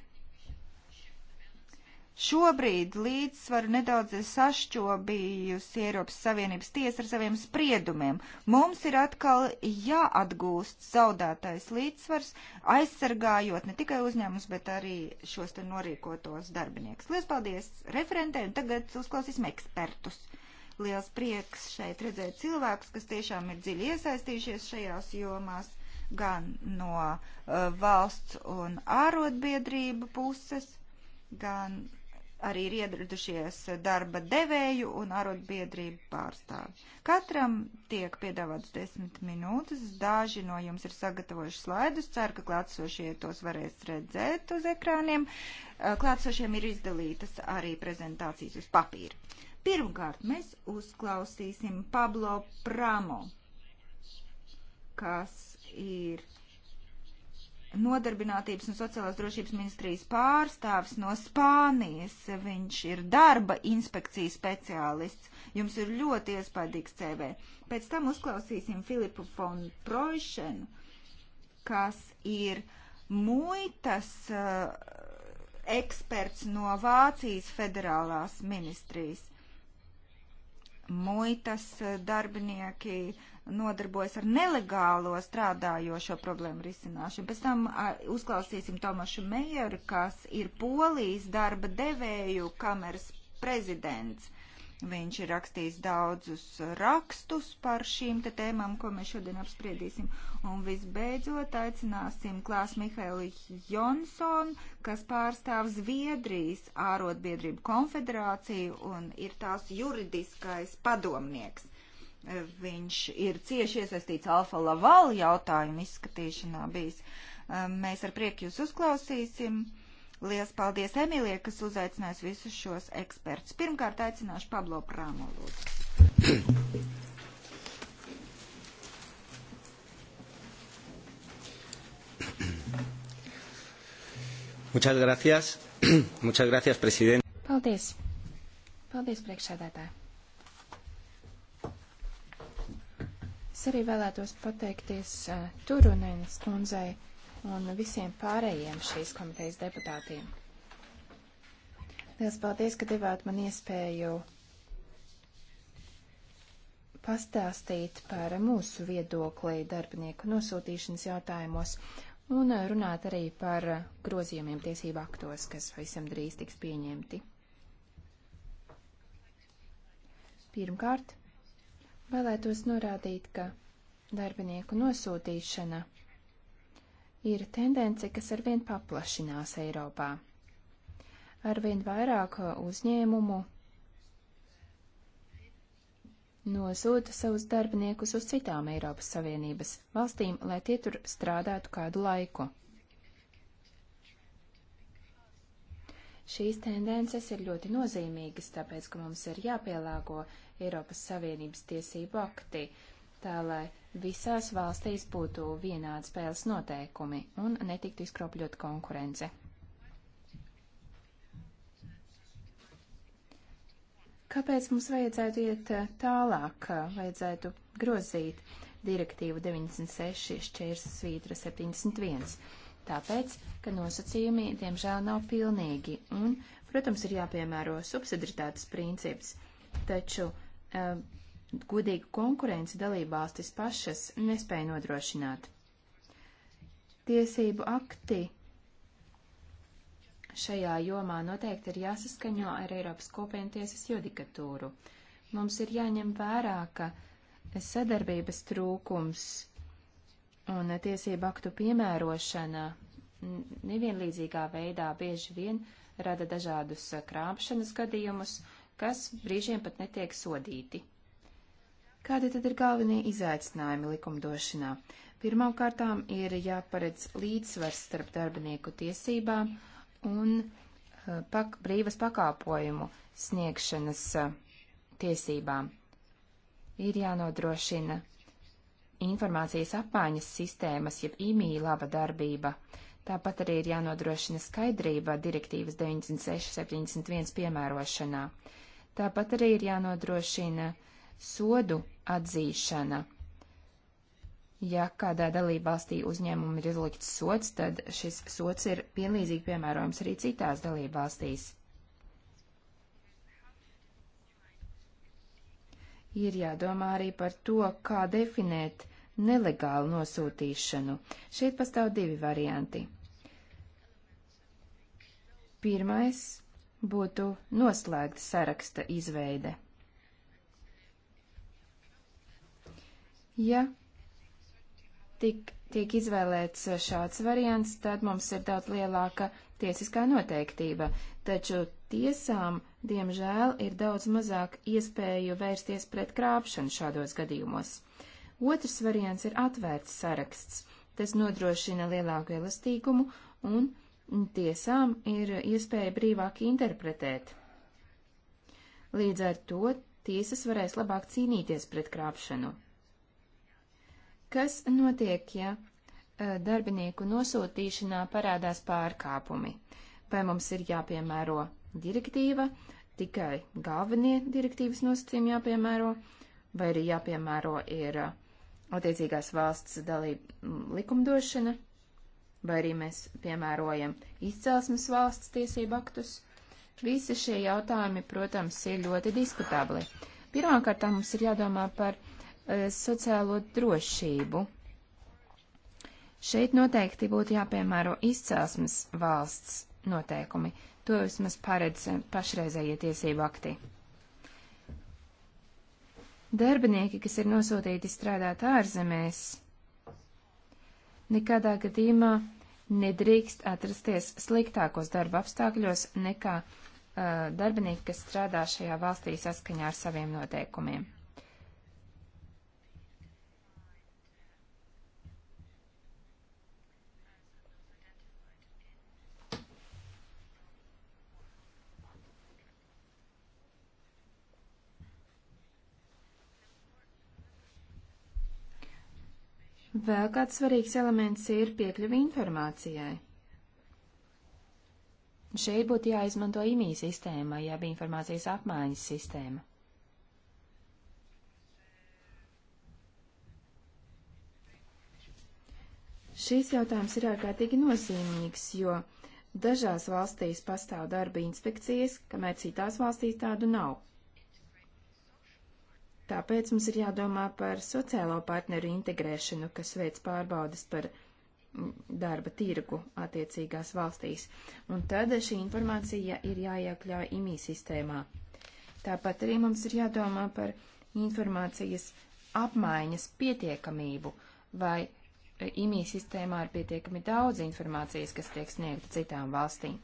Šobrīd līdzsvaru nedaudz sašķobījusi Eiropas Savienības tiesa ar saviem spriedumiem. Mums ir atkal jāatgūst zaudētais līdzsvars, aizsargājot ne tikai uzņēmums, bet arī šos te norīkotos darbinieks. Lielas paldies referentei un tagad uzklausīsim ekspertus liels prieks šeit redzēt cilvēkus, kas tiešām ir dziļi iesaistījušies šajās jomās, gan no uh, valsts un ārotbiedrību puses, gan arī ir ieradušies darba devēju un arotbiedrību pārstāvi. Katram tiek piedāvāts desmit minūtes, daži no jums ir sagatavojuši slaidus, ceru, ka klātsošie tos varēs redzēt uz ekrāniem. Klātsošiem ir izdalītas arī prezentācijas uz papīra. Pirmkārt, mēs uzklausīsim Pablo Pramo, kas ir nodarbinātības un sociālās drošības ministrijas pārstāvs no Spānijas. Viņš ir darba inspekcijas speciālists. Jums ir ļoti iespaidīgs CV. Pēc tam uzklausīsim Filipu von Proišenu, kas ir muitas uh, eksperts no Vācijas federālās ministrijas. Muitas eh, darbinieki uh, nodarbojas ar nelegālo strādājošo problēmu risināšanu. Pēc tam a, uzklausīsim Tomašu Meijeru, kas ir Polijas darba devēju kameras prezidents. Viņš ir rakstījis daudzus rakstus par šīm te tēmām, ko mēs šodien apspriedīsim. Un visbeidzot aicināsim Klās Mihaili Jonsonu, kas pārstāv Zviedrijas ārotbiedrību konfederāciju un ir tās juridiskais padomnieks. Viņš ir cieši iesaistīts Alfa Laval jautājumu izskatīšanā bijis. Mēs ar prieku jūs uzklausīsim. Lielas paldies Emilie, kas uzaicinās visus šos ekspertus. Pirmkārt aicināšu Pablo Prāmo lūdzu. Muchas gracias. Muchas gracias, presidente. Paldies. Paldies, priekšsēdētāji. Es arī vēlētos pateikties uh, Turunēnas kundzei un visiem pārējiem šīs komitejas deputātiem. Liels paldies, ka devāt man iespēju pastāstīt par mūsu viedokli darbinieku nosūtīšanas jautājumos un runāt arī par grozījumiem tiesību aktos, kas visam drīz tiks pieņemti. Pirmkārt, Vēlētos norādīt, ka darbinieku nosūtīšana ir tendence, kas arvien paplašinās Eiropā. Arvien vairāk uzņēmumu nosūta savus darbiniekus uz citām Eiropas Savienības valstīm, lai tie tur strādātu kādu laiku. Šīs tendences ir ļoti nozīmīgas, tāpēc, ka mums ir jāpielāgo Eiropas Savienības tiesību akti, tā lai visās valstīs būtu vienādi spēles noteikumi un netiktu izkropļot konkurence. Kāpēc mums vajadzētu iet eh, tālāk? Vajadzētu grozīt direktīvu 96 šķērs svītra 71 tāpēc, ka nosacījumi, diemžēl, nav pilnīgi, un, protams, ir jāpiemēro subsidiritātes princips, taču e, eh, godīgu konkurenci dalībvalstis pašas nespēja nodrošināt. Tiesību akti šajā jomā noteikti ir jāsaskaņo ar Eiropas kopienu tiesas judikatūru. Mums ir jāņem vērā, ka sadarbības trūkums Un tiesību aktu piemērošana nevienlīdzīgā veidā bieži vien rada dažādus eh, krāpšanas gadījumus, kas brīžiem pat netiek sodīti. Kādi tad ir galvenie izaicinājumi likumdošanā? Pirmkārtām ir jāparedz līdzsvars starp darbinieku tiesībām un eh, pak brīvas pakāpojumu sniegšanas eh, tiesībām. Ir jānodrošina informācijas apmaiņas sistēmas, jeb IMI laba darbība. Tāpat arī ir jānodrošina skaidrība direktīvas 96.71 piemērošanā. Tāpat arī ir jānodrošina sodu atzīšana. Ja kādā dalībvalstī uzņēmumi ir izlikts sots, tad šis sots ir vienlīdzīgi piemērojams arī citās dalībvalstīs. Ir jādomā arī par to, kā definēt nelegālu nosūtīšanu. Šeit pastāv divi varianti. Pirmais būtu noslēgta saraksta izveide. Ja tik, tiek izvēlēts šāds variants, tad mums ir daudz lielāka tiesiskā noteiktība, taču tiesām, diemžēl, ir daudz mazāk iespēju vērsties pret krāpšanu šādos gadījumos. Otrs variants ir atvērts saraksts. Tas nodrošina lielāku elastīgumu un tiesām ir iespēja brīvāk interpretēt. Līdz ar to tiesas varēs labāk cīnīties pret krāpšanu. Kas notiek, ja e, darbinieku nosūtīšanā parādās pārkāpumi? Vai mums ir jāpiemēro direktīva, tikai galvenie direktīvas nosacījumi jāpiemēro, vai arī jāpiemēro ir uh, attiecīgās valsts dalība likumdošana, vai arī mēs piemērojam izcelsmes valsts tiesību aktus. Visi šie jautājumi, protams, ir ļoti diskutabli. Pirmkārt, mums ir jādomā par e, sociālo drošību. Šeit noteikti būtu jāpiemēro izcelsmes valsts noteikumi. To vismaz paredz e, pašreizējie tiesību akti. Darbinieki, kas ir nosūtīti strādāt ārzemēs, nekādā gadījumā nedrīkst atrasties sliktākos darba apstākļos nekā uh, darbinieki, kas strādā šajā valstī saskaņā ar saviem noteikumiem. Vēl kāds svarīgs elements ir piekļuvi informācijai. Šeit būtu jāizmanto IMI sistēma, jeb informācijas apmaiņas sistēma. Šīs jautājums ir ārkārtīgi nozīmīgs, jo dažās valstīs pastāv darba inspekcijas, kamēr citās valstīs tādu nav. Tāpēc mums ir jādomā par sociālo partneru integrēšanu, kas veids pārbaudas par darba tirgu attiecīgās valstīs, un tad šī informācija ir jāiekļauj IMI sistēmā. Tāpat arī mums ir jādomā par informācijas apmaiņas pietiekamību, vai IMI e, sistēmā ir pietiekami daudz informācijas, kas tiek sniegta citām valstīm.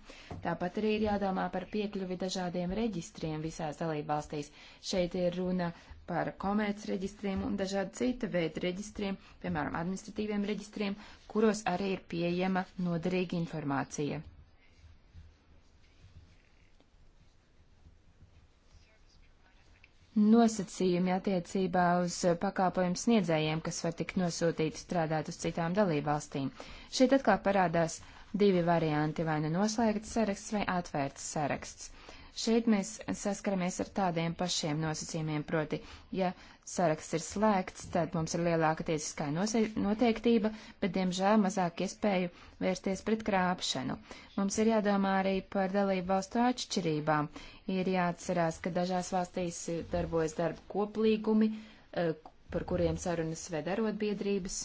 Tāpat arī ir jādomā par piekļuvi dažādiem reģistriem visās dalībvalstīs. Šeit ir runa par komētas reģistriem un dažādi cita veida reģistriem, piemēram, administratīviem reģistriem, kuros arī ir pieejama noderīga informācija. Nosacījumi attiecībā uz pakāpojumu sniedzējiem, kas var tikt nosūtīti strādāt uz citām dalībvalstīm. Šeit atkal parādās divi varianti, vai nu noslēgts saraksts vai atvērts saraksts. Šeit mēs saskaramies ar tādiem pašiem nosacījumiem, proti, ja saraksts ir slēgts, tad mums ir lielāka tiesiskā noteiktība, bet, diemžēl, mazāk iespēju vērsties pret krāpšanu. Mums ir jādomā arī par dalību valstu atšķirībām. Ir jāatcerās, ka dažās valstīs darbojas darba koplīgumi, eh, par kuriem sarunas ved arotbiedrības. biedrības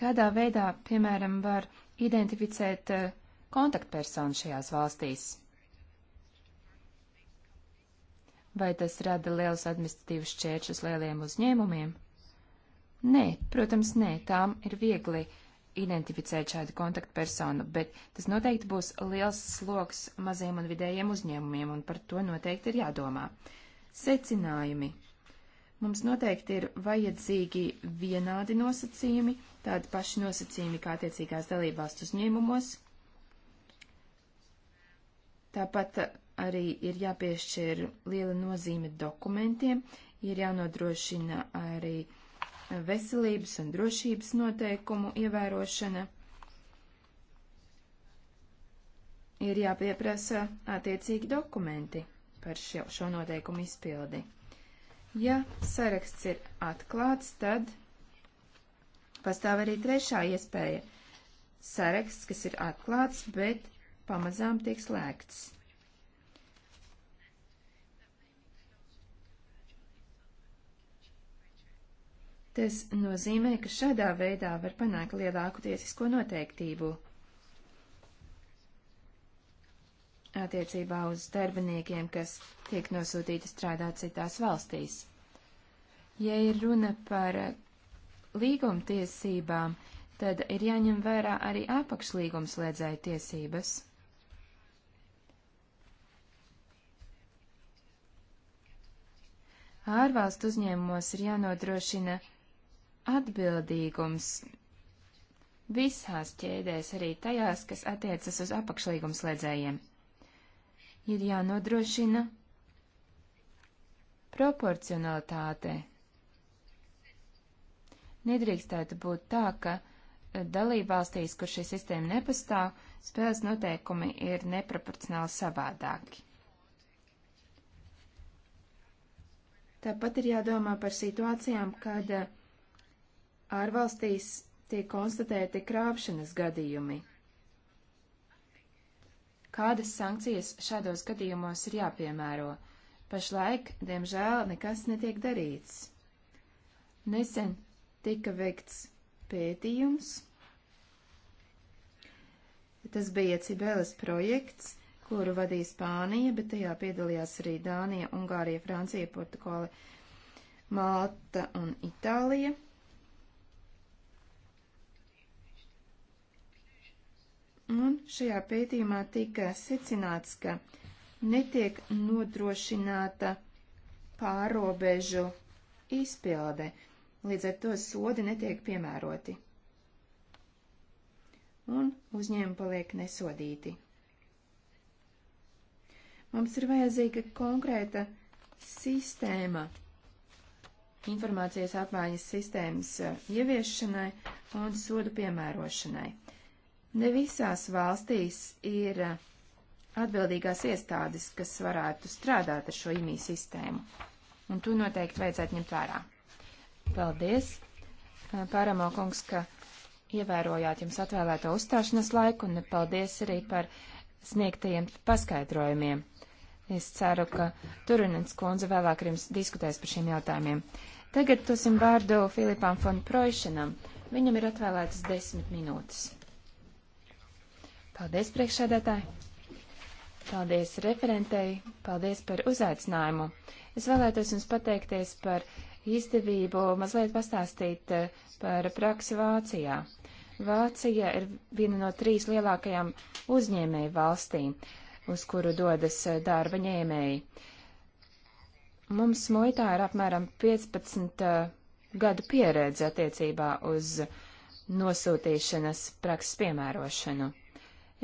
kādā veidā, piemēram, var identificēt eh, kontaktpersonu šajās valstīs? Vai tas rada lielus administratīvus šķēršus lieliem uzņēmumiem? Nē, protams, nē, tām ir viegli identificēt šādu kontaktpersonu, bet tas noteikti būs liels sloks maziem un vidējiem uzņēmumiem, un par to noteikti ir jādomā. Secinājumi Mums noteikti ir vajadzīgi vienādi nosacījumi, tādi paši nosacījumi kā attiecīgās dalībvalstu uzņēmumos. Tāpat arī ir jāpiešķir liela nozīme dokumentiem, ir jānodrošina arī veselības un drošības noteikumu ievērošana, ir jāpieprasa attiecīgi dokumenti par šo, šo noteikumu izpildi. Ja saraksts ir atklāts, tad pastāv arī trešā iespēja. Saraksts, kas ir atklāts, bet pamazām tiek slēgts. Tas nozīmē, ka šādā veidā var panākt lielāku tiesisko noteiktību. attiecībā uz darbiniekiem, kas tiek nosūtīti strādāt citās valstīs. Ja ir runa par līgumtiesībām, tad ir jāņem vērā arī apakšlīgumslēdzēja tiesības. ārvalstu uzņēmumos ir jānodrošina atbildīgums visās ķēdēs, arī tajās, kas attiecas uz apakšlīgumslēdzējiem ir jānodrošina proporcionalitāte. Nedrīkstētu būt tā, ka e, dalībvalstīs, kur šī sistēma nepastāv, spēles noteikumi ir neproporcionāli savādāki. Tāpat ir jādomā par situācijām, kad e, ārvalstīs tiek konstatēti krāpšanas gadījumi kādas sankcijas šādos gadījumos ir jāpiemēro. Pašlaik, diemžēl, nekas netiek darīts. Nesen tika veikts pētījums. Tas bija Cibeles projekts, kuru vadīja Spānija, bet tajā piedalījās arī Dānija, Ungārija, Francija, Portugāla, Malta un Itālija. Un šajā pētījumā tika secināts, ka netiek nodrošināta pārobežu izpilde, līdz ar to sodi netiek piemēroti. Un uzņēmumi paliek nesodīti. Mums ir vajadzīga konkrēta sistēma, informācijas apmaiņas sistēmas ieviešanai un sodu piemērošanai. Ne visās valstīs ir eh, atbildīgās iestādes, kas varētu strādāt ar šo imī sistēmu, un to noteikti vajadzētu ņemt vērā. Paldies, eh, Pāramo kungs, ka ievērojāt jums atvēlēto uzstāšanās laiku, un paldies arī par sniegtajiem paskaidrojumiem. Es ceru, ka Turinens kundze vēlāk ar jums diskutēs par šiem jautājumiem. Tagad dosim vārdu Filipam von Proišanam. Viņam ir atvēlētas desmit minūtes. Paldies, priekšsēdētāji! Paldies referentei, paldies par uzaicinājumu. Es vēlētos jums pateikties par izdevību mazliet pastāstīt eh, par praksi Vācijā. Vācija ir viena no trīs lielākajām uzņēmēju valstīm, uz kuru dodas eh, darba ņēmēji. Mums muitā ir apmēram 15 eh, gadu pieredze attiecībā uz nosūtīšanas prakses piemērošanu.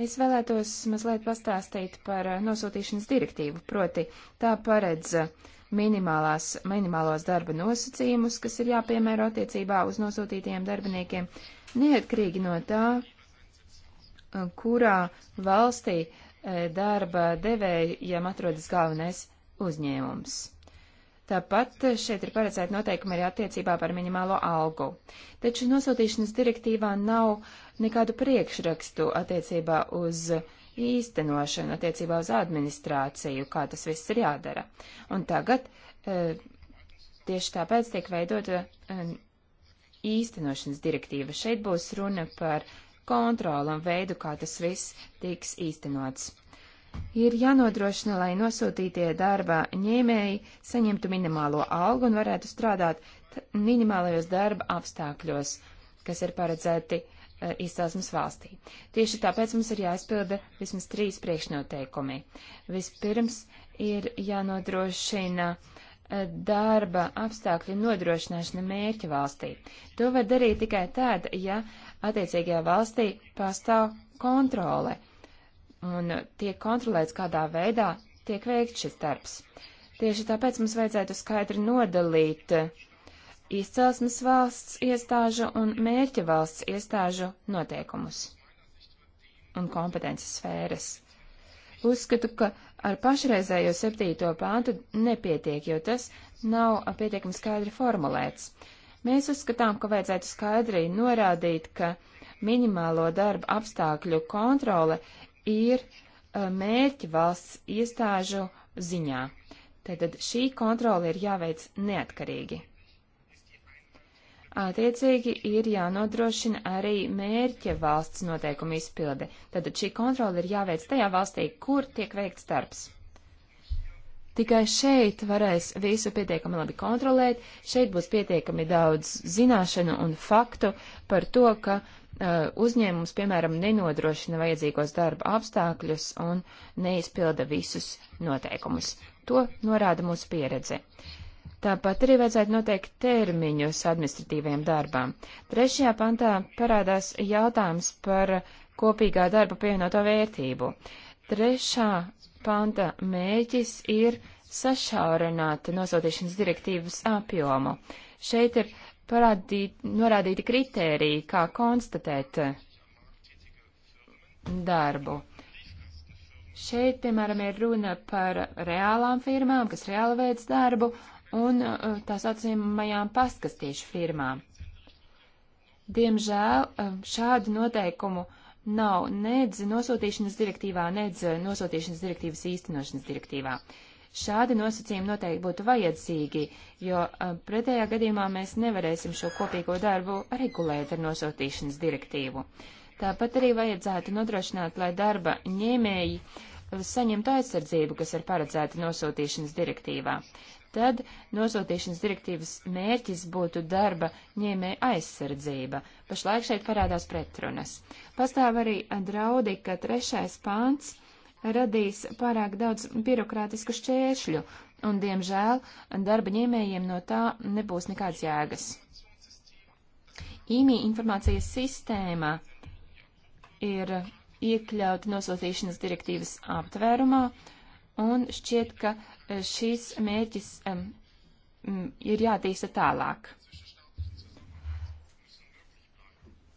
Es vēlētos mazliet pastāstīt par eh, nosūtīšanas direktīvu, proti tā paredz eh, minimālās, minimālos darba nosacījumus, kas ir jāpiemēro attiecībā uz nosūtītajiem darbiniekiem, neatkarīgi no tā, eh, kurā valstī darba devējiem atrodas galvenais uzņēmums. Tāpat šeit ir paredzēta noteikuma arī attiecībā par minimālo algu. Taču nosūtīšanas direktīvā nav uh, nekādu priekšrakstu attiecībā uz īstenošanu, attiecībā uz administrāciju, kā tas viss ir jādara. Un tagad e, tieši tāpēc tiek veidota e, īstenošanas direktīva. Šeit būs runa par kontroli un veidu, kā tas viss tiks īstenots. Ir jānodrošina, lai nosūtītie darba ņēmēji saņemtu minimālo algu un varētu strādāt minimālajos darba apstākļos, kas ir paredzēti uh, izcelsmes valstī. Tieši tāpēc mums ir jāizpilda vismaz trīs priekšnoteikumi. Vispirms ir jānodrošina eh, darba apstākļu nodrošināšana mērķa valstī. To var darīt tikai tad, ja attiecīgajā valstī pastāv kontrole un tiek kontrolēts, kādā veidā tiek veikts šis darbs. Tieši tāpēc mums vajadzētu skaidri nodalīt uh, izcelsmes valsts iestāžu un mērķa valsts iestāžu noteikumus un kompetences sfēras. Uzskatu, ka ar pašreizējo septīto pāntu nepietiek, jo tas nav pietiekami skaidri formulēts. Mēs uzskatām, ka vajadzētu skaidri norādīt, ka minimālo darba apstākļu kontrole ir uh, mērķa valsts iestāžu ziņā. Tātad šī kontrole ir jāveic neatkarīgi. Attiecīgi ir jānodrošina arī mērķa valsts noteikumu izpilde. Tātad šī kontrola ir jāveic tajā valstī, kur tiek veikts darbs. Tikai šeit varēs visu pietiekami labi kontrolēt, šeit būs pietiekami daudz zināšanu un faktu par to, ka uh, uzņēmums, piemēram, nenodrošina vajadzīgos darba apstākļus un neizpilda visus noteikumus. To norāda mūsu pieredze. Uh, Tāpat arī vajadzētu noteikt termiņus administratīviem darbām. Trešajā pantā parādās jautājums par kopīgā darba pievienoto vērtību. Trešā panta mēģis ir sašaurināt nosūtīšanas direktīvas apjomu. Šeit ir parādīt, norādīti kritēriji, kā konstatēt darbu. Šeit, piemēram, ir runa par reālām firmām, kas reāli veids darbu, un uh, tā saucamajām pastkastīšu firmām. Diemžēl uh, šādu noteikumu nav nedz nosūtīšanas direktīvā, nedz uh, nosūtīšanas direktīvas īstenošanas direktīvā. Šādi nosacījumi noteikti būtu vajadzīgi, jo pretējā gadījumā mēs nevarēsim šo kopīgo darbu regulēt ar nosūtīšanas direktīvu. Tāpat arī vajadzētu nodrošināt, lai darba ņēmēji uh, saņemtu aizsardzību, kas ir paredzēta nosūtīšanas direktīvā. Tad nosūtīšanas direktīvas mērķis būtu darba ņēmēja aizsardzība. Pašlaik šeit parādās pretrunas. Pastāv arī draudi, ka trešais pāns radīs pārāk daudz birokrātisku šķēršļu, un, diemžēl, darba ņēmējiem no tā nebūs nekāds jēgas. IMI informācijas sistēma ir iekļauti nosūtīšanas direktīvas aptvērumā, un šķiet, ka e, šīs mērķis um, ir jātīsta tālāk.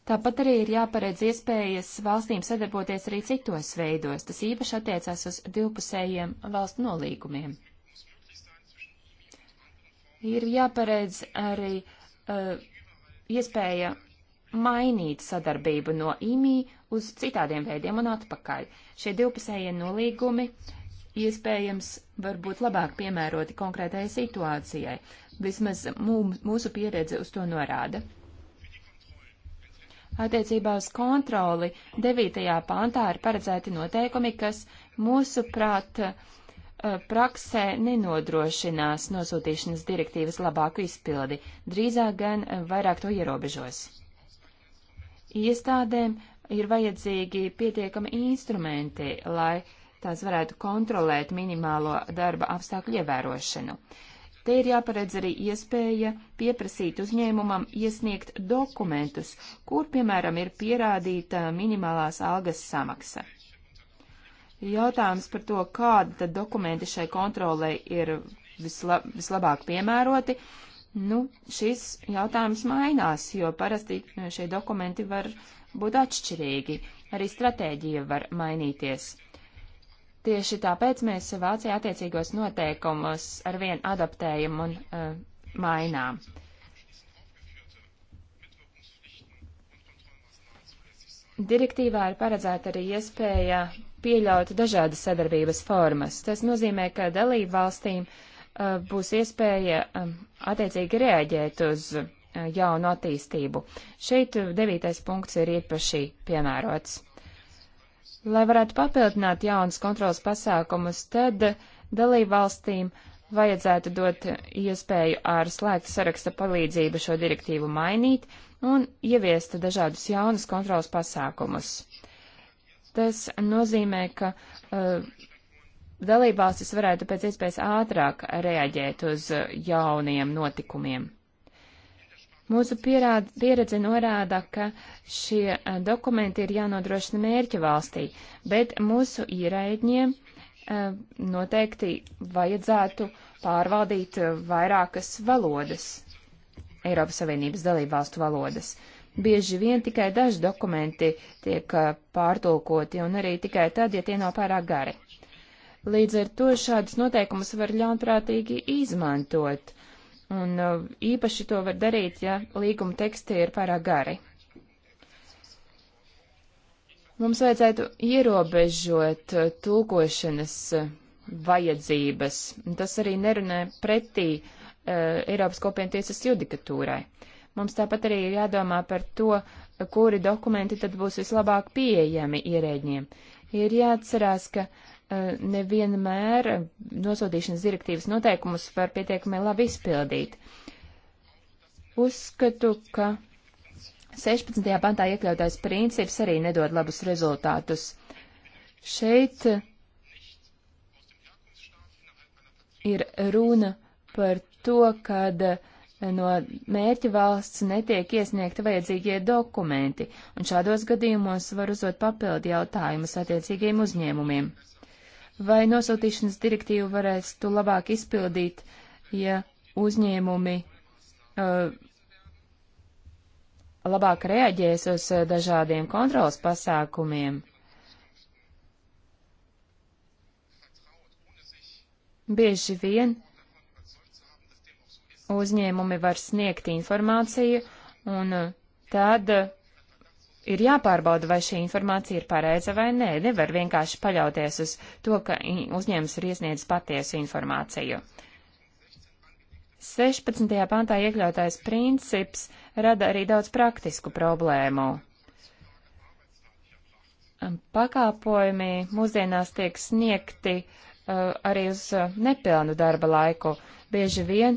Tāpat arī ir jāparedz iespējas valstīm sadarboties arī citos veidos. Tas īpaši attiecās uz divpusējiem valstu nolīgumiem. Ir jāparedz arī uh, iespēja mainīt sadarbību no IMI uz citādiem veidiem un atpakaļ. Šie divpusējie nolīgumi iespējams varbūt labāk piemēroti konkrētajai situācijai. Vismaz mūsu pieredze uz to norāda. Attiecībā uz kontroli 9. pāntā ir paredzēti noteikumi, kas mūsuprāt eh, praksē nenodrošinās nosūtīšanas direktīvas labāku izpildi, drīzāk gan eh, vairāk to ierobežos. Iestādēm ir vajadzīgi pietiekami instrumenti, lai tās varētu kontrolēt minimālo darba apstākļu ievērošanu. Te ir jāparedz arī iespēja pieprasīt uzņēmumam iesniegt dokumentus, kur, piemēram, ir pierādīta minimālās algas samaksa. Jautājums par to, kādi tad dokumenti šai kontrolē ir visla vislabāk piemēroti, nu, šis jautājums mainās, jo parasti šie dokumenti var būtu atšķirīgi, arī stratēģija var mainīties. Tieši tāpēc mēs Vācijā attiecīgos noteikumus arvien adaptējam un uh, mainām. Direktīvā ir paredzēta arī iespēja pieļaut dažādas sadarbības formas. Tas nozīmē, ka dalību valstīm uh, būs iespēja um, attiecīgi reaģēt uz jaunu attīstību. Šeit devītais punkts ir īpaši piemērots. Lai varētu papildināt jaunas kontrolas pasākumus, tad dalībvalstīm vajadzētu dot iespēju ar slēgta saraksta palīdzību šo direktīvu mainīt un ieviest dažādus jaunus kontrolas pasākumus. Tas nozīmē, ka uh, dalībvalstis varētu pēc iespējas ātrāk reaģēt uz uh, jauniem notikumiem. Mūsu pierād, pieredze norāda, ka šie eh, dokumenti ir jānodrošina mērķa valstī, bet mūsu ierēģiem eh, noteikti vajadzētu pārvaldīt eh, vairākas valodas, Eiropas Savienības dalībvalstu valodas. Bieži vien tikai daži dokumenti tiek pārtulkoti un arī tikai tad, ja tie nav pārāk gari. Līdz ar to šādas noteikumus var ļaunprātīgi izmantot Un uh, īpaši to var darīt, ja līguma teksti ir pārāk gari. Mums vajadzētu ierobežot uh, tulkošanas uh, vajadzības. Tas arī nerunē pretī uh, Eiropas kopienu tiesas judikatūrai. Mums tāpat arī ir jādomā par to, kuri dokumenti tad būs vislabāk pieejami ierēģiem. Ir jāatcerās, ka uh, E, nevienmēr nosodīšanas direktīvas noteikumus var pietiekami labi izpildīt. Uzskatu, ka 16. pantā iekļautais princips arī nedod labus rezultātus. Šeit ir runa par to, kad no mērķa valsts netiek iesniegta vajadzīgie dokumenti, un šādos gadījumos var uzdot papildu jautājumus attiecīgiem uzņēmumiem. Vai nosūtīšanas direktīvu varēs tu labāk izpildīt, ja uzņēmumi uh, labāk reaģēs uz uh, dažādiem kontrolas pasākumiem? Bieži vien uzņēmumi var sniegt informāciju, un uh, tad uh, ir jāpārbauda, vai šī informācija ir pareiza vai nē. Nevar vienkārši paļauties uz to, ka uzņēmums ir iesniedzis patiesu informāciju. 16. pantā iekļautais princips rada arī daudz praktisku problēmu. Pakāpojumi mūsdienās tiek sniegti uh, arī uz uh, nepilnu darba laiku. Bieži vien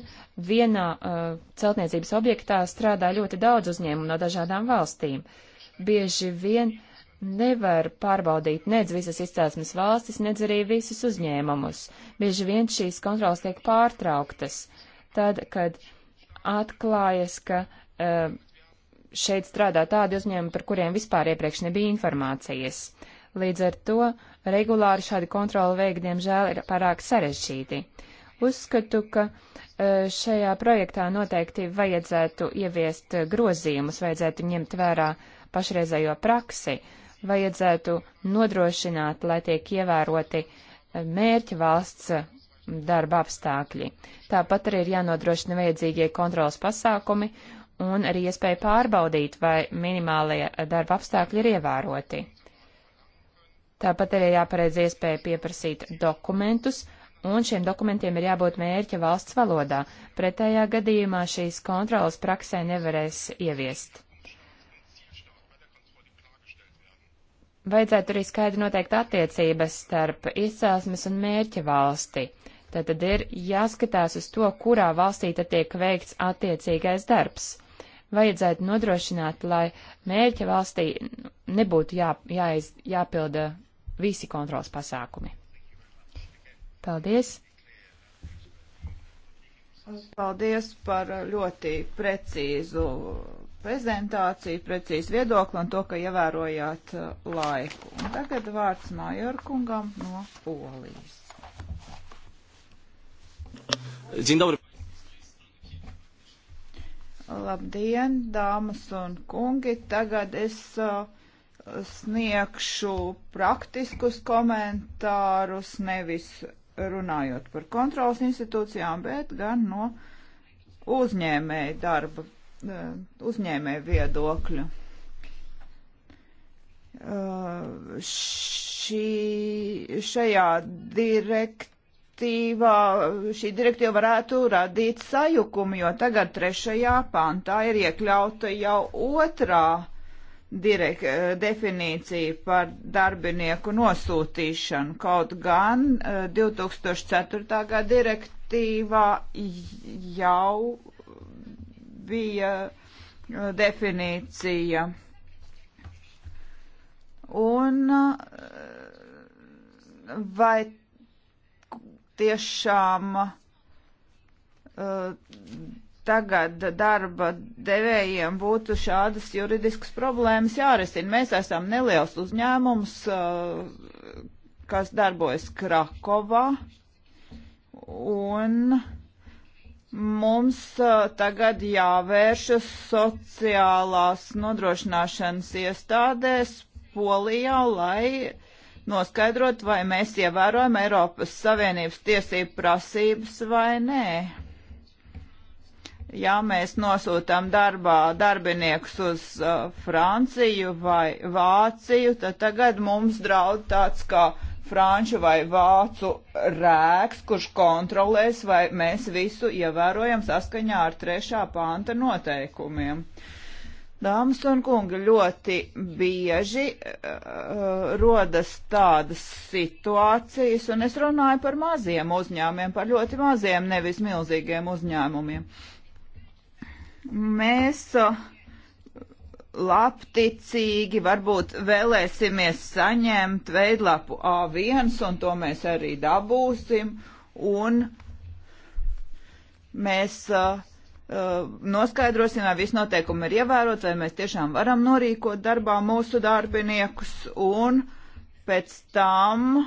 vienā uh, celtniecības objektā strādā ļoti daudz uzņēmumu no dažādām valstīm. Uh, bieži vien nevar pārbaudīt nedz visas izcelsmes valstis, nedz arī visus uzņēmumus. Bieži vien šīs kontrolas tiek pārtrauktas. Tad, kad atklājas, ka uh, šeit strādā tādi uzņēmumi, par kuriem vispār iepriekš nebija informācijas. Līdz ar to regulāri šādi kontroli veikt, diemžēl, ir pārāk sarežģīti. Uzskatu, ka eh, šajā projektā noteikti vajadzētu ieviest eh, grozījumus, vajadzētu ņemt vērā uh, pašreizējo praksi. Vajadzētu nodrošināt, lai tiek ievēroti eh, mērķa valsts eh, darba apstākļi. Tāpat arī ir jānodrošina vajadzīgie kontrolas pasākumi un arī iespēja pārbaudīt, vai minimālie eh, darba apstākļi ir ievēroti. Tāpat arī jāparedz iespēja pieprasīt dokumentus, un šiem dokumentiem ir jābūt mērķa valsts valodā. Pretējā gadījumā šīs kontrolas praksē nevarēs ieviest. vajadzētu arī skaidri noteikt attiecības starp izcelsmes un mērķa valsti. Tātad ir jāskatās uz to, kurā valstī tad tiek veikts attiecīgais darbs. Vajadzētu nodrošināt, lai mērķa valstī nebūtu jā, jāiz, jāpilda visi kontrols pasākumi. Paldies! Paldies par ļoti precīzu prezentāciju, precīzi viedokli un to, ka ievērojāt uh, laiku. Un tagad vārds Majorkungam no Polijas. Dzindabri. Labdien, dāmas un kungi! Tagad es uh, sniegšu praktiskus komentārus, nevis runājot par kontrolas institūcijām, bet gan no uzņēmēja darba uzņēmēju viedokļu. Šī, šajā direktīvā, šī direktīva varētu radīt sajukumu, jo tagad trešajā pantā ir iekļauta jau otrā direk, definīcija par darbinieku nosūtīšanu. Kaut gan 2004. gada direktīvā jau bija uh, definīcija. Un uh, vai tiešām uh, tagad darba devējiem būtu šādas juridiskas problēmas jārisina. Mēs esam neliels uzņēmums, kas darbojas Krakovā, un mums uh, tagad jāvēršas sociālās nodrošināšanas iestādēs Polijā, lai noskaidrot, vai mēs ievērojam Eiropas Savienības tiesību prasības vai nē. Ja mēs nosūtām darbā darbiniekus uz uh, Franciju vai Vāciju, tad tagad mums draud tāds kā franču vai vācu rēks, kurš kontrolēs, vai mēs visu ievērojam saskaņā ar trešā panta noteikumiem. Dāmas un kungi, ļoti bieži uh, rodas tādas situācijas, un es runāju par maziem uzņēmumiem, par ļoti maziem, nevis milzīgiem uzņēmumiem. Mēs uh, labticīgi, varbūt vēlēsimies saņemt veidlapu A1, un to mēs arī dabūsim, un mēs uh, uh, noskaidrosim, vai viss noteikumi ir ievērots, vai mēs tiešām varam norīkot darbā mūsu darbiniekus, un pēc tam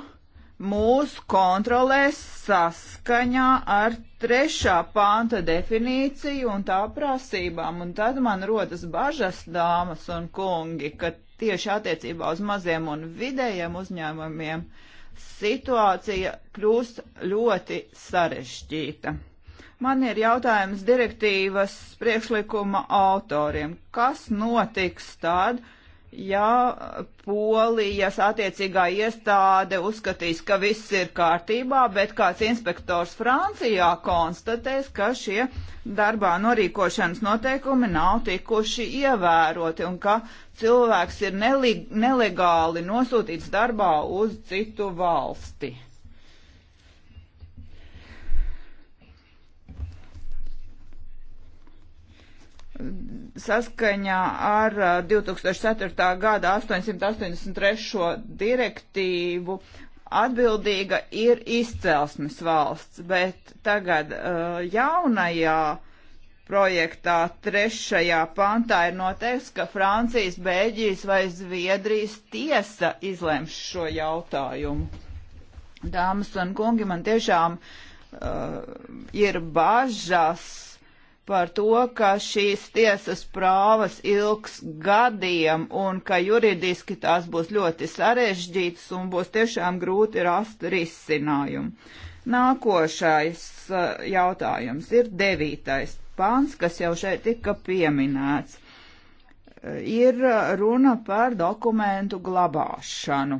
mūs kontrolēs saskaņā ar trešā panta definīciju un tā prasībām, un tad man rodas bažas, dāmas un kungi, ka tieši attiecībā uz maziem un vidējiem uzņēmumiem situācija kļūst ļoti sarežģīta. Man ir jautājums direktīvas priekšlikuma autoriem. Kas notiks tad, kad ja polijas attiecīgā iestāde uzskatīs, ka viss ir kārtībā, bet kāds inspektors Francijā konstatēs, ka šie darbā norīkošanas noteikumi nav tikuši ievēroti un ka cilvēks ir nelegāli nosūtīts darbā uz citu valsti. saskaņā ar 2004. gada 883. direktīvu atbildīga ir izcelsmes valsts, bet tagad uh, jaunajā projektā trešajā pantā ir noteikts, ka Francijas, Bēļģijas vai Zviedrijas tiesa izlems šo jautājumu. Dāmas un kungi, man tiešām uh, ir bažas par to, ka šīs tiesas prāvas ilgs gadiem un ka juridiski tās būs ļoti sarežģītas un būs tiešām grūti rast risinājumu. Nākošais uh, jautājums ir devītais pāns, kas jau šeit tika pieminēts. Uh, ir uh, runa par dokumentu glabāšanu.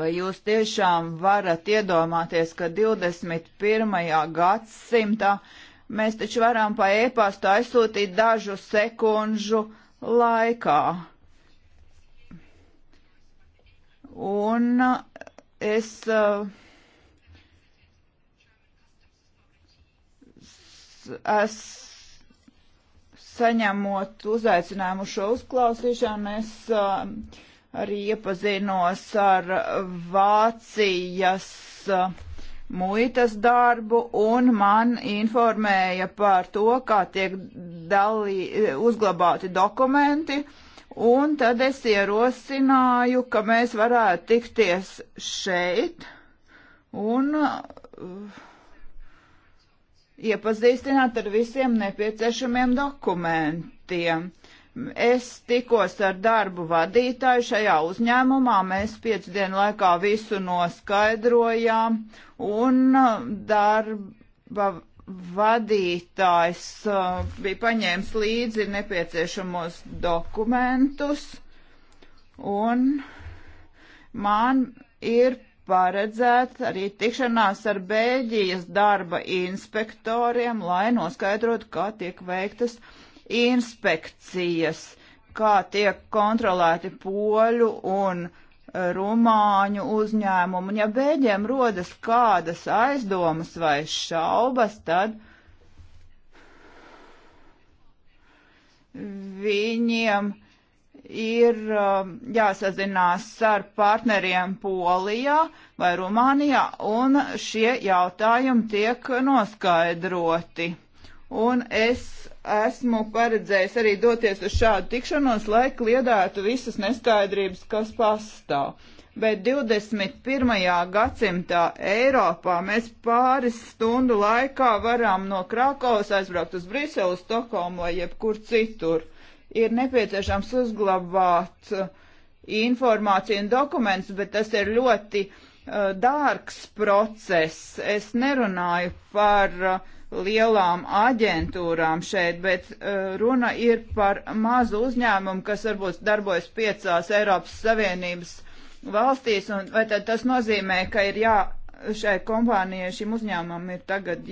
Vai jūs tiešām varat iedomāties, ka 21. gadsimtā uh, Mēs taču varam pa e-pastu aizsūtīt dažu sekundžu laikā. Un uh, es uh, es saņemot uzaicinājumu šo uzklausīšanu, es uh, arī iepazinos ar Vācijas uh, muitas darbu un man informēja par to, kā tiek dalī, uzglabāti dokumenti. Un tad es ierosināju, ka mēs varētu tikties šeit un uh, iepazīstināt ar visiem nepieciešamiem dokumentiem. Es tikos ar darbu vadītāju šajā uzņēmumā, mēs piecu dienu laikā visu noskaidrojām, un uh, darba vadītājs uh, bija paņēmis līdzi nepieciešamos dokumentus, un man ir paredzēts arī tikšanās ar Bēļģijas darba inspektoriem, lai noskaidrotu, kā tiek veiktas inspekcijas, kā tiek kontrolēti poļu un eh, rumāņu uzņēmumu. Un ja bēģiem rodas kādas aizdomas vai šaubas, tad viņiem ir eh, jāsazinās ar partneriem Polijā vai Rumānijā, un šie jautājumi tiek noskaidroti. Un es esmu paredzējis arī doties uz šādu tikšanos, lai kliedētu visas neskaidrības, kas pastāv. Bet 21. gadsimtā Eiropā mēs pāris stundu laikā varam no Krakovas aizbraukt uz Briselu, Stokholmu vai jebkur citur. Ir nepieciešams uzglabāt uh, informāciju un dokumentus, bet tas ir ļoti uh, dārgs process. Es nerunāju par uh, lielām aģentūrām šeit, bet uh, runa ir par mazu uzņēmumu, kas varbūt darbojas piecās Eiropas Savienības valstīs, un vai tad tas nozīmē, ka ir jā, šai kompānijai, šim uzņēmumam ir tagad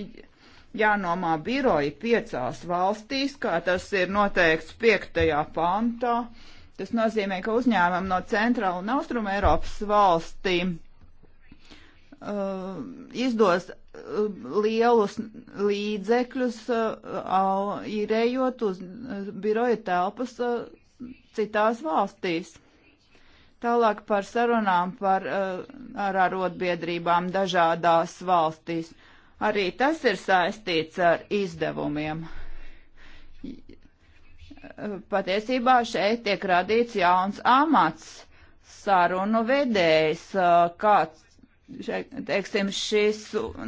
jānomā biroji piecās valstīs, kā tas ir noteikts piektajā pantā. Tas nozīmē, ka uzņēmumam no centrāla un austruma Eiropas valstīm uh, izdos uh, lielus līdzekļus uh, īrējot uz uh, biroja telpas uh, citās valstīs. Tālāk par sarunām par, uh, ar arotbiedrībām dažādās valstīs. Arī tas ir saistīts ar izdevumiem. Patiesībā šeit tiek radīts jauns amats sarunu vedējs, kāds teiksim, šis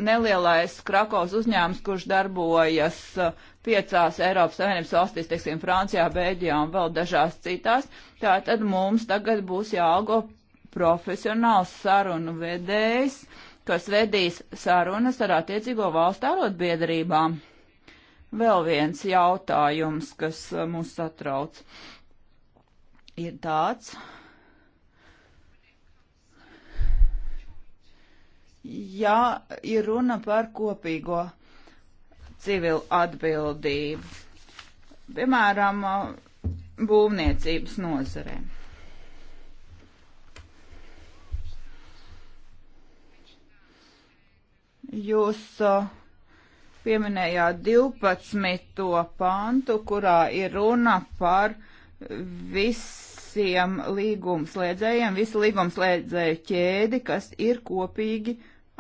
nelielais Krakovs uzņēmums, kurš darbojas uh, piecās Eiropas Savienības valstīs, teiksim, Francijā, Bēļģijā un vēl dažās citās, tā tad mums tagad būs jāalgo profesionāls sarunu vedējs, kas vedīs sarunas ar attiecīgo valstu arotbiedrībām. Vēl viens jautājums, kas uh, mūs satrauc, ir tāds, ja ir runa par kopīgo civilu atbildību, piemēram, būvniecības nozarē. Jūs uh, pieminējāt 12. pantu, kurā ir runa par visu visiem līgumslēdzējiem, visu līgumslēdzēju ķēdi, kas ir kopīgi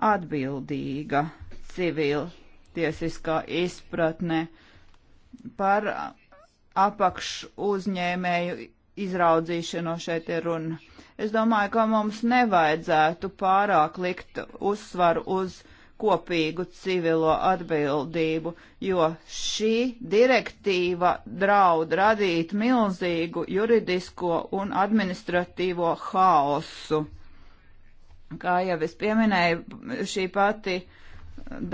atbildīga civil tiesiskā izpratne par apakš uzņēmēju izraudzīšanu šeit ir runa. Es domāju, ka mums nevajadzētu pārāk likt uzsvaru uz kopīgu civilo atbildību, jo šī direktīva draud radīt milzīgu juridisko un administratīvo haosu. Kā jau es pieminēju, šī pati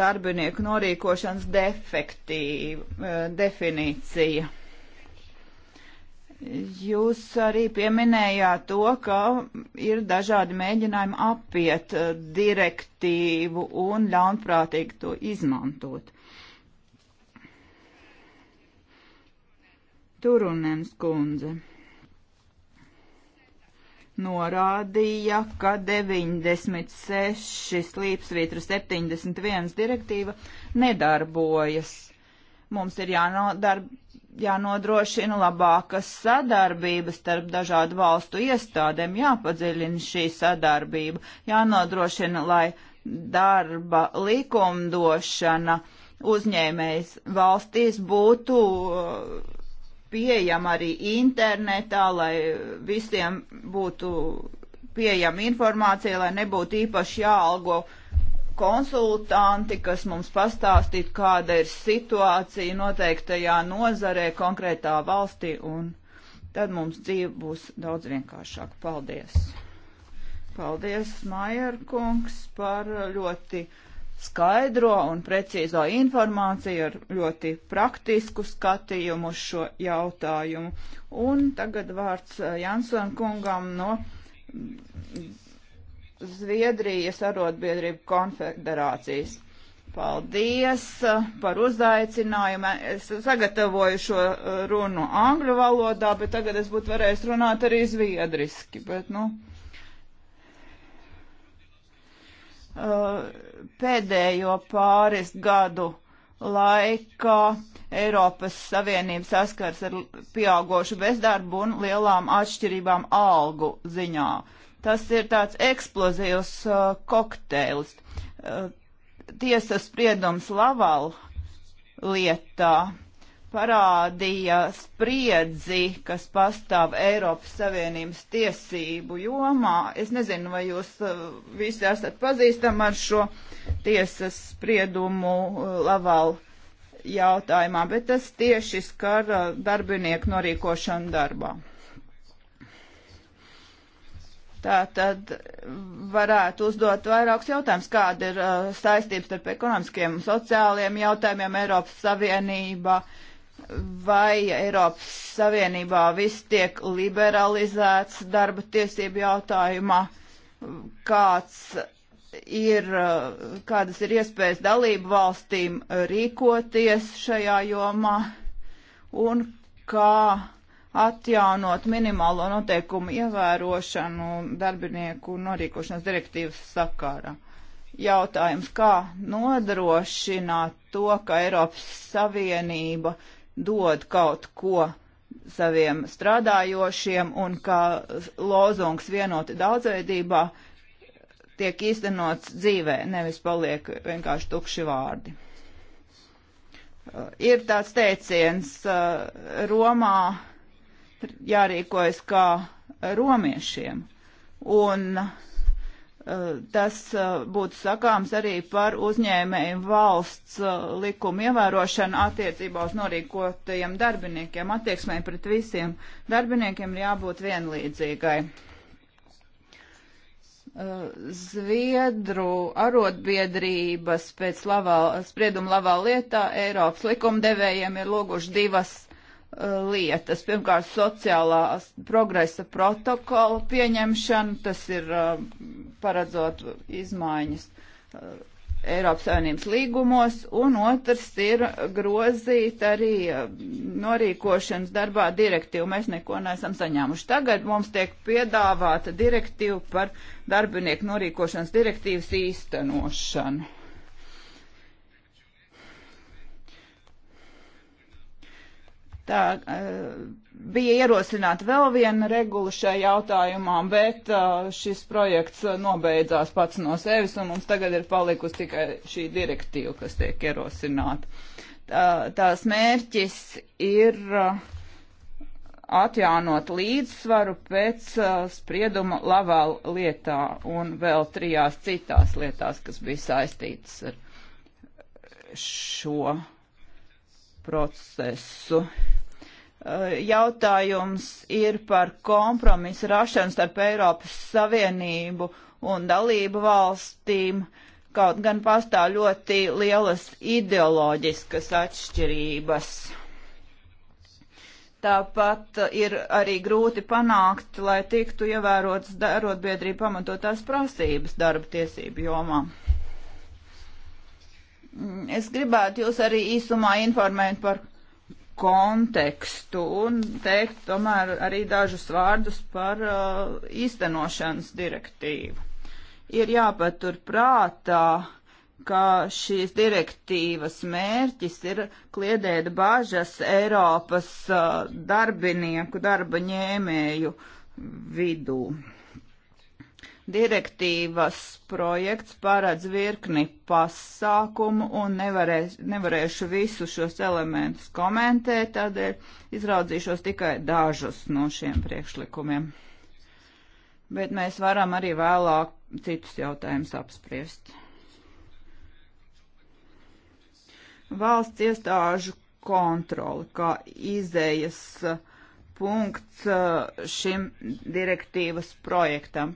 darbinieku norīkošanas defektīva eh, definīcija. Jūs arī pieminējāt to, ka ir dažādi mēģinājumi apiet eh, direktīvu un ļaunprātīgi to izmantot. Turunens kundze norādīja, ka 96 slīpsvītra 71 direktīva nedarbojas. Mums ir jānodarbojas jānodrošina labākas sadarbības starp dažādu valstu iestādēm, jāpadziļina šī sadarbība, jānodrošina, lai darba likumdošana uzņēmējs valstīs būtu uh, pieejama arī internetā, lai visiem būtu pieejama informācija, lai nebūtu īpaši jāalgo konsultanti, kas mums pastāstītu, kāda ir situācija noteiktajā nozarē, konkrētā valstī, un tad mums dzīve būs daudz vienkāršāk. Paldies! Paldies, Majerkungs, par ļoti skaidro un precīzo informāciju ar ļoti praktisku skatījumu uz šo jautājumu. Un tagad vārds eh, Jansson kungam no Zviedrijas arotbiedrību konfederācijas. Paldies uh, par uzaicinājumu. Es sagatavoju šo uh, runu angļu valodā, bet tagad es būtu varējis runāt arī zviedriski. Bet, nu, uh, pēdējo pāris gadu laikā Eiropas Savienība saskars ar pieaugošu bezdarbu un lielām atšķirībām algu ziņā. Uh, Tas ir tāds eksplozīvs uh, kokteils. Uh, tiesas spriedums Laval lietā parādīja spriedzi, kas pastāv Eiropas Savienības tiesību jomā. Es nezinu, vai jūs uh, visi esat pazīstami ar šo tiesas spriedumu uh, Laval jautājumā, bet tas tieši skar uh, darbinieku norīkošanu darbā. Tā tad varētu uzdot vairākus jautājumus, kāda ir uh, saistības starp ekonomiskiem un sociāliem jautājumiem Eiropas Savienībā, vai Eiropas Savienībā viss tiek liberalizēts darba tiesību jautājumā, kāds ir, uh, kādas ir iespējas dalību valstīm rīkoties šajā jomā un kā atjaunot minimālo noteikumu ievērošanu darbinieku norīkošanas direktīvas sakāra. Jautājums, kā nodrošināt to, ka Eiropas Savienība dod kaut ko saviem strādājošiem un ka lozungs vienoti daudzveidībā tiek īstenots dzīvē, nevis paliek vienkārši tukši vārdi. Uh, ir tāds teiciens uh, Romā jārīkojas kā romiešiem. Un eh, tas eh, būtu sakāms arī par uzņēmēju valsts eh, likumu ievērošanu attiecībā uz norīkotajiem darbiniekiem. Attieksmē pret visiem darbiniekiem ir jābūt vienlīdzīgai. Zviedru arotbiedrības pēc lavā, sprieduma lavā lietā Eiropas likumdevējiem ir lūguši divas lietas. Pirmkārt, sociālā progresa protokola pieņemšana, tas ir uh, paredzot izmaiņas uh, Eiropas Savienības līgumos, un otrs ir grozīt arī uh, norīkošanas darbā direktīvu. Mēs neko neesam saņēmuši. Tagad mums tiek piedāvāta direktīva par darbinieku norīkošanas direktīvas īstenošanu. Tā eh, bija ierosināta vēl viena regula šajā jautājumā, bet eh, šis projekts eh, nobeidzās pats no sevis, un mums tagad ir palikusi tikai šī direktīva, kas tiek ierosināta. Tā, tās mērķis ir atjaunot līdzsvaru pēc uh, sprieduma Laval lietā un vēl trijās citās lietās, kas bija saistītas ar šo procesu. Eh, jautājums ir par kompromisu rašanu starp Eiropas Savienību un dalību valstīm, kaut gan pastāv ļoti lielas ideoloģiskas atšķirības. Tāpat ir arī grūti panākt, lai tiktu ievērotas darotbiedrība pamatotās prasības darba tiesību jomā. Mm, es gribētu jūs arī īsumā informēt par kontekstu un teikt tomēr arī dažus vārdus par uh, īstenošanas direktīvu. Ir jāpatur prātā, ka šīs direktīvas mērķis ir kliedēt bažas Eiropas uh, darbinieku darba ņēmēju vidū. Direktīvas projekts paredz virkni pasākumu un nevarēs, nevarēšu visus šos elementus komentēt, tādēļ izraudzīšos tikai dažus no šiem priekšlikumiem. Bet mēs varam arī vēlāk citus jautājumus apspriest. Valsts iestāžu kontroli, kā izējas punkts uh, šim direktīvas projektam.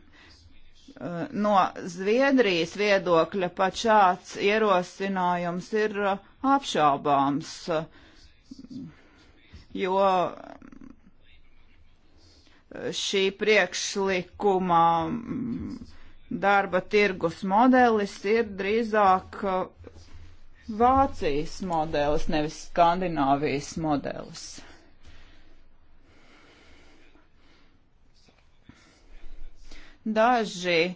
Eh, no Zviedrijas viedokļa pat šāds ierosinājums ir eh, apšaubāms, eh, jo šī priekšlikuma mm, darba tirgus modelis ir drīzāk Vācijas modelis, nevis Skandināvijas modelis. Daži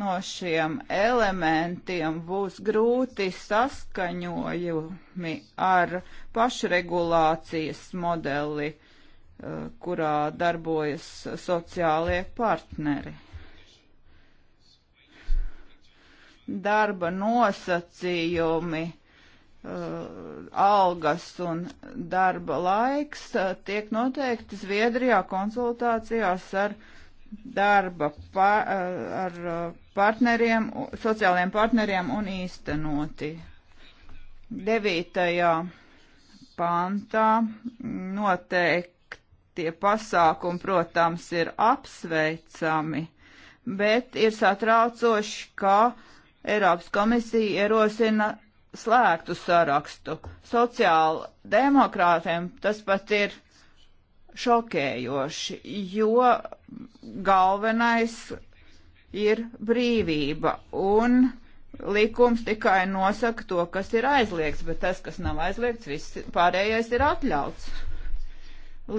no šiem elementiem būs grūti saskaņojumi ar pašregulācijas modeli, eh, kurā darbojas sociālie partneri. Darba nosacījumi eh, algas un darba laiks eh, tiek noteikti Zviedrijā konsultācijās ar darba par, eh, ar eh, partneriem, sociālajiem partneriem un īstenoti. 9. pantā noteiktie pasākumi, protams, ir apsveicami, bet ir satraucoši, ka Eiropas komisija ierosina slēgtu sarakstu. Sociāla demokrātiem tas pat ir šokējoši, jo galvenais ir brīvība un likums tikai nosaka to, kas ir aizliegts, bet tas, kas nav aizliegts, viss pārējais ir atļauts.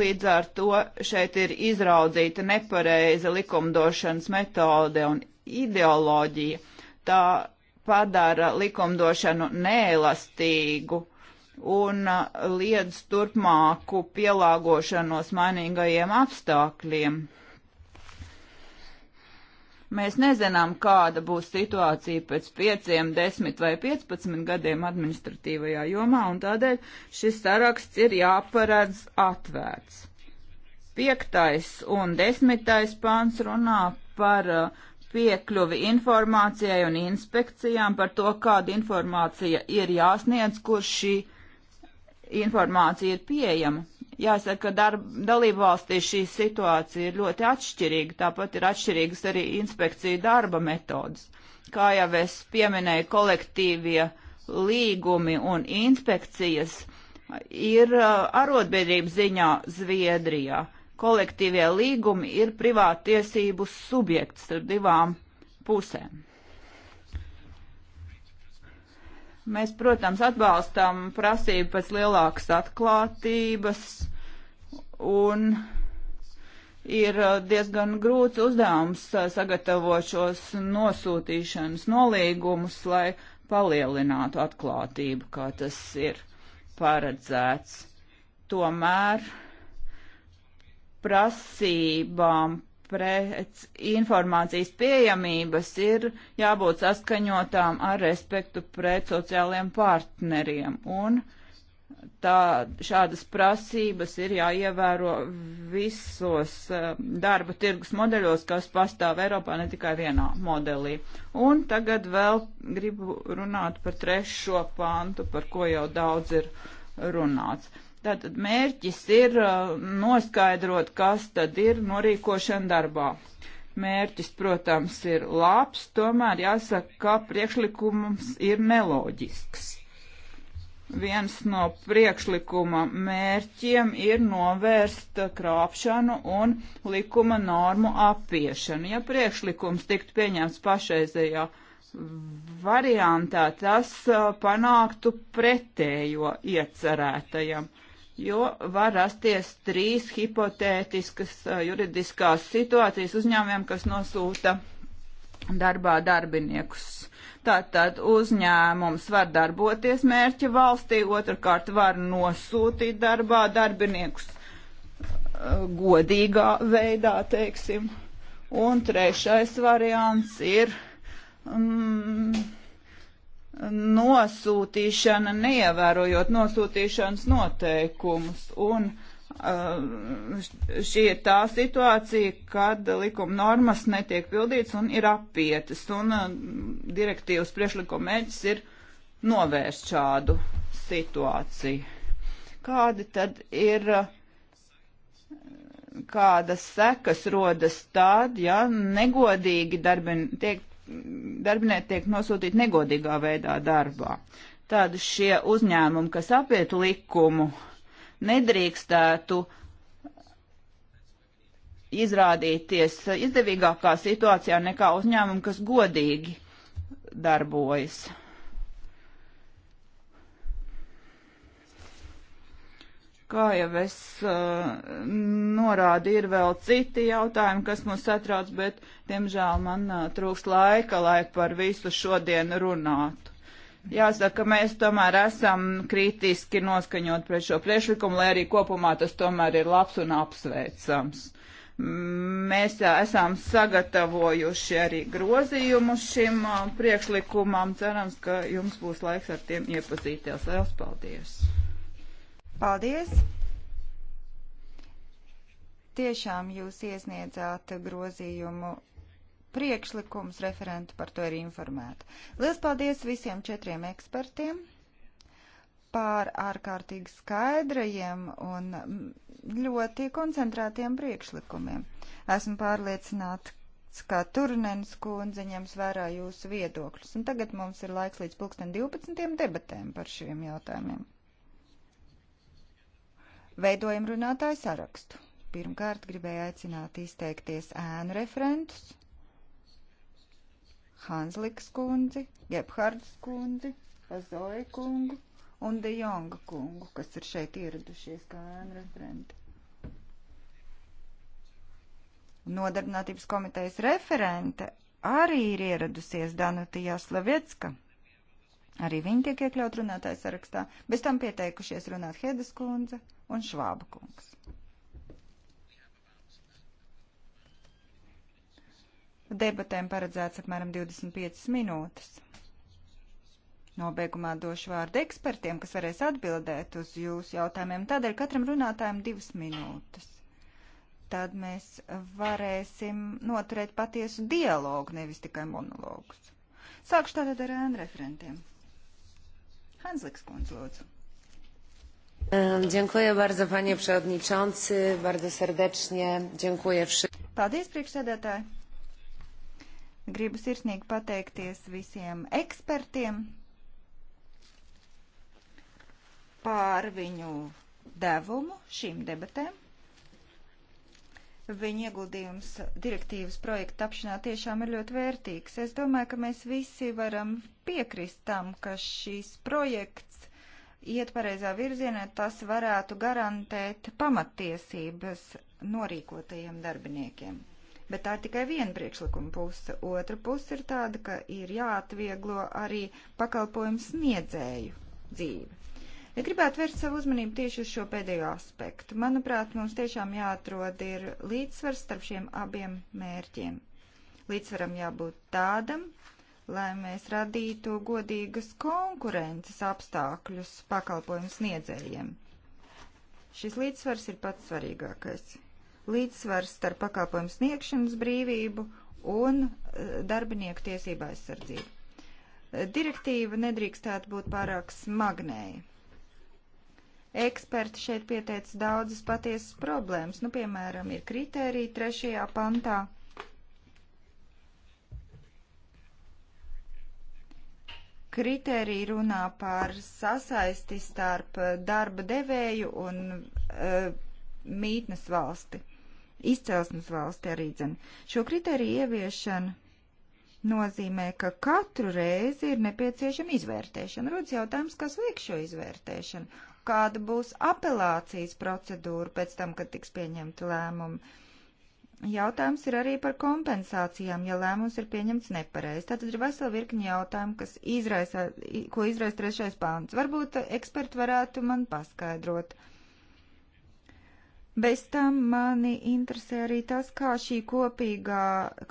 Līdz ar to šeit ir izraudzīta nepareiza likumdošanas metode un ideoloģija. Tā padara likumdošanu neelastīgu un liedz turpmāku pielāgošanos mainīgajiem apstākļiem. Mēs nezinām, kāda būs situācija pēc 5, 10 vai 15 gadiem administratīvajā jomā, un tādēļ šis saraksts ir jāparedz atvērts. Piektais un desmitais pāns runā par piekļuvi informācijai un inspekcijām par to, kāda informācija ir jāsniedz, kur šī informācija informācija ir pieejama. Jāsaka, ka darba dalību valstīs šī situācija ir ļoti atšķirīga, tāpat ir atšķirīgas arī inspekcija darba metodas. Kā jau es pieminēju, kolektīvie līgumi un inspekcijas ir uh, arotbiedrības ziņā Zviedrijā. Kolektīvie līgumi ir privātiesību subjekts ar divām pusēm. Mēs, protams, atbalstām prasību pēc lielākas atklātības un ir uh, diezgan grūts uzdevums uh, sagatavot šos nosūtīšanas nolīgumus, lai palielinātu atklātību, kā tas ir paredzēts. Tomēr prasībām pēc informācijas pieejamības ir jābūt saskaņotām ar respektu pret sociālajiem partneriem. Un tā, šādas prasības ir jāievēro visos eh, darba tirgus modeļos, kas pastāv Eiropā, ne tikai vienā modelī. Un tagad vēl gribu runāt par trešo pantu, par ko jau daudz ir runāts Tātad mērķis ir uh, noskaidrot, kas tad ir norīkošana darbā. Mērķis, protams, ir labs, tomēr jāsaka, ka priekšlikums ir neloģisks. Viens no priekšlikuma mērķiem ir novērst krāpšanu un likuma normu apiešanu. Ja priekšlikums tiktu pieņemts pašreizējā variantā, tas uh, panāktu pretējo iecerētajam jo var rasties trīs hipotētiskas juridiskās situācijas uzņēmumiem, kas nosūta darbā darbiniekus. Tātad uzņēmums var darboties mērķa valstī, otrkārt var nosūtīt darbā darbiniekus godīgā veidā, teiksim. Un trešais variants ir. Mm, nosūtīšana, neievērojot nosūtīšanas noteikumus. Un uh, šī ir tā situācija, kad likuma normas netiek pildītas un ir apietas. Un uh, direktīvas priešlikuma mērķis ir novērst šādu situāciju. Kādi tad ir, uh, kādas sekas rodas tād, ja negodīgi darbin, tiek darbinieki tiek nosūtīti negodīgā veidā darbā. Tad šie uzņēmumi, kas apiet likumu, nedrīkstētu izrādīties izdevīgākā situācijā nekā uzņēmumi, kas godīgi darbojas. Kā jau es uh, norādīju, ir vēl citi jautājumi, kas mūs satrauc, bet, diemžēl, man uh, trūks laika, lai par visu šodien runātu. Jāsaka, mēs tomēr esam kritiski noskaņot pret šo priekšlikumu, lai arī kopumā tas tomēr ir labs un apsveicams. Mēs uh, esam sagatavojuši arī grozījumu šim uh, priekšlikumam. Cerams, ka jums būs laiks ar tiem iepazīties. Lielas paldies! Paldies! Tiešām jūs iesniedzāt grozījumu priekšlikums, referentu par to ir informēta. Lielas paldies visiem četriem ekspertiem par ārkārtīgi skaidrajiem un ļoti koncentrētiem priekšlikumiem. Esmu pārliecināta, ka Turnens kundze ņems vērā jūsu viedokļus. Un tagad mums ir laiks līdz pulksten 12. debatēm par šiem jautājumiem. Veidojam runātāju sarakstu. Pirmkārt gribēju aicināt izteikties ēnu referentus. Hanslikas kundzi, Gebhardas kundzi, Azoja kungu un De Jonga kungu, kas ir šeit ieradušies kā ēnu referenti. Nodarbinātības komitejas referente arī ir ieradusies Danutija Slavietska. Arī viņi tiek iekļaut runātājs sarakstā. Bez tam pieteikušies runāt Hedas kundze un Švāba kungs. Debatēm paredzēts apmēram 25 minūtes. Nobeigumā došu vārdu ekspertiem, kas varēs atbildēt uz jūsu jautājumiem. Tādēļ katram runātājam divas minūtes. Tad mēs varēsim noturēt patiesu dialogu, nevis tikai monologus. Sākšu tātad ar ēnu referentiem. Hanzliks kundze, lūdzu. E, dziękuję bardzo, panie przewodniczący. Bardzo serdecznie dziękuję wszystkim. Paldies, priekšsēdētāji. Gribu sirsnīgi pateikties visiem ekspertiem par viņu devumu šīm debatēm. Viņa ieguldījums direktīvas projekta tapšanā tiešām ir ļoti vērtīgs. Es domāju, ka mēs visi varam piekrist tam, ka šīs projekts iet pareizā virzienā, tas varētu garantēt pamattiesības norīkotajiem darbiniekiem. Bet tā ir tikai viena priekšlikuma puse. Otra puse ir tāda, ka ir jāatvieglo arī pakalpojumu sniedzēju dzīve. Ja gribētu vērst savu uzmanību tieši uz šo pēdējo aspektu. Manuprāt, mums tiešām jāatrod ir līdzsvars starp šiem abiem mērķiem. Līdzsvaram jābūt tādam, lai mēs radītu godīgas konkurences apstākļus pakalpojumu sniedzējiem. Šis līdzsvars ir pats svarīgākais. Līdzsvars starp pakalpojumu sniegšanas brīvību un eh, darbinieku tiesību aizsardzību. Direktīva nedrīkstētu būt pārāk smagnēja. Eksperti šeit pieteica daudzas patiesas problēmas. Nu, piemēram, ir kritērija trešajā pantā. Kritērija runā par sasaisti starp darba devēju un uh, mītnes valsti, izcelsmes valsti arī dzen. Šo kritēriju ieviešana nozīmē, ka katru reizi ir nepieciešama izvērtēšana. Rodas jautājums, kas liek šo izvērtēšanu, kāda būs apelācijas procedūra pēc tam, kad tiks pieņemti lēmumi. Jautājums ir arī par kompensācijām, ja lēmums ir pieņemts nepareizi. Tātad ir vesela virkni jautājumu, kas izraisa, ko izraisa trešais pāns. Varbūt eksperti varētu man paskaidrot. Bez tam mani interesē arī tas, kā, šī kopīgā,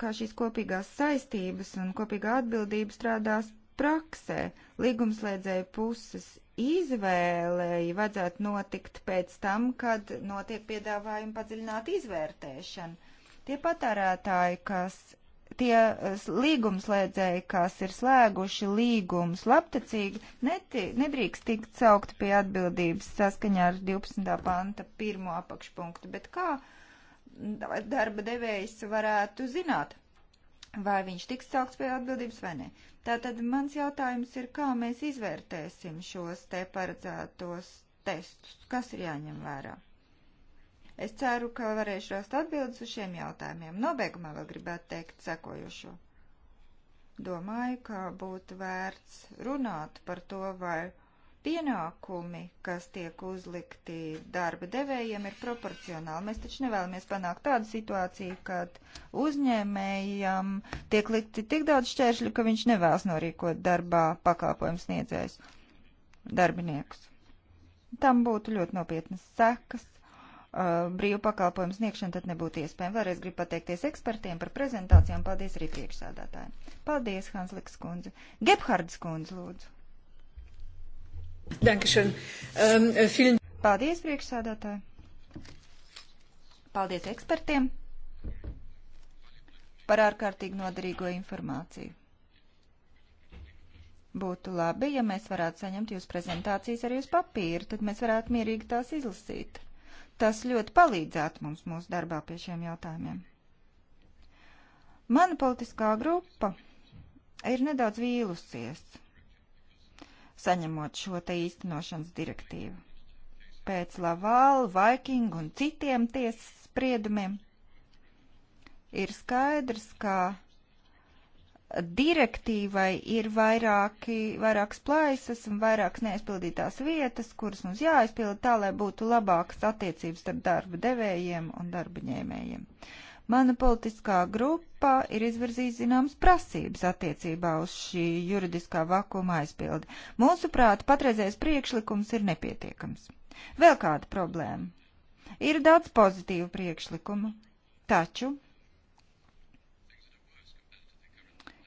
kā šīs kopīgās saistības un kopīgā atbildība strādās praksē. Līgumslēdzēju puses izvēlei vajadzētu notikt pēc tam, kad notiek piedāvājuma padziļināt izvērtēšanu. Tie patērētāji, kas tie līgumslēdzēji, kas ir slēguši līgumus labtacīgi, neti, nedrīkst tikt saukti pie atbildības saskaņā ar 12. panta pirmo apakšpunktu, bet kā darba devējs varētu zināt, vai viņš tiks saukts pie atbildības vai nē. Tātad mans jautājums ir, kā mēs izvērtēsim šos te paredzētos testus, kas ir jāņem vērā. Es ceru, ka varēšu rast atbildes uz šiem jautājumiem. Nobeigumā vēl gribētu teikt sekojošo. Domāju, ka būtu vērts runāt par to, vai Pienākumi, kas tiek uzlikti darba devējiem, ir proporcionāli. Mēs taču nevēlamies panākt tādu situāciju, kad uzņēmējam tiek likti tik daudz šķēršļu, ka viņš nevēlas norīkot darbā pakalpojums sniedzējs darbiniekus. Tam būtu ļoti nopietnas sekas uh, brīvu pakalpojumu sniegšanu tad nebūtu iespējama. Vēlreiz gribu pateikties ekspertiem par prezentācijām. Paldies arī priekšsādātājiem. Paldies, Hanslikas kundze. Gebhardas kundze, lūdzu. Dankšan. Um, film... Paldies, priekšsādātāji. Paldies ekspertiem par ārkārtīgi noderīgo informāciju. Būtu labi, ja mēs varētu saņemt jūsu prezentācijas arī uz papīra, tad mēs varētu mierīgi tās izlasīt. Tas ļoti palīdzētu mums mūsu darbā pie šiem jautājumiem. Mana politiskā grupa ir nedaudz vīlusies saņemot šo te īstenošanas direktīvu. Pēc Laval, Viking un citiem tiesas spriedumiem ir skaidrs, ka direktīvai ir vairāki, vairākas plaisas un vairākas neaizpildītās vietas, kuras mums jāaizpilda tā, lai būtu labākas attiecības starp darba devējiem un darba ņēmējiem. Uh, Mana politiskā grupa ir izvirzījusi zināmas prasības attiecībā uz šī juridiskā vakuma aizpildi. Mūsuprāt, patreizējais priekšlikums ir nepietiekams. Vēl kāda problēma. Ir daudz pozitīvu priekšlikumu, taču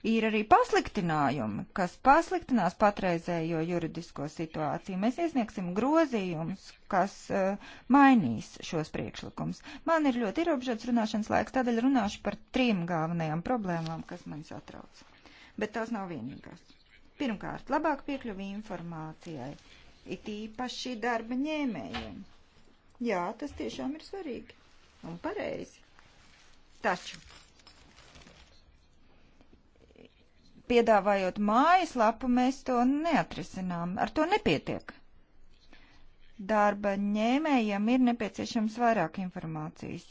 ir arī pasliktinājumi, kas pasliktinās patreizējo juridisko situāciju. Mēs iesniegsim grozījumus, kas uh, mainīs šos priekšlikumus. Man ir ļoti ierobežots runāšanas laiks, tādēļ runāšu par trim galvenajām problēmām, kas man satrauc. Bet tās nav vienīgās. Pirmkārt, labāk piekļuvi informācijai, it īpaši darba ņēmējiem. Jā, tas tiešām ir svarīgi un pareizi. Taču piedāvājot mājaslapu, mēs to neatrisinām. Ar to nepietiek. Darba ņēmējiem ir nepieciešams vairāk informācijas.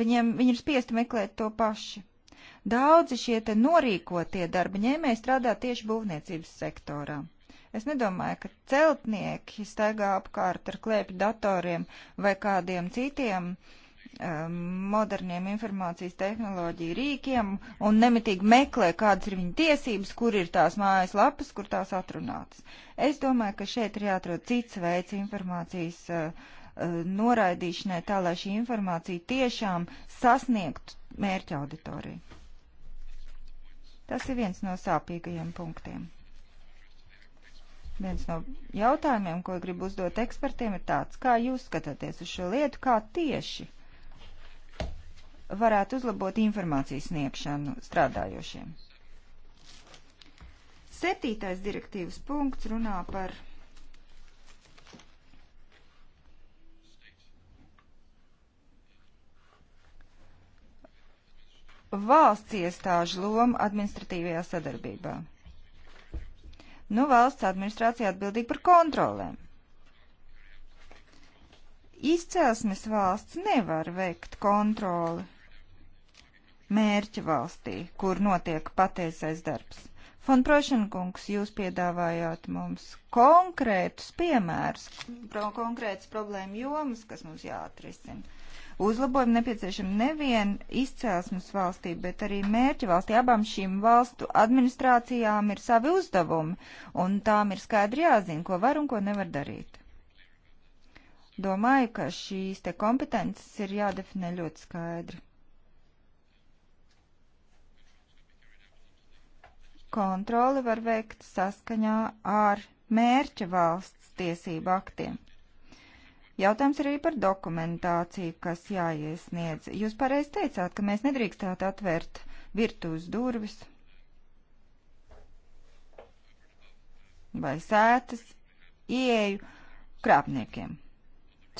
Viņiem, viņi ir spiesti meklēt to paši. Daudzi šie te norīkotie darba ņēmēji strādā tieši būvniecības sektorā. Es nedomāju, ka celtnieki staigā apkārt ar klēpju datoriem vai kādiem citiem uh, Um, moderniem informācijas tehnoloģiju rīkiem un nemitīgi meklē, kādas ir viņa tiesības, kur ir tās mājas lapas, kur tās atrunātas. Es domāju, ka šeit ir jāatrod cits veids informācijas uh, uh, noraidīšanai, tā lai šī informācija tiešām sasniegtu mērķa auditoriju. Tas ir viens no sāpīgajiem punktiem. Viens no jautājumiem, ko gribu uzdot ekspertiem, ir tāds, kā jūs skatāties uz šo lietu, kā tieši varētu uzlabot informācijas sniegšanu strādājošiem. Septītais direktīvas punkts runā par valsts iestāžu lomu administratīvajā sadarbībā. Nu, valsts administrācija atbildīga par kontrolēm. Izcelsmes valsts nevar veikt kontroli mērķa valstī, kur notiek patiesais darbs. Fon Prošankungs, jūs piedāvājāt mums konkrētus piemērus, pro konkrētas problēmu jomas, kas mums jāatrisina. Uzlabojumi nepieciešami nevien izcelsmes valstī, bet arī mērķa valstī. Abām šīm valstu administrācijām ir savi uzdevumi, un tām ir skaidri jāzina, ko var un ko nevar darīt. Domāju, ka šīs te kompetences ir jādefinē ļoti skaidri. kontroli var veikt saskaņā ar mērķa valsts tiesību aktiem. Jautājums ir arī par dokumentāciju, kas jāiesniedz. Jūs pareizi teicāt, ka mēs nedrīkstētu atvērt virtuves durvis vai sētas ieeju krāpniekiem,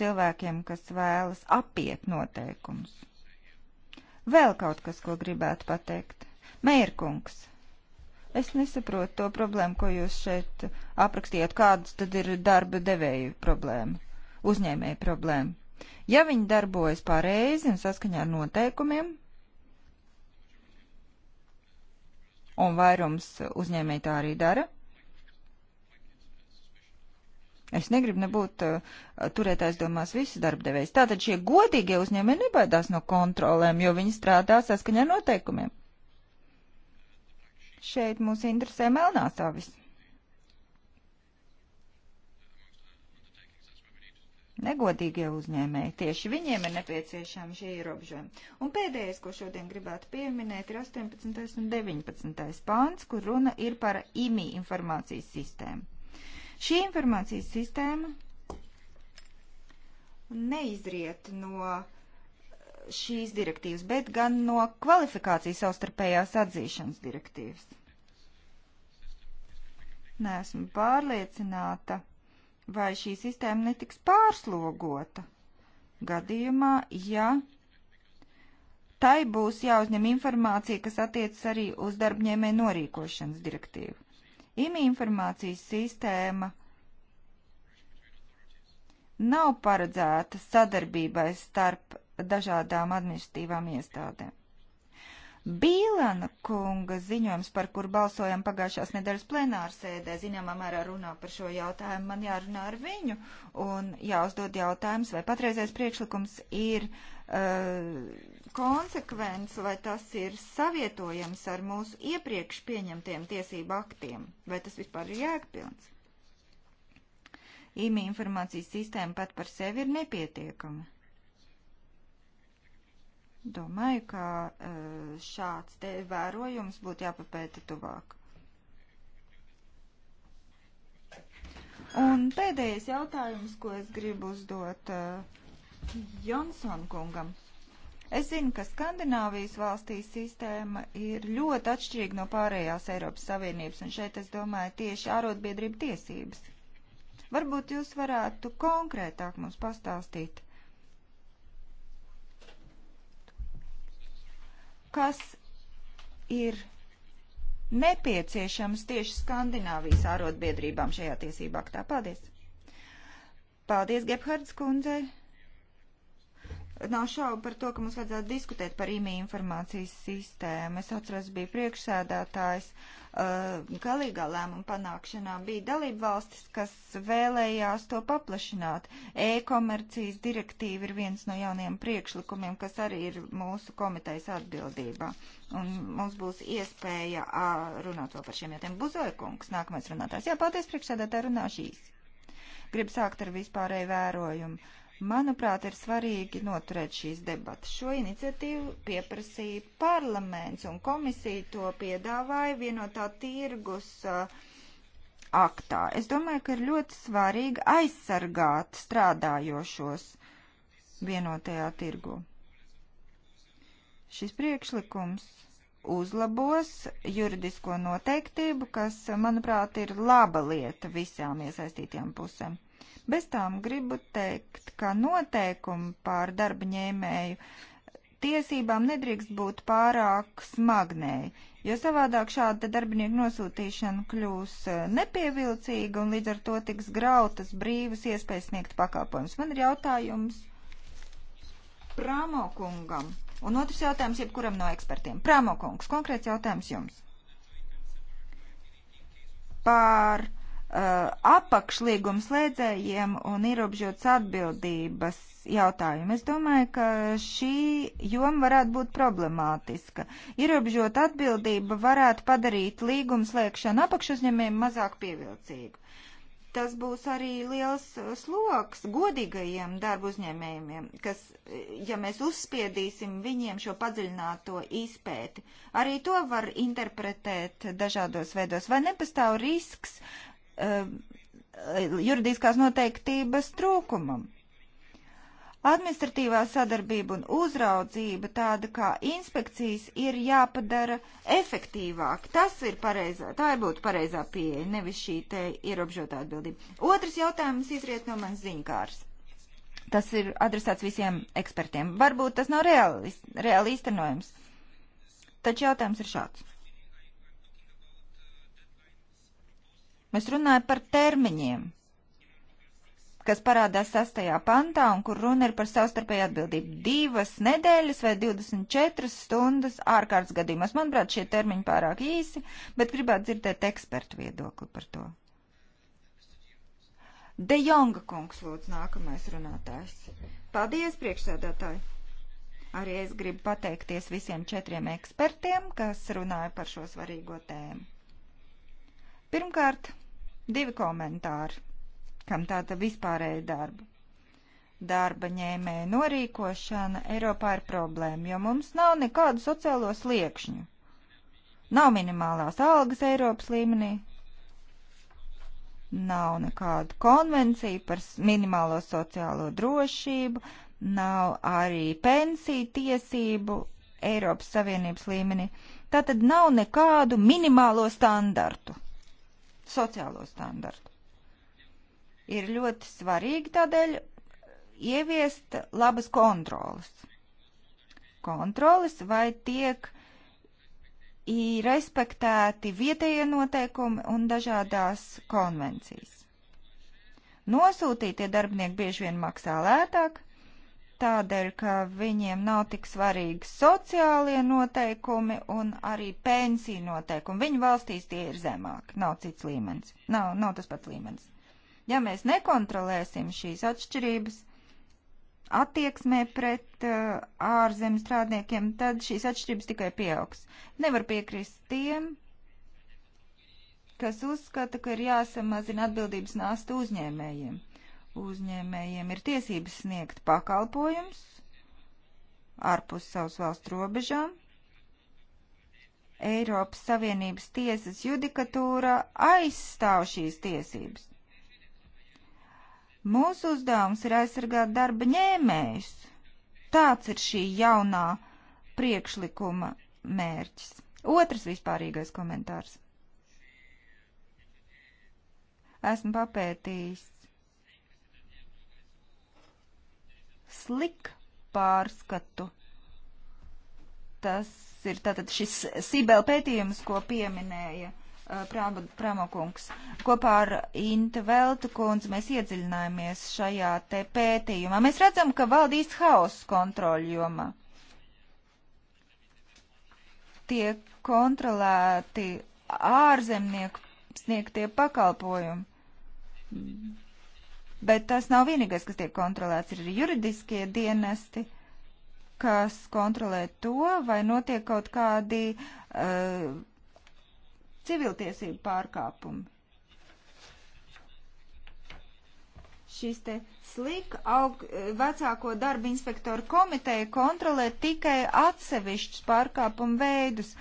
cilvēkiem, kas vēlas apiet noteikumus. Vēl kaut kas, ko gribētu pateikt. Mērkungs, Es nesaprotu to problēmu, ko jūs šeit aprakstījāt. Kādas tad ir darba devēju problēma, uzņēmēju problēma? Ja viņi darbojas pareizi un saskaņā ar noteikumiem, un vairums uzņēmēji tā arī dara, Es negribu nebūt uh, turēt aizdomās visus darbdevējus. Tātad šie godīgie uzņēmēji nebaidās no kontrolēm, jo viņi strādā saskaņā noteikumiem. Šeit mūs interesē melnās avis. Negodīgie uzņēmēji, tieši viņiem ir nepieciešami šie ierobežojumi. Un pēdējais, ko šodien gribētu pieminēt, ir 18. un 19. pāns, kur runa ir par IMI informācijas sistēmu. Šī informācijas sistēma neizriet no uh, šīs direktīvas, bet gan no kvalifikācijas savstarpējās atzīšanas direktīvas. Nesmu pārliecināta, vai šī sistēma netiks pārslogota gadījumā, ja tai būs jāuzņem informācija, kas attiecas arī uz darbņēmē norīkošanas direktīvu. IMI informācijas sistēma nav paredzēta sadarbībai starp dažādām administratīvām iestādēm. Bīlana kunga ziņojums, par kur balsojam pagājušās nedēļas plenārsēdē, zināmā mērā runā par šo jautājumu. Man jārunā ar viņu un jāuzdod jautājums, vai patreizais priekšlikums ir uh, konsekvents, vai tas ir savietojams ar mūsu iepriekš pieņemtiem tiesību aktiem, vai tas vispār ir jēgpilns. IMI informācijas sistēma pat par sevi ir nepietiekama. Domāju, ka e, šāds te vērojums būtu jāpapēta tuvāk. Un pēdējais jautājums, ko es gribu uzdot e, Jonsson kungam. Es zinu, ka Skandināvijas valstīs sistēma ir ļoti atšķirīga no pārējās Eiropas Savienības, un šeit es domāju tieši ārotbiedrību tiesības. Varbūt jūs varētu konkrētāk mums pastāstīt kas ir nepieciešams tieši Skandināvijas ārotbiedrībām šajā tiesībā aktā. Paldies! Paldies, Gebhards kundzei! Nav šaubu par to, ka mums vajadzētu diskutēt par IMI informācijas sistēmu. Es atceros, bija priekšsēdētājs uh, galīgā lēmuma panākšanā. Bija dalība valstis, kas vēlējās to paplašināt. E-komercijas direktīva ir viens no jaunajiem priekšlikumiem, kas arī ir mūsu komitejas atbildībā. Un mums būs iespēja uh, runāt vēl par šiem jautājumiem. Buzoja kungs, nākamais runātājs. Jā, paldies priekšsēdētāji, runāšu īsi. Gribu sākt ar vispārēju vērojumu Manuprāt, ir svarīgi noturēt šīs debatas. Šo iniciatīvu pieprasīja parlaments un komisija to piedāvāja vienotā tirgus uh, aktā. Es domāju, ka ir ļoti svarīgi aizsargāt strādājošos vienotajā tirgu. Šis priekšlikums uzlabos juridisko noteiktību, kas, manuprāt, ir laba lieta visām iesaistītajām pusēm. Bez tām gribu teikt, ka noteikumi pār darba ņēmēju tiesībām nedrīkst būt pārāk smagnēji, jo savādāk šāda darbinieku nosūtīšana kļūs eh, nepievilcīga un līdz ar to tiks grautas brīvas iespējas sniegt pakalpojumus. Man ir jautājums Prāmokungam. Un otrs jautājums jebkuram no ekspertiem. Prāmokungs, konkrēts jautājums jums. Par Uh, apakšlīgums slēdzējiem un ierobežotas atbildības jautājumu. Es domāju, ka šī joma varētu būt problemātiska. Ierobežot atbildība varētu padarīt līgumu slēgšanu apakšuzņēmējiem mazāk pievilcīgu. Tas būs arī liels sloks godīgajiem darbu uzņēmējiem, kas, ja mēs uzspiedīsim viņiem šo padziļināto izpēti, arī to var interpretēt dažādos veidos. Vai nepastāv risks uh, Um, juridiskās noteiktības trūkumam. Administratīvā sadarbība un uzraudzība, tāda kā inspekcijas, ir jāpadara efektīvāk. Tas ir pareizā, tā ir būtu pareizā pieeja, nevis šī te ierobežotā atbildība. Otrs jautājums izriet no manas ziņkārs. Tas ir adresēts visiem ekspertiem. Varbūt tas nav reāli, reāli īstenojums. Taču jautājums ir šāds. Mēs runājam par termiņiem, kas parādās 6. pantā un kur runa ir par savstarpēju atbildību. Divas nedēļas vai 24 stundas ārkārtas gadījumos. Manuprāt, šie termiņi pārāk īsi, bet gribētu dzirdēt ekspertu viedokli par to. De Jonga kungs lūdzu nākamais runātājs. Paldies, priekšsēdētāji! Arī es gribu pateikties visiem četriem ekspertiem, kas runāja par šo svarīgo tēmu. Pirmkārt, Divi komentāri, kam tāda vispārēja darba. Darba ņēmēja norīkošana Eiropā ir problēma, jo mums nav nekādu sociālo sliekšņu. Nav minimālās algas Eiropas līmenī, nav nekādu konvenciju par minimālo sociālo drošību, nav arī pensiju tiesību Eiropas Savienības līmenī. Tātad nav nekādu minimālo standartu sociālo standartu. Ir ļoti svarīgi tādēļ ieviest labas kontrolas. Kontrolas vai tiek respektēti vietējie noteikumi un dažādās konvencijas. Nosūtītie darbinieki bieži vien maksā lētāk, tādēļ, ka viņiem nav tik svarīgi sociālie noteikumi un arī pensiju noteikumi. Viņu valstīs tie ir zemāki, nav cits līmenis, nav, nav tas pats līmenis. Ja mēs nekontrolēsim šīs atšķirības attieksmē pret uh, ārzemju strādniekiem, tad šīs atšķirības tikai pieaugs. Nevar piekrist tiem, kas uzskata, ka ir jāsamazina atbildības nāstu uzņēmējiem uzņēmējiem ir tiesības sniegt pakalpojums ārpus savas valsts robežām. Eiropas Savienības tiesas judikatūra aizstāv šīs tiesības. Mūsu uzdevums ir aizsargāt darba ņēmējus. Tāds ir šī jaunā priekšlikuma mērķis. Otrs vispārīgais komentārs. Esmu papētījis slik pārskatu. Tas ir tātad šis Sibela pētījums, ko pieminēja uh, Prāmokungs. Kopā ar Intu Veltu kundzi mēs iedziļinājāmies šajā te pētījumā. Mēs redzam, ka valdīs haoss kontroļu jomā. Tiek kontrolēti ārzemnieku sniegtie pakalpojumi Bet tas nav vienīgais, kas tiek kontrolēts. Ir juridiskie dienesti, kas kontrolē to, vai notiek kaut kādi uh, civiltiesību pārkāpumi. Šis te slik aug, eh, vecāko darba inspektoru komiteja kontrolē tikai atsevišķus pārkāpumu veidus,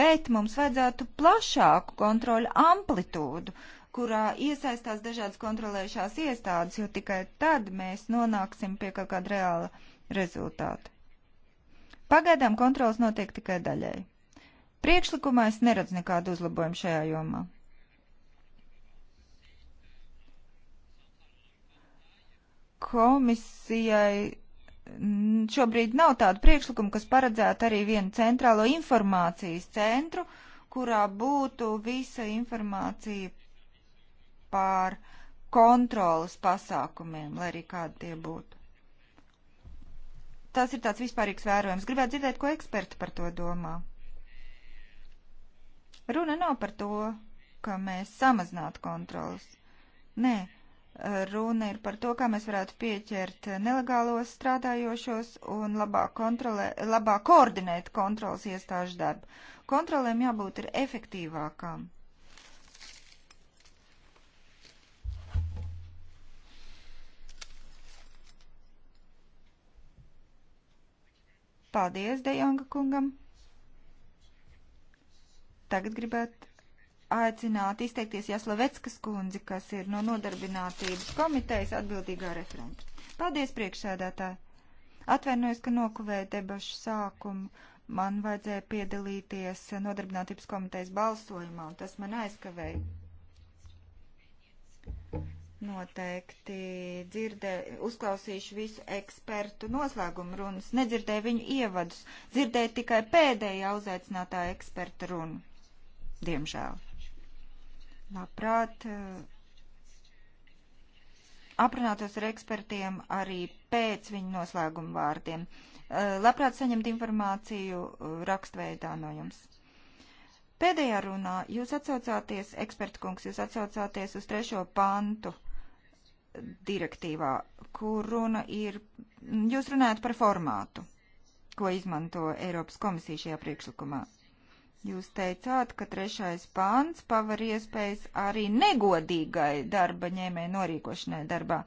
bet mums vajadzētu plašāku kontroļu amplitūdu. Uh, kurā iesaistās dažādas kontrolējušās iestādes, jo tikai tad mēs nonāksim pie kaut kāda reāla rezultāta. Pagaidām kontrols notiek tikai daļai. Priekšlikumā es neredzu nekādu uzlabojumu šajā jomā. Komisijai šobrīd nav tādu priekšlikumu, kas paredzētu arī vienu centrālo informācijas centru, kurā būtu visa informācija pār kontrolas pasākumiem, lai arī kādi tie būtu. Tas ir tāds vispārīgs vērojums. Gribētu dzirdēt, ko eksperti par to domā. Runa nav par to, ka mēs samazinātu kontrolas. Nē, runa ir par to, kā mēs varētu pieķert nelegālos strādājošos un labāk, kontrolē, labāk koordinēt kontrolas iestāžu darbu. Kontrolēm jābūt ir efektīvākām. Paldies Dejanga kungam. Tagad gribētu aicināt izteikties Jaslovetskas kundzi, kas ir no nodarbinātības komitejas atbildīgā referenta. Paldies priekšsēdētāji! Atvainojos, ka nokavēju debašu sākumu. Man vajadzēja piedalīties nodarbinātības komitejas balsojumā, un tas man aizkavēja. Noteikti dzirdē, uzklausīšu visu ekspertu noslēgumu runas, nedzirdēju viņu ievadus, dzirdēju tikai pēdējā uzaicinātā eksperta runu. Diemžēl. Labprāt, eh, aprunātos ar ekspertiem arī pēc viņu noslēguma vārdiem. Eh, labprāt saņemt informāciju eh, rakstveidā no jums. Pēdējā runā jūs atsaucāties, ekspertkungs, jūs atsaucāties uz trešo pantu direktīvā, kur runa ir, jūs runājat par formātu, ko izmanto Eiropas komisija šajā priekšlikumā. Jūs teicāt, ka trešais pāns paver iespējas arī negodīgai darba ņēmē norīkošanai darbā.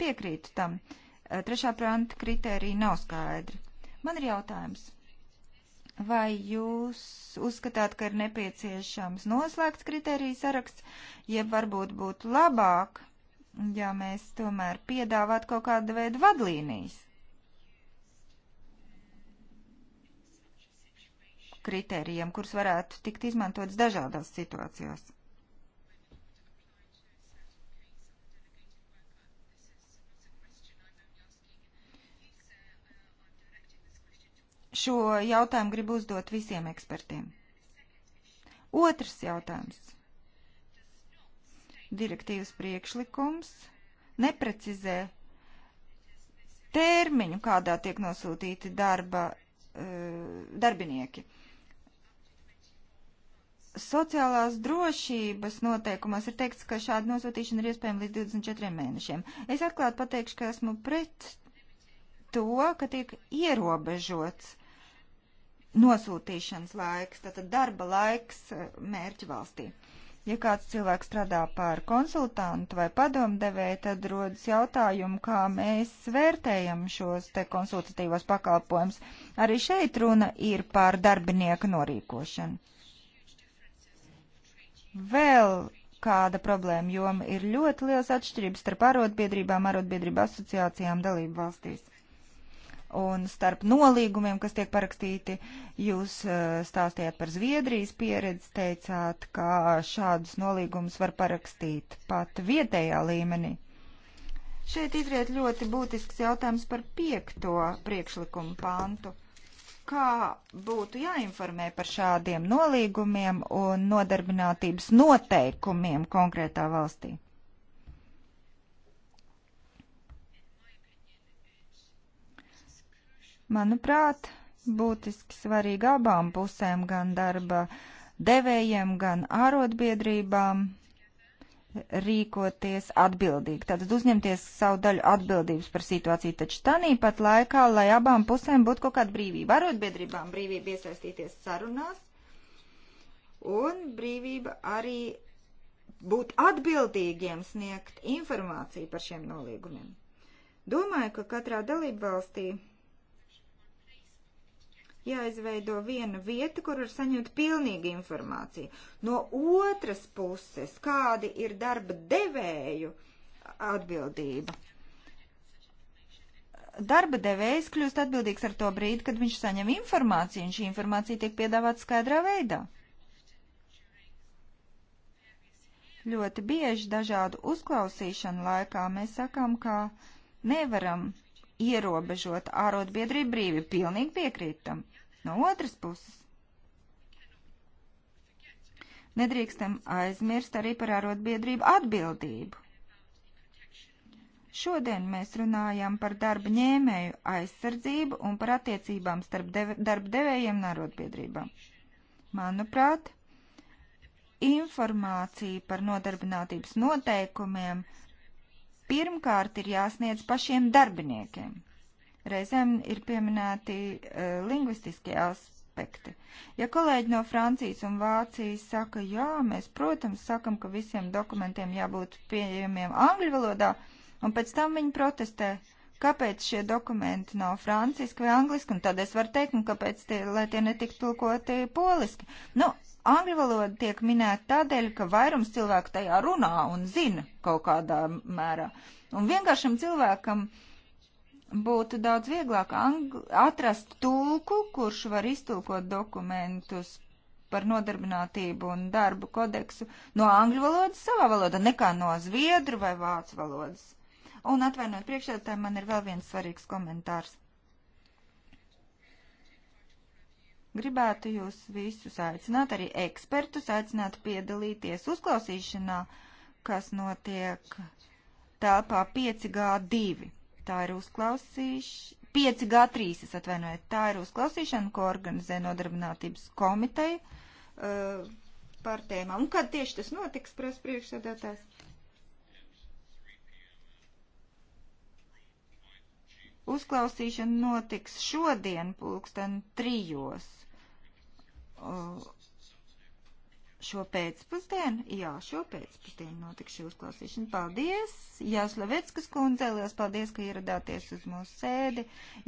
Piekrītu tam. Eh, trešā pranta kritērija nav skaidri. Man ir jautājums. Vai jūs uzskatāt, ka ir nepieciešams noslēgts kritērija saraksts, jeb varbūt būtu labāk ja mēs tomēr piedāvātu kaut kādu veidu vadlīnijas. kritērijiem, kurus varētu tikt izmantots dažādās situācijās. Šo jautājumu gribu uzdot visiem ekspertiem. Otrs jautājums direktīvas priekšlikums neprecizē termiņu, kādā tiek nosūtīti darba, eh, darbinieki. Sociālās drošības noteikumos ir teikts, ka šāda nosūtīšana ir iespējama līdz 24 mēnešiem. Es atklāti pateikšu, ka esmu pret to, ka tiek ierobežots nosūtīšanas laiks, tātad darba laiks eh, mērķu valstī. Uh, Ja kāds cilvēks strādā par konsultantu vai padomdevēju, tad rodas jautājumu, kā mēs vērtējam šos te konsultatīvos pakalpojumus. Arī šeit runa ir par darbinieka norīkošanu. Vēl kāda problēma joma ir ļoti liels atšķirības starp arotbiedrībām, arotbiedrību asociācijām dalību valstīs un starp nolīgumiem, kas tiek parakstīti. Jūs eh, stāstījāt par Zviedrijas pieredzi, teicāt, ka šādus nolīgumus var parakstīt pat vietējā līmenī. Šeit izriet ļoti būtisks jautājums par piekto priekšlikumu pāntu. Kā būtu jāinformē par šādiem nolīgumiem un nodarbinātības noteikumiem konkrētā valstī? Manuprāt, būtiski svarīgi abām pusēm, gan darba devējiem, gan ārotbiedrībām rīkoties atbildīgi, tātad uzņemties savu daļu atbildības par situāciju, taču tanī pat laikā, lai abām pusēm būtu kaut kāda brīvība, arotbiedrībām brīvība iesaistīties sarunās un brīvība arī būt atbildīgiem sniegt informāciju par šiem nolīgumiem. Domāju, ka katrā dalība valstī jāizveido viena vieta, kur var saņemt pilnīgu informāciju. No otras puses, kādi ir darba devēju atbildība? Darba devējs kļūst atbildīgs ar to brīdi, kad viņš saņem informāciju, un šī informācija tiek piedāvāta skaidrā veidā. Ļoti bieži dažādu uzklausīšanu laikā mēs sakām, ka nevaram ierobežot ārotbiedrību brīvi. Pilnīgi piekrītam. No otras puses, nedrīkstam aizmirst arī par arotbiedrību atbildību. Šodien mēs runājam par darba ņēmēju aizsardzību un par attiecībām starp deve, darba devējiem un arotbiedrībām. Manuprāt, informācija par nodarbinātības noteikumiem pirmkārt ir jāsniedz pašiem darbiniekiem. Reizēm ir pieminēti uh, lingvistiskie aspekti. Ja kolēģi no Francijas un Vācijas saka, jā, mēs, protams, sakam, ka visiem dokumentiem jābūt pieejamiem angļu valodā, un pēc tam viņi protestē, kāpēc šie dokumenti nav franciski vai angliski, un tad es varu teikt, un kāpēc tie, lai tie netik tulkoti poliski. Nu, angļu valoda tiek minēta tādēļ, ka vairums cilvēku tajā runā un zina kaut kādā mērā. Un vienkāršam cilvēkam uh, būtu daudz vieglāk atrast tulku, kurš var iztulkot dokumentus par nodarbinātību un darbu kodeksu no angļu valodas savā valodā, nekā no zviedru vai vācu valodas. Un atvainot priekšētāji, man ir vēl viens svarīgs komentārs. Gribētu jūs visus aicināt, arī ekspertus aicināt piedalīties uzklausīšanā, kas notiek telpā 5G2 Tā ir uzklausīšana. 5G3, es atvainoju, tā ir uzklausīšana, ko organizē Nodarbinātības komiteja uh, par tēmām. Un kad tieši tas notiks, prasa priekšsēdētājs? Uzklausīšana notiks šodien pulksten trijos. Uh, šo pēcpusdienu, jā, šo pēcpusdienu notiks šī uzklausīšana. Paldies, Jāslaveckas kundze, liels paldies, ka ieradāties uz mūsu sēdi.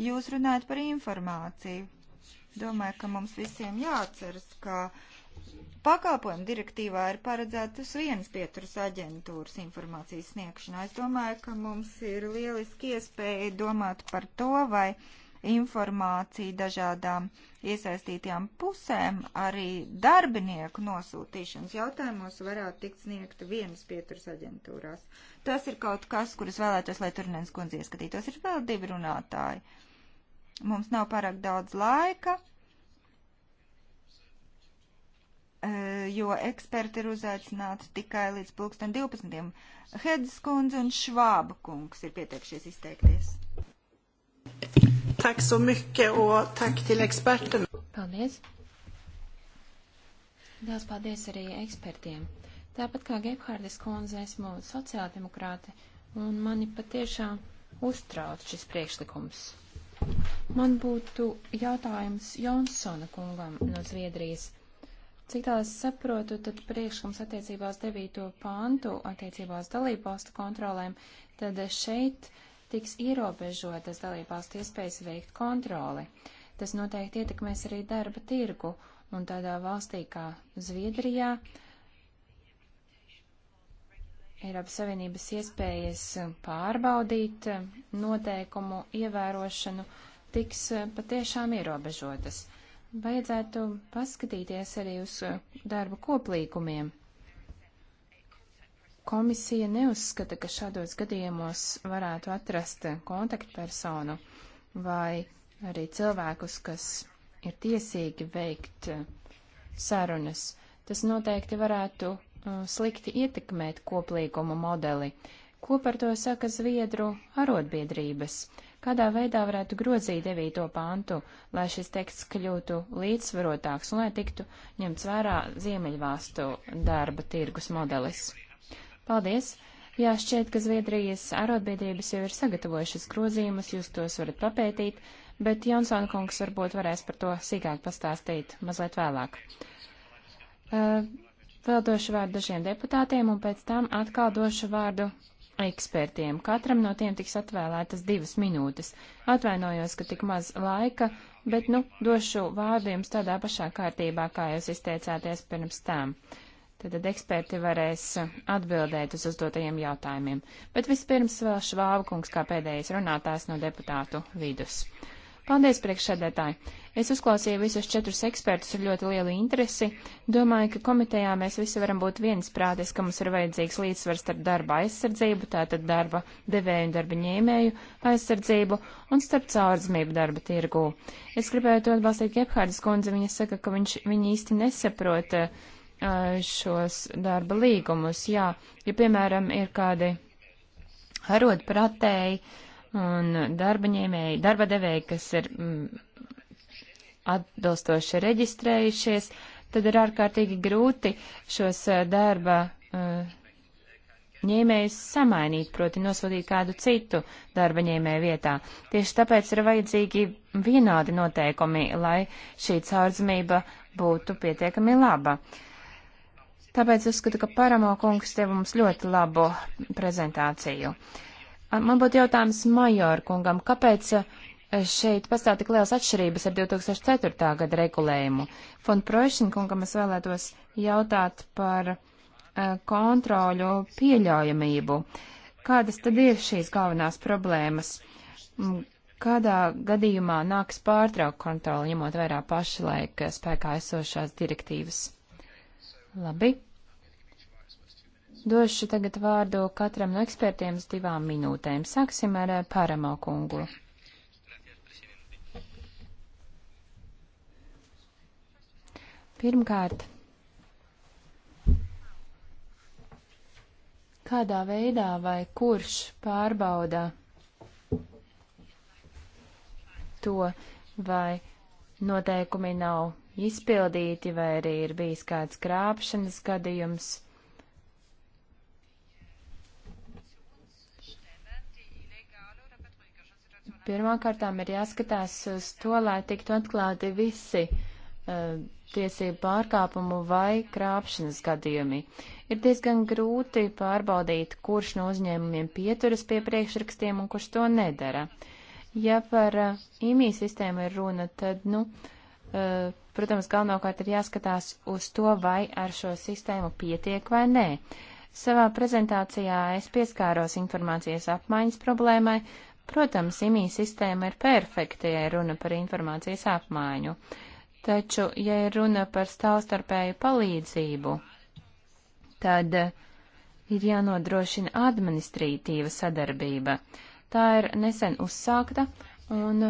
Jūs runājat par informāciju. Domāju, ka mums visiem jāatceras, ka pakalpojumu direktīvā ir paredzētas vienas pieturas aģentūras informācijas sniegšanā. Es domāju, ka mums ir lieliski iespēja domāt par to, vai informāciju dažādām iesaistītajām pusēm, arī darbinieku nosūtīšanas jautājumos varētu tikt sniegta vienas pieturas aģentūrās. Tas ir kaut kas, kuras vēlētos, lai Turnēns kundze ieskatītos. Ir vēl divi runātāji. Mums nav pārāk daudz laika, e, jo eksperti ir uzaicināti tikai līdz pulksten 12. Hedz kundze un Švāba kungs ir pieteikšies izteikties. Tack så mycket och tack till experterna. Paldies. Daudz paldies arī ekspertiem. Tāpat kā Gebhārdes kundze, esmu sociāldemokrāte, un mani patiešām uztrauc šis priekšlikums. Man būtu jautājums Jonsona kungam no Zviedrijas. Cik tās saprotu, tad priekšlikums attiecībā uz 9. pāntu, attiecībā uz dalību valstu kontrolēm, tad šeit uh, tiks ierobežotas dalībvalstu iespējas veikt kontroli. Tas noteikti ietekmēs arī darba tirgu, un tādā valstī kā Zviedrijā Eiropas Savienības iespējas pārbaudīt noteikumu ievērošanu tiks patiešām ierobežotas. Vajadzētu paskatīties arī uz darbu koplīkumiem. Komisija neuzskata, ka šādos gadījumos varētu atrast kontaktpersonu vai arī cilvēkus, kas ir tiesīgi veikt eh, sarunas. Tas noteikti varētu eh, slikti ietekmēt koplīguma modeli. Ko par to saka Zviedru arotbiedrības? Kādā veidā varētu grozīt 9. pantu, lai šis teksts kļūtu līdzsvarotāks un lai tiktu ņemts vērā Ziemeļvāstu darba tirgus modelis? Paldies! Jā, šķiet, ka Zviedrijas arotbiedrības jau ir sagatavojušas grozījumus, jūs tos varat papētīt, bet Jonsona kungs varbūt varēs par to sīkāk pastāstīt mazliet vēlāk. Uh, vēl došu vārdu dažiem deputātiem un pēc tam atkal došu vārdu ekspertiem. Katram no tiem tiks atvēlētas divas minūtes. Atvainojos, ka tik maz laika, bet, nu, došu vārdu jums tādā pašā kārtībā, kā jūs izteicāties pirms tām. Uh, Tad eksperti varēs atbildēt uz uzdotajiem jautājumiem. Bet vispirms vēl Švābkungs kā pēdējais runātājs no deputātu vidus. Paldies, priekšsēdētāji! Es uzklausīju visus četrus ekspertus ar ļoti lielu interesi. Domāju, ka komitejā mēs visi varam būt viensprātis, ka mums ir vajadzīgs līdzsvars starp darba aizsardzību, tātad darba devēju un darba ņēmēju aizsardzību un starp caurdzmību darba tirgū. Es gribētu atbalstīt Gebhārdas kundzi, viņa saka, ka viņš, viņa īsti nesaprota. Uh, eh, šos darba līgumus. Jā, ja piemēram ir kādi arotpratēji un darba ņēmēji, darba devēji, kas ir mm, atbilstoši reģistrējušies, tad ir ārkārtīgi grūti šos darba uh, ņēmējus samainīt, proti nosūtīt kādu citu darba ņēmēju vietā. Tieši tāpēc ir vajadzīgi vienādi noteikumi, lai šī caurzmība būtu pietiekami laba. Uh, Tāpēc uzskatu, ka Paramo kungs tev mums ļoti labu prezentāciju. Man būtu jautājums Major kungam, kāpēc šeit pastāv tik liels atšķirības ar 2004. gada regulējumu. Fon Prošņkungam es vēlētos jautāt par kontroļu pieļaujamību. Kādas tad ir šīs galvenās problēmas? Kādā gadījumā nāks pārtraukt kontroli, ņemot vērā pašlaik spēkā esošās direktīvas? Labi. Došu tagad vārdu katram no ekspertiem uz divām minūtēm. Sāksim ar eh, Paramo kungu. Pirmkārt, kādā veidā vai kurš pārbauda to, vai noteikumi nav izpildīti, vai arī ir bijis kāds krāpšanas gadījums Pirmkārtām ir jāskatās uz to, lai tiktu atklāti visi uh, tiesību pārkāpumu vai krāpšanas gadījumi. Ir diezgan grūti pārbaudīt, kurš no uzņēmumiem pieturas pie priekšrakstiem un kurš to nedara. Ja par uh, eh, imī sistēmu ir runa, tad, nu, uh, protams, galvenokārt ir jāskatās uz to, vai ar šo sistēmu pietiek vai nē. Savā prezentācijā es pieskāros informācijas apmaiņas problēmai, Protams, imī sistēma ir perfekta, ja runa par informācijas apmaiņu, taču, ja runa par stāvstarpēju palīdzību, tad eh, ir jānodrošina administrītīva sadarbība. Tā ir nesen uzsākta, un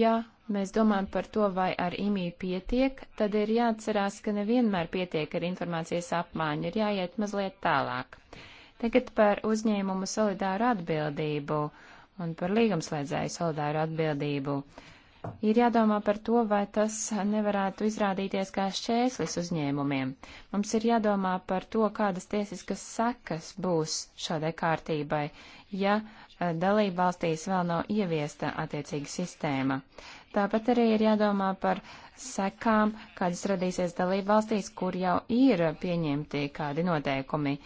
ja mēs domājam par to, vai ar imī pietiek, tad ir jāatcerās, ka nevienmēr pietiek ar informācijas apmaiņu, ir jāiet mazliet tālāk. Tagad par uzņēmumu solidāru atbildību. Uh, un par līgumslēdzēju solidāru atbildību. Ir jādomā par to, vai tas nevarētu izrādīties kā šķēslis uzņēmumiem. Mums ir jādomā par to, kādas tiesiskas sekas būs šādai kārtībai, ja eh, dalība valstīs vēl nav ieviesta attiecīga sistēma. Tāpat arī ir jādomā par sekām, kādas radīsies dalība valstīs, kur jau ir pieņemti kādi noteikumi.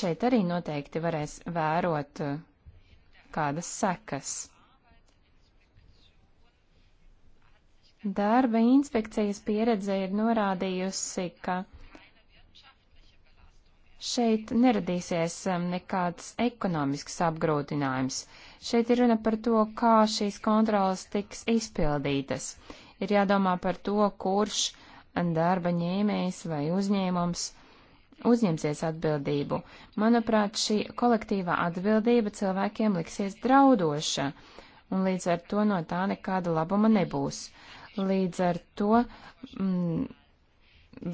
Šeit arī noteikti varēs vērot eh, kādas sekas. Darba inspekcijas pieredze ir norādījusi, ka šeit neradīsies um, nekāds ekonomisks apgrūtinājums. Šeit ir runa par to, kā šīs kontrolas tiks izpildītas. Ir jādomā par to, kurš darba ņēmējs vai uzņēmums uzņemsies atbildību. Manuprāt, šī kolektīvā atbildība cilvēkiem liksies draudoša, un līdz ar to no tā nekāda labuma nebūs. Līdz ar to mm,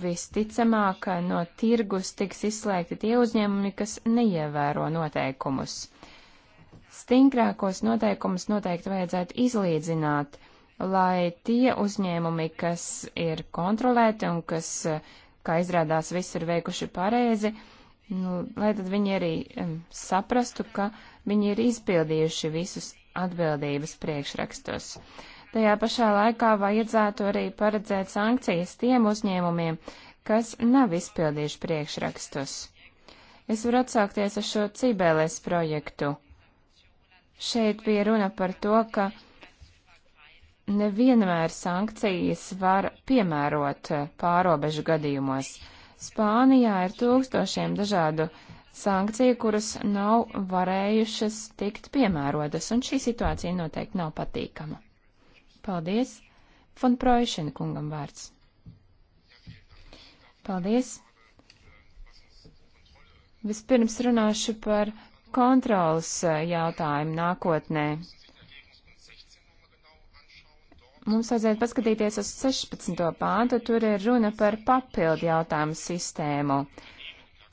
visticamāk no tirgus tiks izslēgti tie uzņēmumi, kas neievēro noteikumus. Stingrākos noteikumus noteikti vajadzētu izlīdzināt, lai tie uzņēmumi, kas ir kontrolēti un kas uh, kā izrādās viss ir veikuši pareizi, nu, lai tad viņi arī um, saprastu, ka viņi ir izpildījuši visus atbildības priekšrakstus. Tajā pašā laikā vajadzētu arī paredzēt sankcijas tiem uzņēmumiem, kas nav izpildījuši priekšrakstus. Es varu atsaukties uz šo Cibeles projektu. Šeit bija runa par to, ka nevienmēr sankcijas var piemērot eh, pārobežu gadījumos. Spānijā ir tūkstošiem dažādu sankciju, kuras nav varējušas tikt piemērotas, un šī situācija noteikti nav patīkama. Paldies! Fon Proišina kungam vārds. Paldies! Vispirms runāšu par kontrolas eh, jautājumu nākotnē mums vajadzētu paskatīties uz 16. pāntu, tur ir runa par papildu jautājumu sistēmu.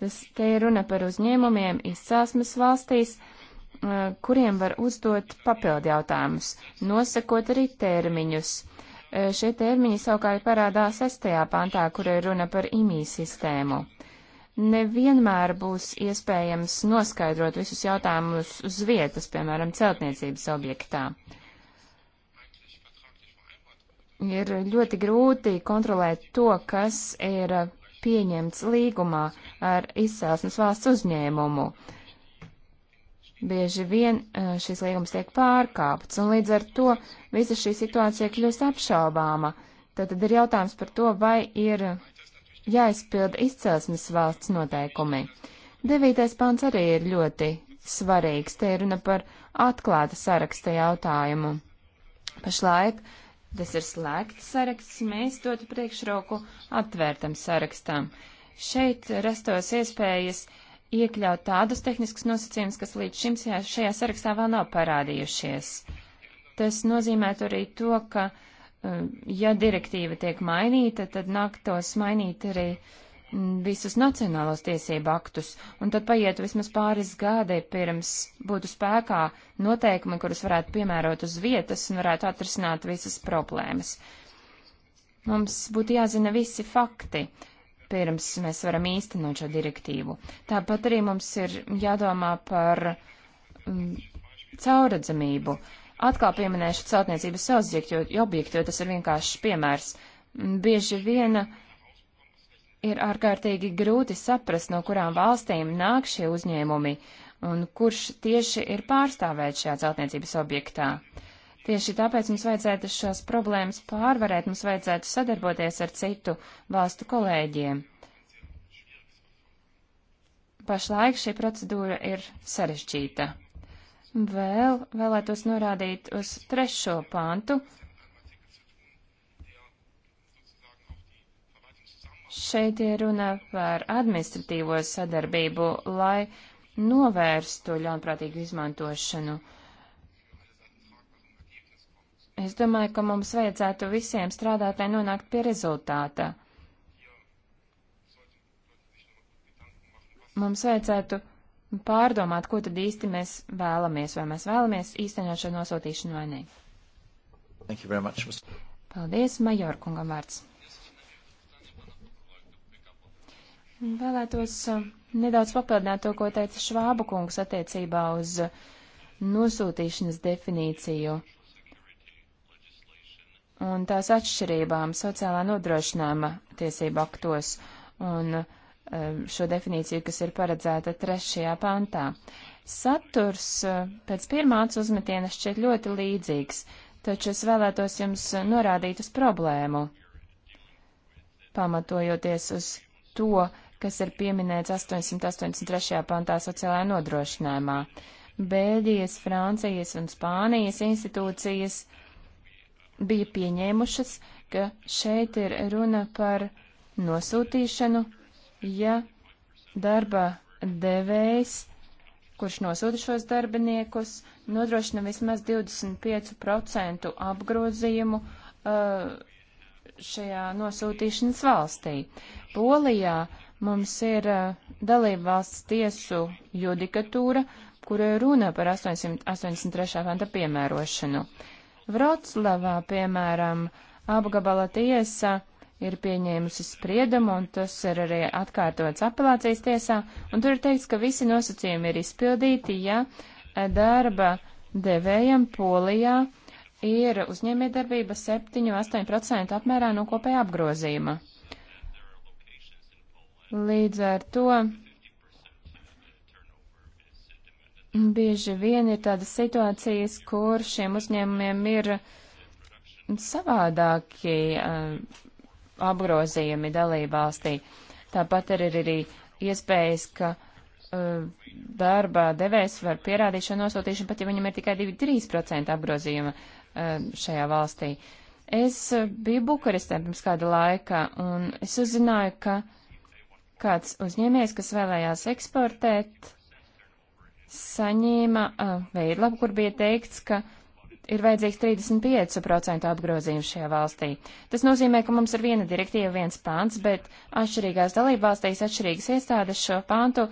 Tas te ir runa par uzņēmumiem izcelsmes valstīs, eh, kuriem var uzdot papildu jautājumus, nosakot arī termiņus. Eh, šie termiņi savukārt parādās 6. pantā, kur ir runa par imī sistēmu nevienmēr būs iespējams noskaidrot visus jautājumus uz vietas, piemēram, celtniecības objektā ir ļoti grūti kontrolēt to, kas ir pieņemts līgumā ar izcelsmes valsts uzņēmumu. Bieži vien e, šis līgums tiek pārkāpts, un līdz ar to visa šī situācija kļūst apšaubāma. Tad, tad ir jautājums par to, vai ir jāizpilda izcelsmes valsts noteikumi. Devītais pants arī ir ļoti svarīgs. Te ir runa par atklāta saraksta jautājumu. Pašlaik uh, Tas ir slēgts saraksts, mēs dotu priekšroku atvērtam sarakstam. Šeit rastos iespējas iekļaut tādus tehniskus nosacījumus, kas līdz šim šajā sarakstā vēl nav parādījušies. Tas nozīmētu arī to, ka, um, ja direktīva tiek mainīta, tad nāktos mainīt arī uh, visus nacionālos tiesību aktus, un tad paiet vismaz pāris gadi pirms būtu spēkā noteikumi, kurus varētu piemērot uz vietas un varētu atrisināt visas problēmas. Mums būtu jāzina visi fakti, pirms mēs varam īstenot šo direktīvu. Tāpat arī mums ir jādomā par mm, cauradzamību. Atkal pieminēšu celtniecības objektu, jo, objektu, jo tas ir vienkārši piemērs. Mm, bieži viena uh, ir ārkārtīgi grūti saprast, no kurām valstīm nāk šie uzņēmumi un kurš tieši ir pārstāvēts šajā celtniecības objektā. Tieši tāpēc mums vajadzētu šās problēmas pārvarēt, mums vajadzētu sadarboties ar citu valstu kolēģiem. Pašlaik šī procedūra ir sarežģīta. Vēl vēlētos norādīt uz trešo pantu, Šeit ir runa par administratīvo sadarbību, lai novērstu ļaunprātīgu izmantošanu. Es domāju, ka mums vajadzētu visiem strādāt, lai nonāktu pie rezultāta. Mums vajadzētu pārdomāt, ko tad īsti mēs vēlamies, vai mēs vēlamies īstenot šo nosūtīšanu vai nē. Much, Paldies, Majorkungam vārds. Vēlētos uh, nedaudz papildināt to, ko teica Švāba kungs attiecībā uz uh, nosūtīšanas definīciju un tās atšķirībām sociālā nodrošinājuma tiesību aktos un uh, šo definīciju, kas ir paredzēta trešajā pantā. Saturs pēc pirmāts uzmetiena šķiet ļoti līdzīgs, taču es vēlētos jums norādīt uz problēmu, pamatojoties uz to, kas ir pieminēts 883. pantā sociālajā nodrošinājumā. Bēļģijas, Francijas un Spānijas institūcijas bija pieņēmušas, ka šeit ir runa par nosūtīšanu, ja darba devējs, kurš nosūta šos darbiniekus, nodrošina vismaz 25% apgrozījumu uh, šajā nosūtīšanas valstī. Polijā uh, Mums ir eh, dalība valsts tiesu judikatūra, kura runa par 883. panta piemērošanu. Vroclavā, piemēram, apgabala tiesa ir pieņēmusi spriedumu, un tas ir arī atkārtots apelācijas tiesā, un tur ir teikts, ka visi nosacījumi ir izpildīti, ja eh, darba devējam polijā ir uzņēmējdarbība 7-8% apmērā no kopējā apgrozījuma. Līdz ar to bieži vien ir tādas situācijas, kur šiem uzņēmumiem ir savādāki uh, apgrozījumi dalībvalstī. Tāpat arī ir arī iespējas, ka uh, darba devējs var pierādīšanu nosūtīšanu, pat ja viņam ir tikai 2-3% apgrozījuma uh, šajā valstī. Es uh, biju Bukarestē pirms kāda laika, un es uzzināju, ka uh, kāds uzņēmējs, kas vēlējās eksportēt, saņēma uh, veidlapu, kur bija teikts, ka ir vajadzīgs 35% apgrozījums šajā valstī. Tas nozīmē, ka mums ir viena direktīva, viens pāns, bet atšķirīgās dalībvalstīs atšķirīgas iestādes šo pāntu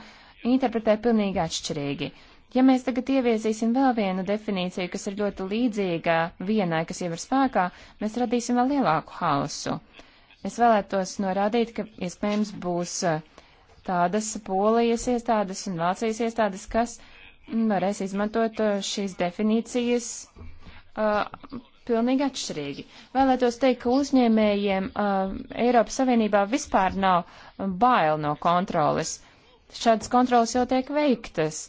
interpretē pilnīgi atšķirīgi. Ja mēs tagad ieviesīsim vēl vienu definīciju, kas ir ļoti līdzīga vienai, kas jau ir spēkā, mēs radīsim vēl lielāku hausu. Es vēlētos norādīt, ka iespējams būs eh, tādas polijas iestādes un Vācijas iestādes, kas varēs izmantot eh, šīs definīcijas uh, pilnīgi atšķirīgi. Vēlētos teikt, ka uzņēmējiem uh, Eiropas Savienībā vispār nav bail no kontroles. Šādas kontroles jau tiek veiktas.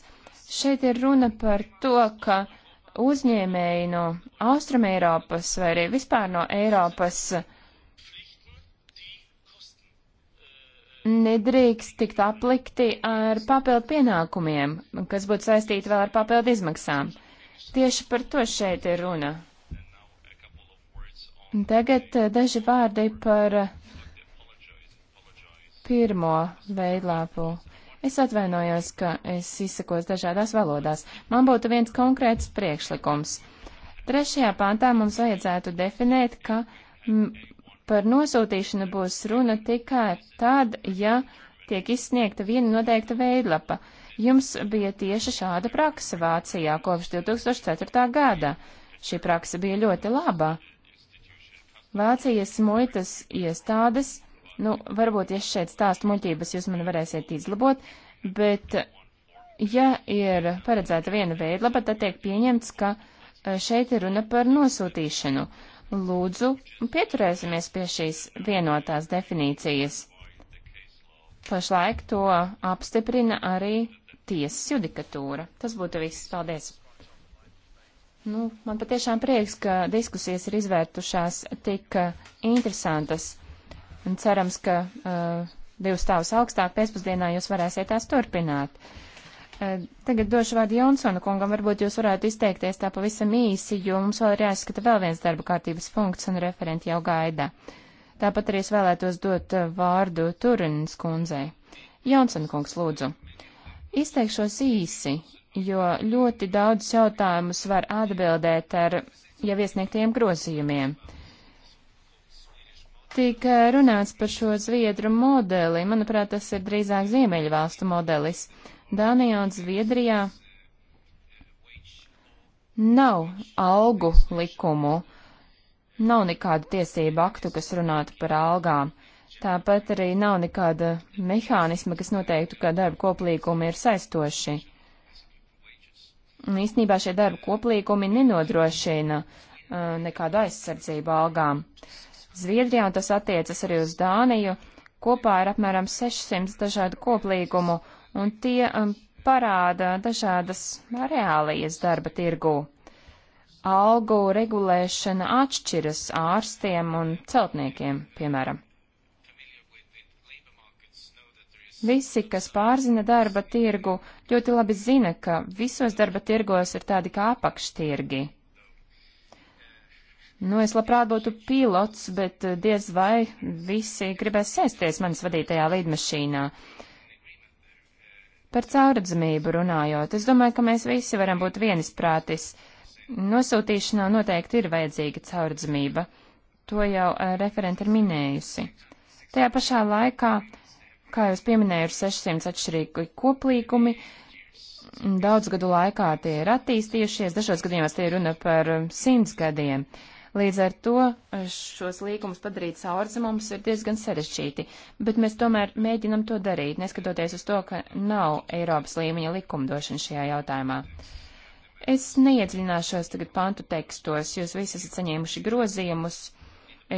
Šeit ir runa par to, ka uzņēmēji no Austrumēropas vai arī vispār no Eiropas uh, nedrīkst tikt aplikti ar papildu pienākumiem, kas būtu saistīti vēl ar papildu izmaksām. Tieši par to šeit ir runa. Tagad eh, daži vārdi par eh, pirmo veidlāpu. Es atvainojos, ka es izsakos dažādās valodās. Man būtu viens konkrēts priekšlikums. Trešajā pāntā mums vajadzētu definēt, ka Par nosūtīšanu būs runa tikai tad, ja tiek izsniegta viena noteikta veidlapa. Jums bija tieši šāda praksa Vācijā kopš 2004. gada. Šī praksa bija ļoti labā. Vācijas muitas iestādes, nu, varbūt, ja šeit stāstu muļķības, jūs man varēsiet izlabot, bet, ja ir paredzēta viena veidlapa, tad tiek pieņemts, ka eh, šeit ir runa par nosūtīšanu. Uh, Lūdzu, pieturēsimies pie šīs vienotās definīcijas. Pašlaik to apstiprina arī tiesas judikatūra. Tas būtu viss. Paldies! Nu, man patiešām prieks, ka diskusijas ir izvērtušās tik uh, interesantas. Un cerams, ka uh, divus stāvus augstāk pēcpusdienā jūs varēsiet tās turpināt. Uh, Eh, tagad došu vārdu Jonsona kungam, varbūt jūs varētu izteikties tā pavisam īsi, jo mums vēl ir jāizskata vēl viens darba kārtības punkts un referenti jau gaida. Tāpat arī es vēlētos dot eh, vārdu Turins kundzei. Jonsona kungs, lūdzu. Izteikšos īsi, jo ļoti daudz jautājumus var atbildēt ar jau iesniegtiem grozījumiem. Tika runāts par šo zviedru modeli, manuprāt, tas ir drīzāk Ziemeļvalstu modelis. Dānijā un Zviedrijā nav algu likumu, nav nekādu tiesību aktu, kas runātu par algām. Tāpat arī nav nekāda mehānisma, kas noteiktu, ka darba koplīgumi ir saistoši. Un īstenībā šie darba koplīgumi nenodrošina uh, nekādu aizsardzību algām. Zviedrijā, un tas attiecas arī uz Dāniju, kopā ir apmēram 600 dažādu koplīgumu, un tie um, parāda dažādas reālijas darba tirgū. Algu regulēšana atšķiras ārstiem un celtniekiem, piemēram. Visi, kas pārzina darba tirgu, ļoti labi zina, ka visos darba tirgos ir tādi kā apakštirgi. Nu, es labprāt būtu pilots, bet uh, diez vai visi gribēs sēsties manis vadītajā līdmašīnā. Uh, Par cauradzamību runājot, es domāju, ka mēs visi varam būt vienisprātis. Nosūtīšanā noteikti ir vajadzīga cauradzamība. To jau eh, referenta ir minējusi. Tajā pašā laikā, kā jau es pieminēju, ir 600 atšķirīgi koplīkumi, daudz gadu laikā tie ir attīstījušies, dažos gadījumos tie runa par um, simts gadiem. Uh, Līdz ar to eh, šos līgumus padarīt caurzi mums ir diezgan sarežģīti, bet mēs tomēr mēģinam to darīt, neskatoties uz to, ka nav Eiropas līmeņa likumdošana šajā jautājumā. Es neiedziļināšos tagad pantu tekstos, jūs visi esat saņēmuši grozījumus.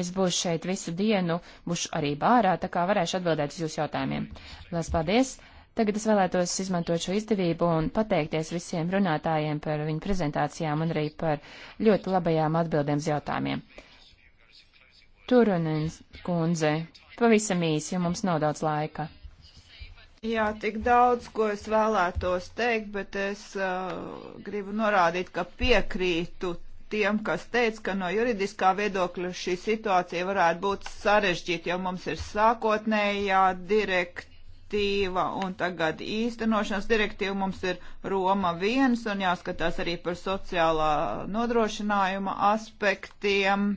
Es būšu šeit visu dienu, būšu arī bārā, tā kā varēšu atbildēt uz jūsu jautājumiem. Lielas paldies! Tagad es vēlētos izmantot šo izdevību un pateikties visiem runātājiem par viņu prezentācijām un arī par ļoti labajām atbildēm uz jautājumiem. Turunens kundze, pavisam īsi, jo mums nav daudz laika. Jā, tik daudz, ko es vēlētos teikt, bet es uh, gribu norādīt, ka piekrītu tiem, kas teica, ka no juridiskā viedokļa šī situācija varētu būt sarežģīta, jo mums ir sākotnējā direktīva direktīva un tagad īstenošanas direktīva mums ir Roma 1 un jāskatās arī par sociālā nodrošinājuma aspektiem.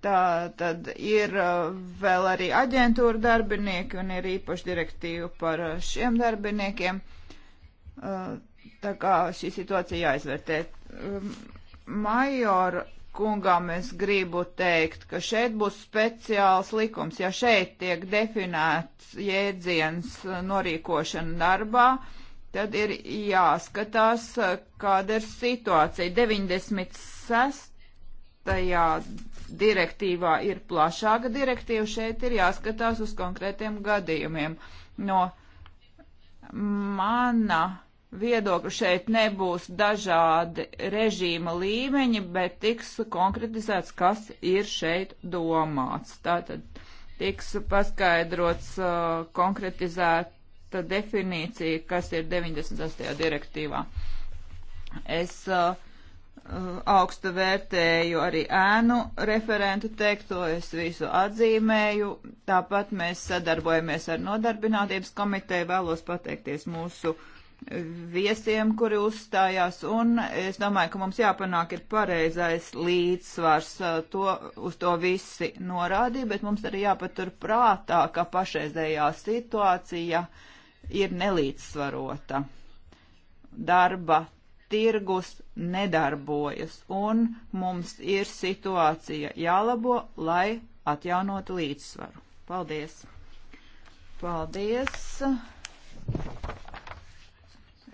Tā tad ir uh, vēl arī aģentūra darbinieki un ir īpaši direktīva par uh, šiem darbiniekiem. Uh, tā kā šī situācija jāizvērtē. Um, Majora kungam es gribu teikt, ka šeit būs speciāls likums. Ja šeit tiek definēts jēdziens norīkošana darbā, tad ir jāskatās, kāda ir situācija. 96. direktīvā ir plašāka direktīva, šeit ir jāskatās uz konkrētiem gadījumiem. No mana viedokļu šeit nebūs dažādi režīma līmeņi, bet tiks konkretizēts, kas ir šeit domāts. Tātad tiks paskaidrots uh, konkretizēta definīcija, kas ir 98. direktīvā. Es uh, uh, augstu vērtēju arī ēnu referentu teikto, es visu atzīmēju. Tāpat mēs sadarbojamies ar nodarbinātības komiteju, vēlos pateikties mūsu uh, viesiem, kuri uzstājās, un es domāju, ka mums jāpanāk ir pareizais līdzsvars. To, uz to visi norādīja, bet mums arī jāpatur prātā, ka pašreizējā situācija ir nelīdzsvarota. Darba tirgus nedarbojas, un mums ir situācija jālabo, lai atjaunotu līdzsvaru. Paldies! Paldies!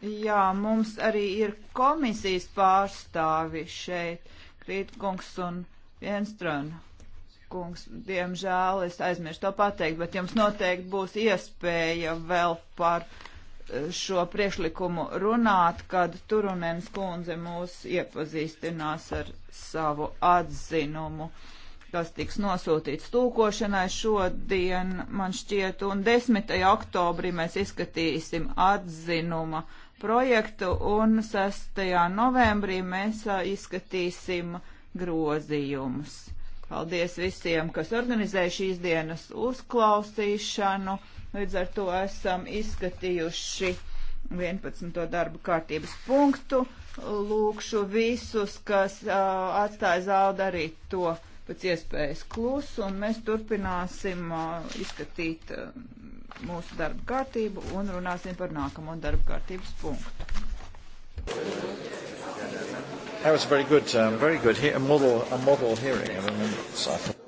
Jā, mums arī ir komisijas pārstāvi šeit, Krītkungs un Vienstrona kungs. Diemžēl es aizmirstu to pateikt, bet jums noteikti būs iespēja vēl par e, šo priekšlikumu runāt, kad Turunens kundze mūs iepazīstinās ar savu atzinumu kas tiks nosūtīts tūkošanai šodien, man šķiet, un 10. oktobrī mēs izskatīsim atzinuma uh, projektu un 6. novembrī mēs izskatīsim grozījumus. Paldies visiem, kas organizēja šīs dienas uzklausīšanu. Līdz ar to esam izskatījuši 11. darba kārtības punktu. Lūkšu visus, kas uh, atstāja zāli darīt to pēc iespējas klusu, un mēs turpināsim uh, izskatīt. Uh, mūsu darba kārtību un runāsim par nākamo darba kārtības punktu. That was very good, um, very good, a model, a model hearing. I remember.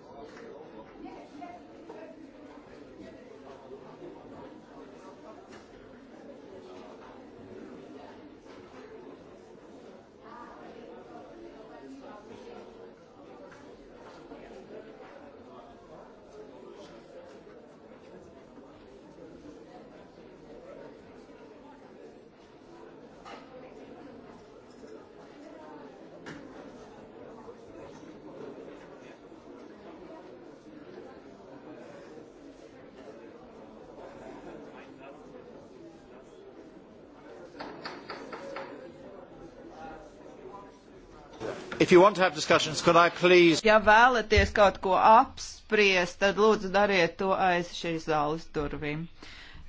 Discussions, please... Ja vēlaties kaut ko apspriest, tad lūdzu dariet to aiz šīs zāles durvīm,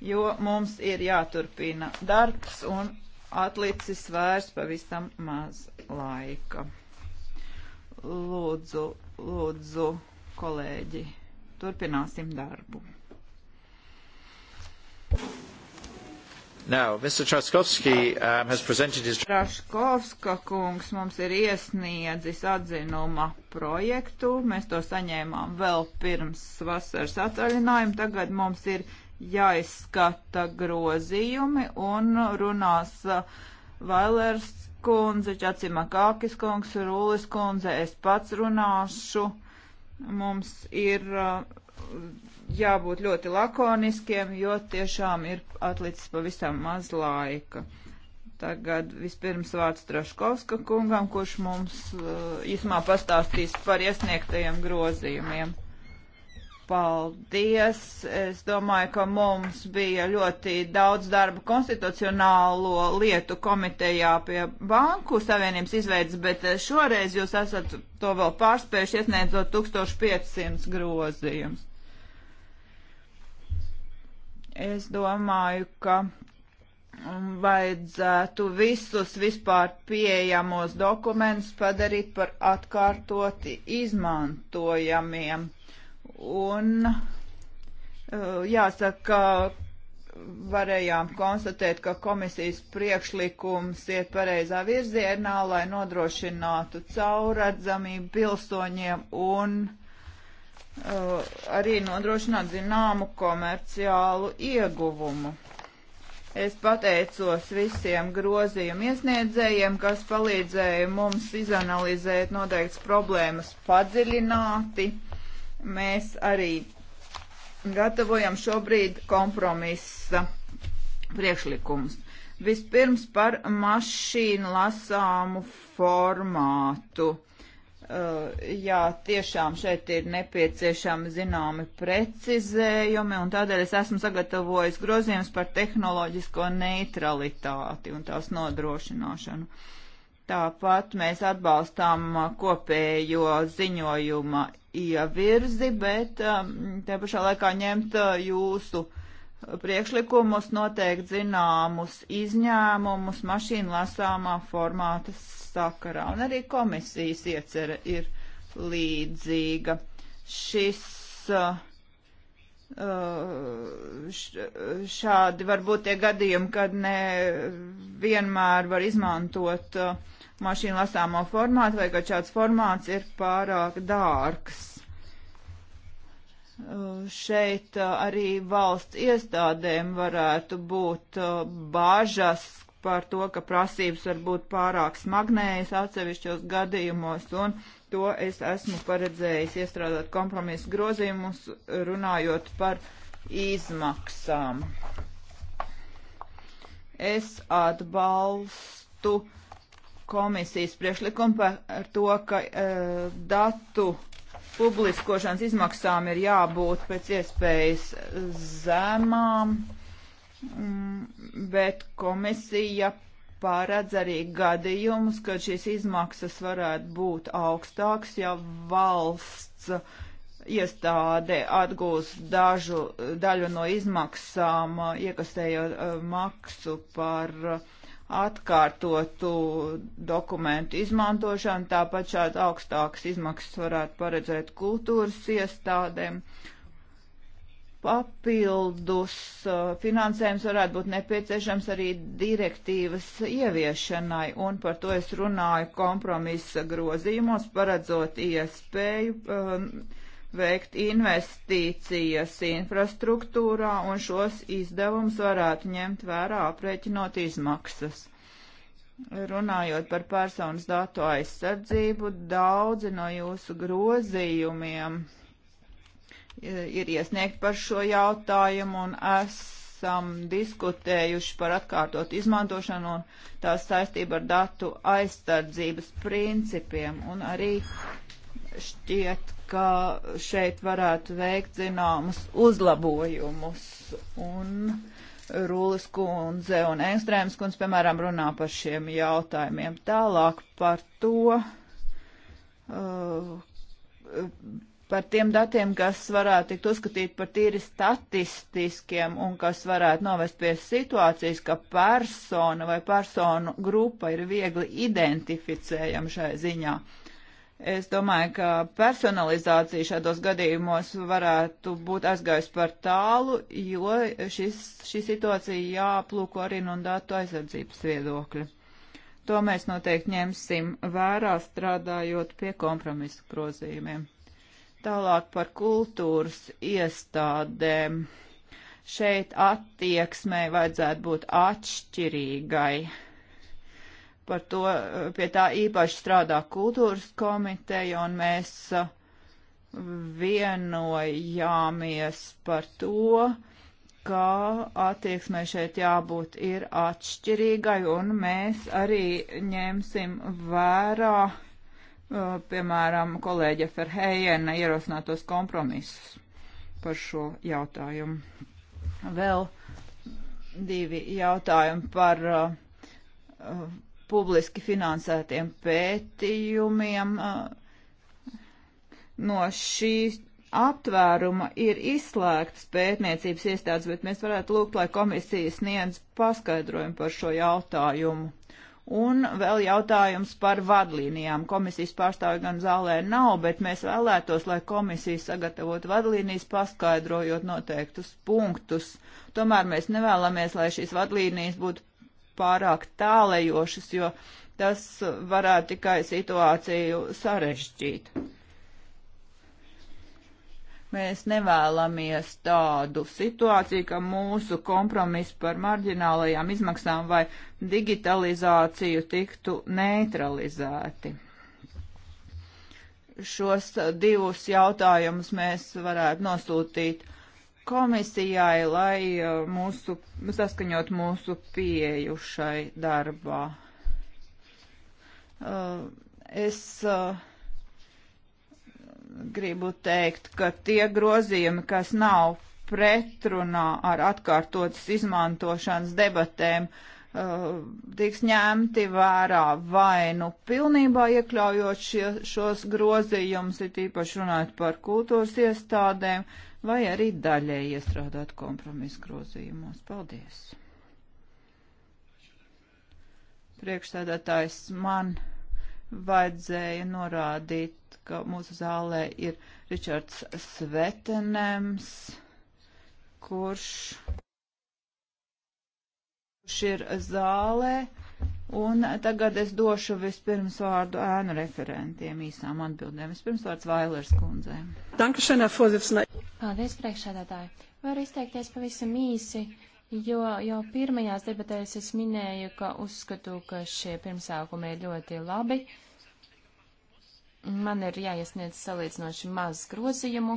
jo mums ir jāturpina darbs un atlicis vairs pavisam maz laika. Lūdzu, lūdzu, kolēģi, turpināsim darbu. Now, Mr. Trzaskowski um, has presented his... Traškovska kungs mums ir iesniedzis atzinuma projektu. Mēs to saņēmām vēl pirms vasaras atvaļinājuma. Tagad mums ir jāizskata grozījumi un runās uh, Vailers kundze, Čacima Kākis kungs, Rūlis kundze, es pats runāšu. Mums ir uh, jābūt ļoti lakoniskiem, jo tiešām ir atlicis pavisam maz laika. Tagad vispirms vārds Traškovska kungam, kurš mums uh, īsumā pastāstīs par iesniegtajiem grozījumiem. Paldies! Es domāju, ka mums bija ļoti daudz darba konstitucionālo lietu komitejā pie Banku Savienības izveidas, bet uh, šoreiz jūs esat to vēl pārspējuši iesniedzot 1500 grozījumus. Es domāju, ka um, vajadzētu visus vispār pieejamos dokumentus padarīt par atkārtoti izmantojamiem. Un uh, jāsaka, varējām konstatēt, ka komisijas priekšlikums iet pareizā virzienā, lai nodrošinātu cauradzamību pilsoņiem un Uh, arī nodrošināt zināmu komerciālu ieguvumu. Es pateicos visiem grozījumu iesniedzējiem, kas palīdzēja mums izanalizēt noteikts problēmas padziļināti. Mēs arī gatavojam šobrīd kompromisa priekšlikumus. Vispirms par mašīnu lasāmu formātu Uh, jā, tiešām šeit ir nepieciešami zināmi precizējumi, un tādēļ es esmu sagatavojis grozījums par tehnoloģisko neutralitāti un tās nodrošināšanu. Tāpat mēs atbalstām kopējo ziņojuma ievirzi, bet um, te pašā laikā ņemt uh, jūsu priekšlikumus noteikti zināmus izņēmumus mašīnu lasāmā formātas sakarā, un arī komisijas iecerē ir līdzīga. Šis uh, uh šādi varbūt tie gadījumi, kad ne vienmēr var izmantot uh, mašīnu lasāmo formātu vai kad šāds formāts ir pārāk dārgs. Uh, šeit arī valsts iestādēm varētu būt bažas, par to, ka prasības var būt pārāk smagnējas atsevišķos gadījumos, un to es esmu paredzējis iestrādāt kompromisu grozījumus, runājot par izmaksām. Es atbalstu komisijas priekšlikumu par to, ka e, datu publiskošanas izmaksām ir jābūt pēc iespējas zemām Mm, bet komisija paredz arī gadījumus, kad šīs izmaksas varētu būt augstāks, ja valsts iestāde atgūs dažu daļu no izmaksām, iekastējot uh, maksu par atkārtotu dokumentu izmantošanu. Tāpat šāds augstāks izmaksas varētu paredzēt kultūras iestādēm. Uh, papildus uh, finansējums varētu būt nepieciešams arī direktīvas ieviešanai, un par to es runāju kompromisa grozījumos, paredzot iespēju um, veikt investīcijas infrastruktūrā, un šos izdevumus varētu ņemt vērā aprēķinot izmaksas. Runājot par personas datu aizsardzību, daudzi no jūsu grozījumiem ir iesniegt par šo jautājumu un esam diskutējuši par atkārtot izmantošanu un tās saistību ar datu aizsardzības principiem un arī šķiet, ka šeit varētu veikt zināmus uzlabojumus. Un Rūlis kundze un Engstrēms kundze, piemēram, runā par šiem jautājumiem. Tālāk par to, uh, par tiem datiem, kas varētu tikt uzskatīt par tīri statistiskiem un kas varētu novest pie situācijas, ka persona vai personu grupa ir viegli identificējama šai ziņā. Es domāju, ka personalizācija šādos gadījumos varētu būt aizgājusi par tālu, jo šis, šī situācija jāplūko arī no datu aizsardzības viedokļa. To mēs noteikti ņemsim vērā strādājot pie kompromisu grozījumiem. Tālāk par kultūras iestādēm. Šeit attieksmei vajadzētu būt atšķirīgai. Par to eh, pie tā īpaši strādā kultūras komiteja, un mēs eh, vienojāmies par to, kā attieksmē šeit jābūt ir atšķirīgai, un mēs arī ņemsim vērā uh, piemēram, kolēģe Ferheiena ierosinātos kompromisus par šo jautājumu. Vēl divi jautājumi par uh, publiski finansētiem pētījumiem. No šī aptvēruma ir izslēgtas pētniecības iestādes, bet mēs varētu lūgt, lai komisija sniedz paskaidrojumu par šo jautājumu Un vēl jautājums par vadlīnijām. Komisijas pārstāvi gan zālē nav, bet mēs vēlētos, lai komisija sagatavot vadlīnijas, paskaidrojot noteiktus punktus. Tomēr mēs nevēlamies, lai šīs vadlīnijas būtu pārāk tālējošas, jo tas varētu tikai situāciju sarežģīt. Mēs nevēlamies tādu situāciju, ka mūsu kompromiss par marģinālajām izmaksām vai digitalizāciju tiktu neutralizēti. Šos divus jautājumus mēs varētu nosūtīt komisijai, lai uh, mūsu, saskaņot mūsu pieeju šai darbā. Uh, es uh, gribu teikt, ka tie grozījumi, kas nav pretrunā ar atkārtotas izmantošanas debatēm, uh, tiks ņemti vērā vai nu pilnībā iekļaujot šie, šos grozījumus, ir īpaši runājot par kultūras iestādēm, vai arī daļēji iestrādāt kompromisu grozījumos. Paldies! Priekšstādātājs man vajadzēja norādīt ka mūsu zālē ir Ričards Svetenems, kurš, kurš ir zālē. Un tagad es došu vispirms vārdu ēnu referentiem īsām atbildēm. Vispirms vārds Vailers kundzēm. Paldies, priekšsēdētāji. Varu izteikties pavisam īsi. Jo jau pirmajās debatēs es minēju, ka uzskatu, ka šie pirmsākumi ir ļoti labi. Uh, Man ir jāiesniedz salīdzinoši maz grozījumu.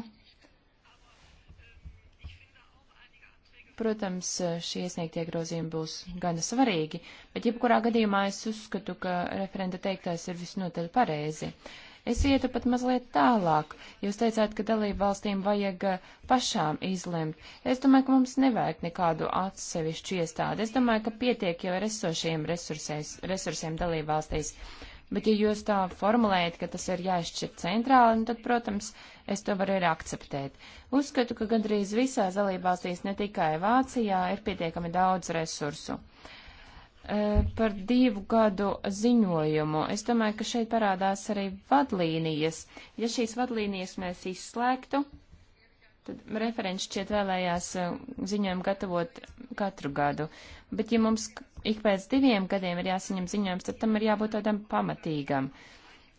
Protams, šie iesniegtie grozījumi būs gana svarīgi, bet jebkurā gadījumā es uzskatu, ka referenta teiktais ir visnotaļ pareizi. Es ietu pat mazliet tālāk. Jūs teicāt, ka dalību valstīm vajag eh, pašām izlemt. Es domāju, ka mums nevajag nekādu atsevišķu iestādi. Es domāju, ka pietiek jau ar esošajiem resursiem dalību valstīs. Bet, ja jūs tā formulējat, ka tas ir jāizšķir centrāli, nu, tad, protams, es to varu arī akceptēt. Uzskatu, ka gandrīz visās dalībvalstīs, ne tikai Vācijā, ir pietiekami daudz resursu. E, par divu gadu ziņojumu. Es domāju, ka šeit parādās arī vadlīnijas. Ja šīs vadlīnijas mēs izslēgtu, Tad referents šķiet vēlējās e, ziņojumu gatavot katru gadu. Bet, ja mums ik pēc diviem gadiem ir jāsaņem ziņojums, tad tam ir jābūt tādam pamatīgam.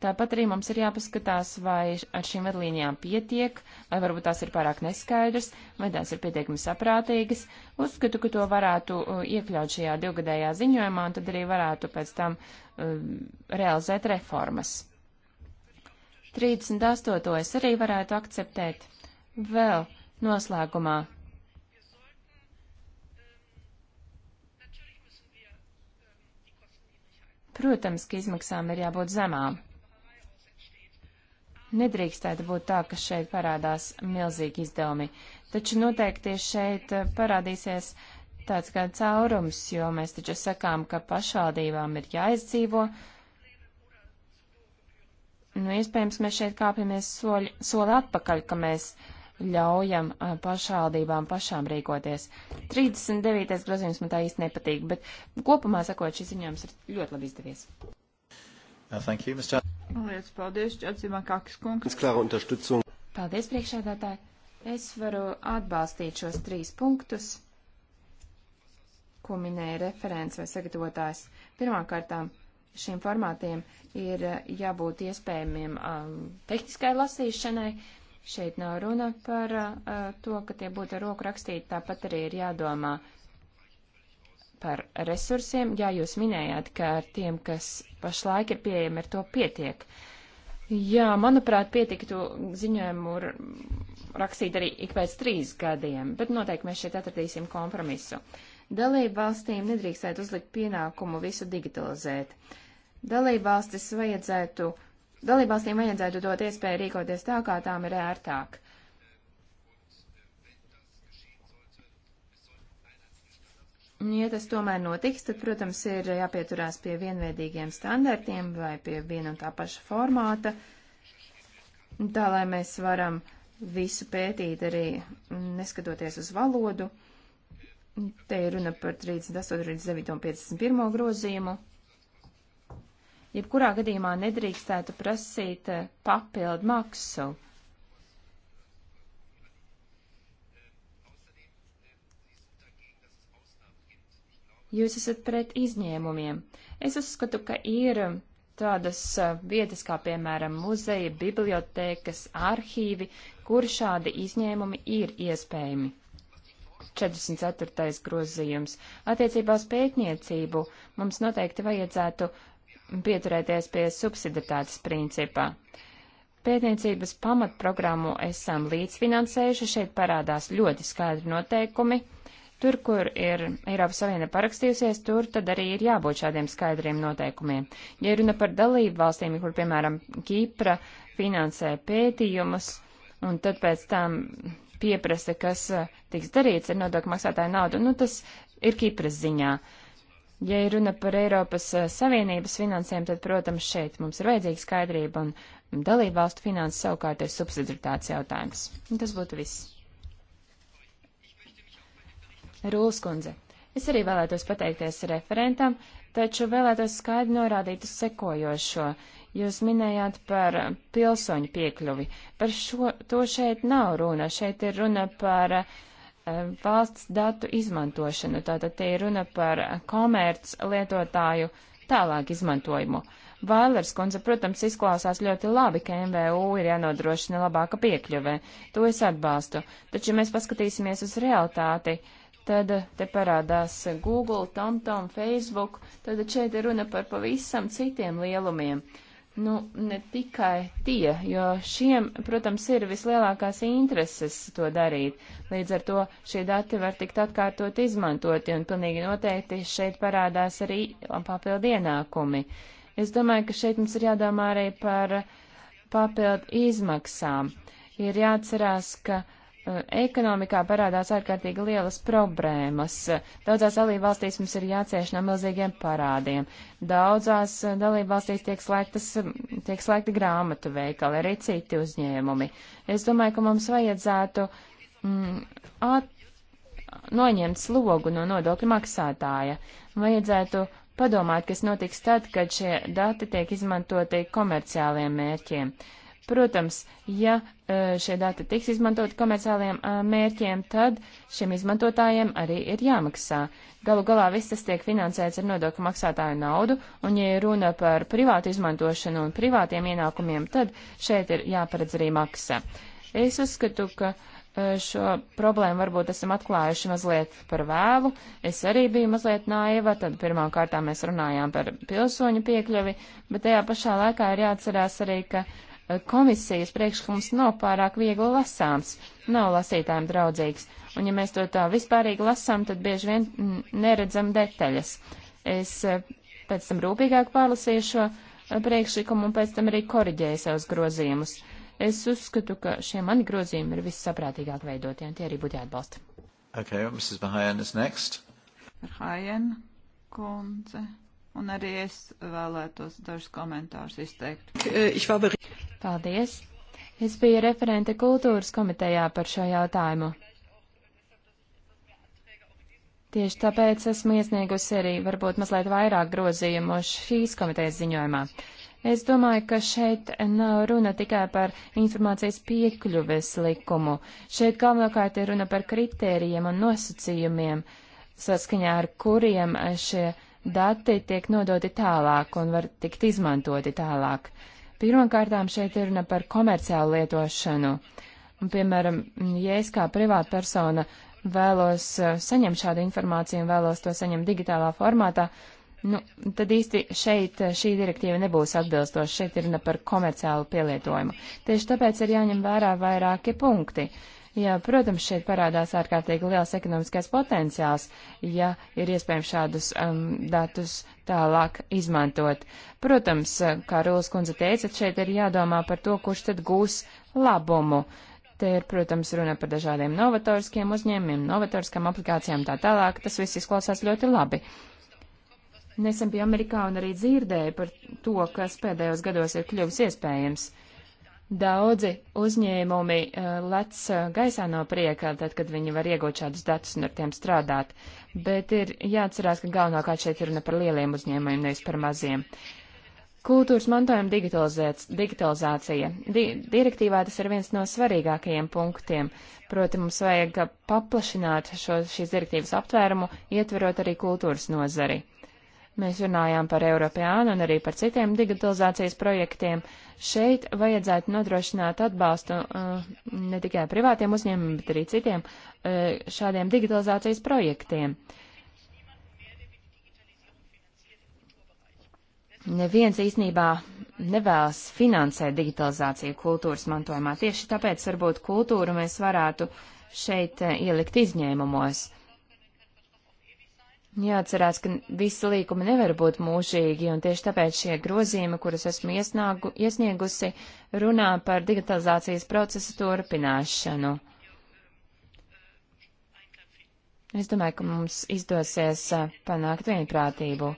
Tāpat arī mums ir jāpaskatās, vai ar šīm vadlīnijām pietiek, vai varbūt tās ir pārāk neskaidras, vai tās ir pietiekami saprātīgas. Uzskatu, ka to varētu uh, iekļaut šajā divgadējā ziņojumā, un tad arī varētu pēc tam um, realizēt reformas. 38. es arī varētu akceptēt. Vēl noslēgumā Protams, ka izmaksām ir jābūt zemām. Nedrīkstētu būt tā, ka šeit parādās milzīgi izdevumi, taču noteikti šeit eh, parādīsies tāds kā caurums, jo mēs taču sakām, ka pašvaldībām ir jāizdzīvo. Nu, iespējams, mēs šeit kāpjamies soļi, soli atpakaļ, ka mēs uh, ļaujam pašvaldībām pašām rīkoties. 39. grozījums man tā īsti nepatīk, bet kopumā sakot, šis ziņojums ir ļoti labi izdevies. Thank you, Mr. Lietas, paldies, Čatsimā Kakas kungs. Paldies, priekšādātāji. Es varu atbalstīt šos trīs punktus, ko minēja referents vai sagatavotājs. Pirmkārtām, šiem formātiem ir jābūt iespējamiem um, tehniskai lasīšanai, Šeit nav runa par uh, to, ka tie būtu roku rakstīti, tāpat arī ir jādomā par resursiem. Jā, jūs minējāt, ka ar tiem, kas pašlaik ir pieejami, ar to pietiek. Jā, manuprāt, pietiktu ziņojumu rakstīt arī ik pēc trīs gadiem, bet noteikti mēs šeit atradīsim kompromisu. Dalību valstīm nedrīkstētu uzlikt pienākumu visu digitalizēt. Dalību valstis vajadzētu uh, Dalībvalstīm vajadzētu dot iespēju rīkoties tā, kā tām ir ērtāk. Un, ja tas tomēr notiks, tad, protams, ir jāpieturās pie vienveidīgiem standartiem vai pie viena un tā paša formāta, tā lai mēs varam visu pētīt arī mm, neskatoties uz valodu. Te ir runa par 38, 39 un 51 grozījumu jebkurā gadījumā nedrīkstētu prasīt eh, papildu maksu. Jūs esat pret izņēmumiem. Es uzskatu, ka ir eh, tādas eh, vietas kā, piemēram, muzeja, bibliotēkas, arhīvi, kur šādi izņēmumi ir iespējami. 44. grozījums. Attiecībā uz pētniecību mums noteikti vajadzētu pieturēties pie subsidiatātes principa. Pētniecības pamatprogrammu esam līdzfinansējuši, šeit parādās ļoti skaidri noteikumi. Tur, kur ir Eiropas Savienība parakstījusies, tur tad arī ir jābūt šādiem skaidriem noteikumiem. Ja runa par dalību valstīm, kur, piemēram, Kīpra finansē pētījumus, un tad pēc tam pieprasa, kas eh, tiks darīts ar nodokļu maksātāju naudu, nu tas ir Kīpras ziņā. Uh, Ja ir runa par Eiropas eh, Savienības finansēm, tad, protams, šeit mums ir vajadzīga skaidrība, un dalību valstu finanses savukārt ir subsidiritāts jautājums. Un tas būtu viss. Rūlas kundze. Es arī vēlētos pateikties referentam, taču vēlētos skaidri norādīt uz sekojošo. Jūs minējāt par pilsoņu piekļuvi. Par šo, to šeit nav runa. Šeit ir runa par uh, Eh, valsts datu izmantošanu. Tātad te ir runa par komerc lietotāju tālāk izmantojumu. Vailers kundze, protams, izklausās ļoti labi, ka MVU ir jānodrošina labāka piekļuve. To es atbalstu. Taču, ja mēs paskatīsimies uz realitāti, tad te parādās Google, TomTom, Facebook, tad šeit ir runa par pavisam citiem lielumiem. Uh, Nu, ne tikai tie, jo šiem, protams, ir vislielākās intereses to darīt. Līdz ar to šie dati var tikt atkārtot izmantoti un pilnīgi noteikti šeit parādās arī papildu ienākumi. Es domāju, ka šeit mums ir jādomā arī par papildu izmaksām. Ir jāatcerās, ka uh, Eh, ekonomikā parādās ārkārtīgi lielas problēmas. Daudzās dalībvalstīs mums ir jācieš no milzīgiem parādiem. Daudzās eh, dalībvalstīs tiek, slēgtas, tiek slēgti grāmatu veikali, arī citi uzņēmumi. Es domāju, ka mums vajadzētu mm, at, noņemt slogu no nodokļu maksātāja. Vajadzētu padomāt, kas notiks tad, kad šie dati tiek izmantoti komerciāliem mērķiem. Uh, Protams, ja e, šie dati tiks izmantot komerciāliem e, mērķiem, tad šiem izmantotājiem arī ir jāmaksā. Galu galā viss tas tiek finansēts ar nodokļu maksātāju naudu, un ja runa par privātu izmantošanu un privātiem ienākumiem, tad šeit ir jāparedz arī maksa. Es uzskatu, ka e, šo problēmu varbūt esam atklājuši mazliet par vēlu. Es arī biju mazliet naiva, tad pirmām kārtām mēs runājām par pilsoņu piekļuvi, bet tajā pašā laikā ir jāatcerās arī, ka uh, komisijas priekšlikums nav pārāk viegli lasāms, nav lasītājiem draudzīgs, un ja mēs to tā vispārīgi lasām, tad bieži vien mm, neredzam detaļas. Es eh, pēc tam rūpīgāk pārlasīju šo eh, priekšlikumu un pēc tam arī koriģēju savus grozījumus. Es uzskatu, ka šie mani grozījumi ir vissaprātīgāk veidotie, un tie arī būtu jāatbalsta. Okay, Mrs. Mahajan is next. Mahajan, kundze. Un arī es vēlētos dažus komentārus izteikt. Paldies! Es biju referente kultūras komitejā par šo jautājumu. Tieši tāpēc esmu iesniegusi arī varbūt mazliet vairāk grozījumu šīs komitejas ziņojumā. Es domāju, ka šeit nav runa tikai par informācijas piekļuves likumu. Šeit galvenokārt ir runa par kritērijiem un nosacījumiem, saskaņā ar kuriem šie dati tiek nodoti tālāk un var tikt izmantoti tālāk. Pirmkārtām šeit ir runa par komerciālu lietošanu. Un, piemēram, ja es kā privāta persona vēlos eh, saņemt šādu informāciju un vēlos to saņemt digitālā formātā, nu, tad īsti šeit eh, šī direktīva nebūs atbilstoša. Šeit ir runa par komerciālu pielietojumu. Tieši tāpēc ir jāņem vērā vairāki punkti. Uh, Jā, protams, šeit parādās ārkārtīgi liels ekonomiskais potenciāls, ja ir iespējams šādus um, datus tālāk izmantot. Protams, uh, kā Rūlas kundze teica, šeit ir jādomā par to, kurš tad gūs labumu. Te ir, protams, runa par dažādiem novatoriskiem uzņēmumiem, novatoriskām aplikācijām tā tālāk. Tas viss izklausās ļoti labi. Nesen biju Amerikā un arī dzirdēju par to, kas pēdējos gados ir kļuvis iespējams. Uh, Daudzi uzņēmumi eh, lec eh, gaisā no prieka, tad, kad viņi var iegūt šādus datus un ar tiem strādāt, bet ir jāatcerās, ka galvenokārt šeit ir runa par lieliem uzņēmumiem, nevis par maziem. Kultūras mantojuma digitalizācija. Di direktīvā tas ir viens no svarīgākajiem punktiem. Proti, mums vajag paplašināt šo, šīs direktīvas aptvērumu, ietverot arī kultūras nozari. Mēs runājām par Eiropānu un arī par citiem digitalizācijas projektiem. Šeit vajadzētu nodrošināt atbalstu uh, ne tikai privātiem uzņēmumiem, bet arī citiem uh, šādiem digitalizācijas projektiem. Neviens īsnībā nevēlas finansēt digitalizāciju kultūras mantojumā. Tieši tāpēc varbūt kultūru mēs varētu šeit uh, ielikt izņēmumos. Uh, Jāatcerās, ka visi līkumi nevar būt mūžīgi, un tieši tāpēc šie grozījumi, kurus esmu iesnāgu, iesniegusi, runā par digitalizācijas procesu turpināšanu. Es domāju, ka mums izdosies panākt vienprātību.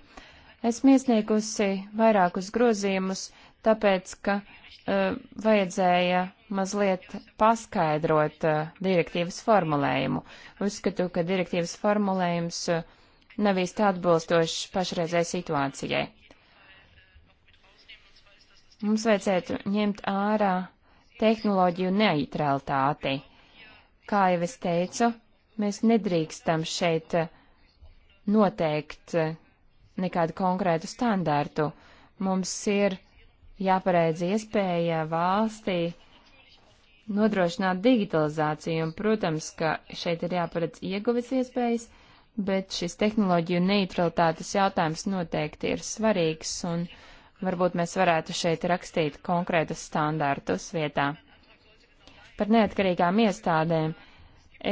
Esmu iesniegusi vairākus grozījumus, tāpēc, ka uh, vajadzēja mazliet paskaidrot uh, direktīvas formulējumu. Uzskatu, ka direktīvas formulējums uh, nav īsti atbilstošs pašreizējai situācijai. Mums vajadzētu ņemt ārā tehnoloģiju neitralitāti. Kā jau es teicu, mēs nedrīkstam šeit noteikt nekādu konkrētu standārtu. Mums ir jāpareidz iespēja valstī nodrošināt digitalizāciju, un, protams, ka šeit ir jāparedz ieguvis iespējas, bet šis tehnoloģiju neutralitātes jautājums noteikti ir svarīgs, un varbūt mēs varētu šeit rakstīt konkrētus standārtus vietā. Par neatkarīgām iestādēm.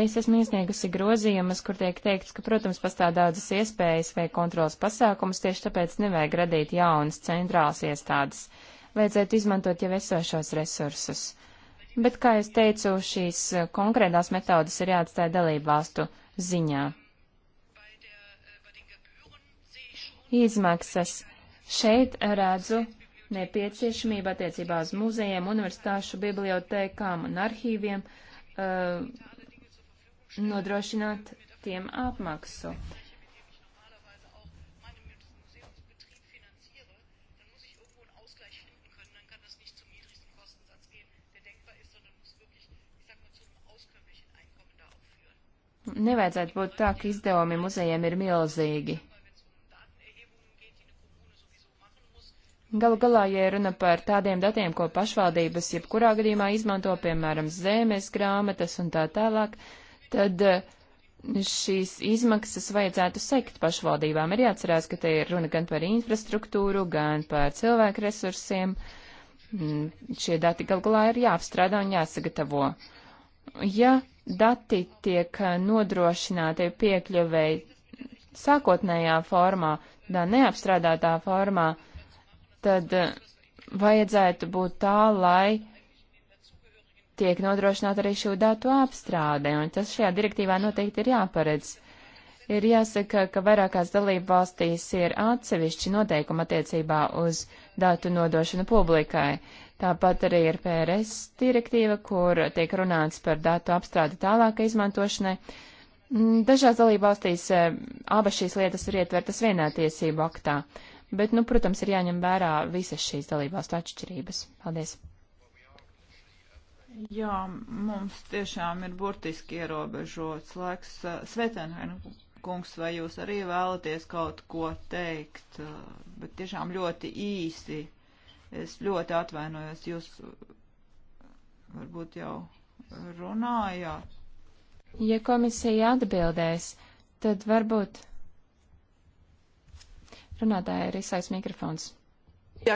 Es esmu iesniegusi grozījumus, kur tiek teikts, ka, protams, pastāv daudzas iespējas vai kontrolas pasākumus, tieši tāpēc nevajag radīt jaunas centrālas iestādes. Vajadzētu izmantot jau esošos resursus. Bet, kā es teicu, šīs eh, konkrētās metodas ir jāatstāja dalību valstu ziņā. izmaksas. Šeit redzu nepieciešamību attiecībā uz muzejiem, universitāšu bibliotekām un arhīviem uh, nodrošināt tiem apmaksu. Nevajadzētu būt tā, ka izdevumi muzejiem ir milzīgi. Galu galā, ja runa par tādiem datiem, ko pašvaldības jebkurā gadījumā izmanto, piemēram, zemes grāmatas un tā tālāk, tad eh, šīs izmaksas vajadzētu sekt pašvaldībām. Ir jāatcerās, ka te ir runa gan par infrastruktūru, gan par cilvēku resursiem. Mm, šie dati galu galā ir jāapstrādā un jāsagatavo. Ja dati tiek eh, nodrošināti piekļuvēji sākotnējā formā, tā neapstrādātā formā, tad eh, vajadzētu būt tā, lai tiek nodrošināta arī šo datu apstrāde, un tas šajā direktīvā noteikti ir jāparedz. Ir jāsaka, ka vairākās dalību valstīs ir atsevišķi noteikumi attiecībā uz datu nodošanu publikai. Tāpat arī ir PRS direktīva, kur tiek runāts par datu apstrādi tālākai izmantošanai. Mm, dažās dalībvalstīs eh, abas šīs lietas ir ietvertas vienā tiesību aktā. Uh, bet, nu, protams, ir jāņem vērā visas šīs dalībvalstu atšķirības. Paldies! Jā, mums tiešām ir burtiski ierobežots laiks. Svetenhena kungs, vai jūs arī vēlaties kaut ko teikt, bet tiešām ļoti īsi. Es ļoti atvainojos, jūs varbūt jau runājāt. Ja komisija atbildēs, tad varbūt Runātāja ir izsais mikrofons. Ja,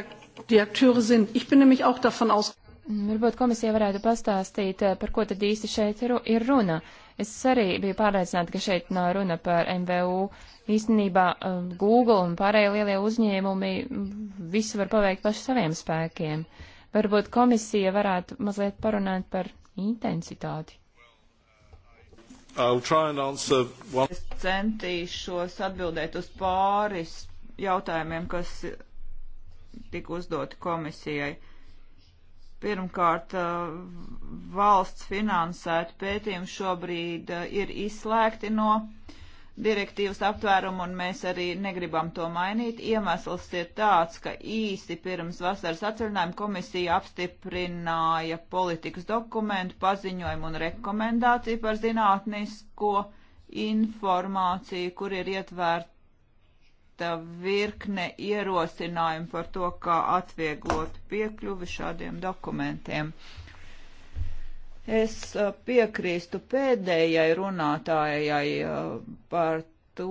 direktori sind. Ich bin nämlich auch davon aus. Mm, varbūt komisija varētu pastāstīt, eh, par ko tad īsti šeit ir runa. Es arī biju pārliecināta, ka šeit nav runa par MVU. Īstenībā eh, Google un pārējie lielie uzņēmumi mm, visu var paveikt paši saviem spēkiem. Varbūt komisija varētu mazliet parunāt par intensitāti. Es centīšos atbildēt uz pāris jautājumiem, kas tika uzdoti komisijai. Pirmkārt, uh, valsts finansēta pētījumi šobrīd uh, ir izslēgti no direktīvas aptvērumu, un mēs arī negribam to mainīt. Iemesls ir tāds, ka īsi pirms vasaras atceļinājuma komisija apstiprināja politikas dokumentu, paziņojumu un rekomendāciju par zinātnisko informāciju, kur ir ietvērt virkne ierosinājumu par to, kā atvieglot piekļuvi šādiem dokumentiem. Es uh, piekrīstu pēdējai runātājai uh, par to,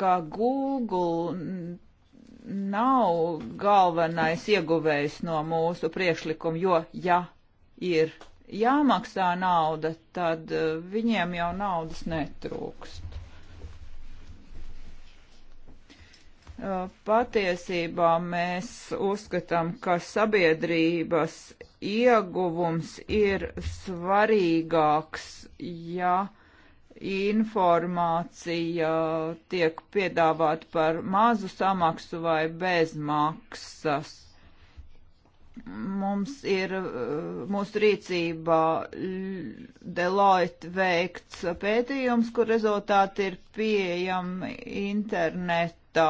ka Google nav galvenais ieguvējs no mūsu priekšlikuma, jo ja ir jāmaksā nauda, tad uh, viņiem jau naudas netrūks. Patiesībā mēs uzskatām, ka sabiedrības ieguvums ir svarīgāks, ja informācija tiek piedāvāta par mazu samaksu vai bez maksas. Mums ir mūsu rīcībā Deloitte veikts pētījums, kur rezultāti ir pieejami internetā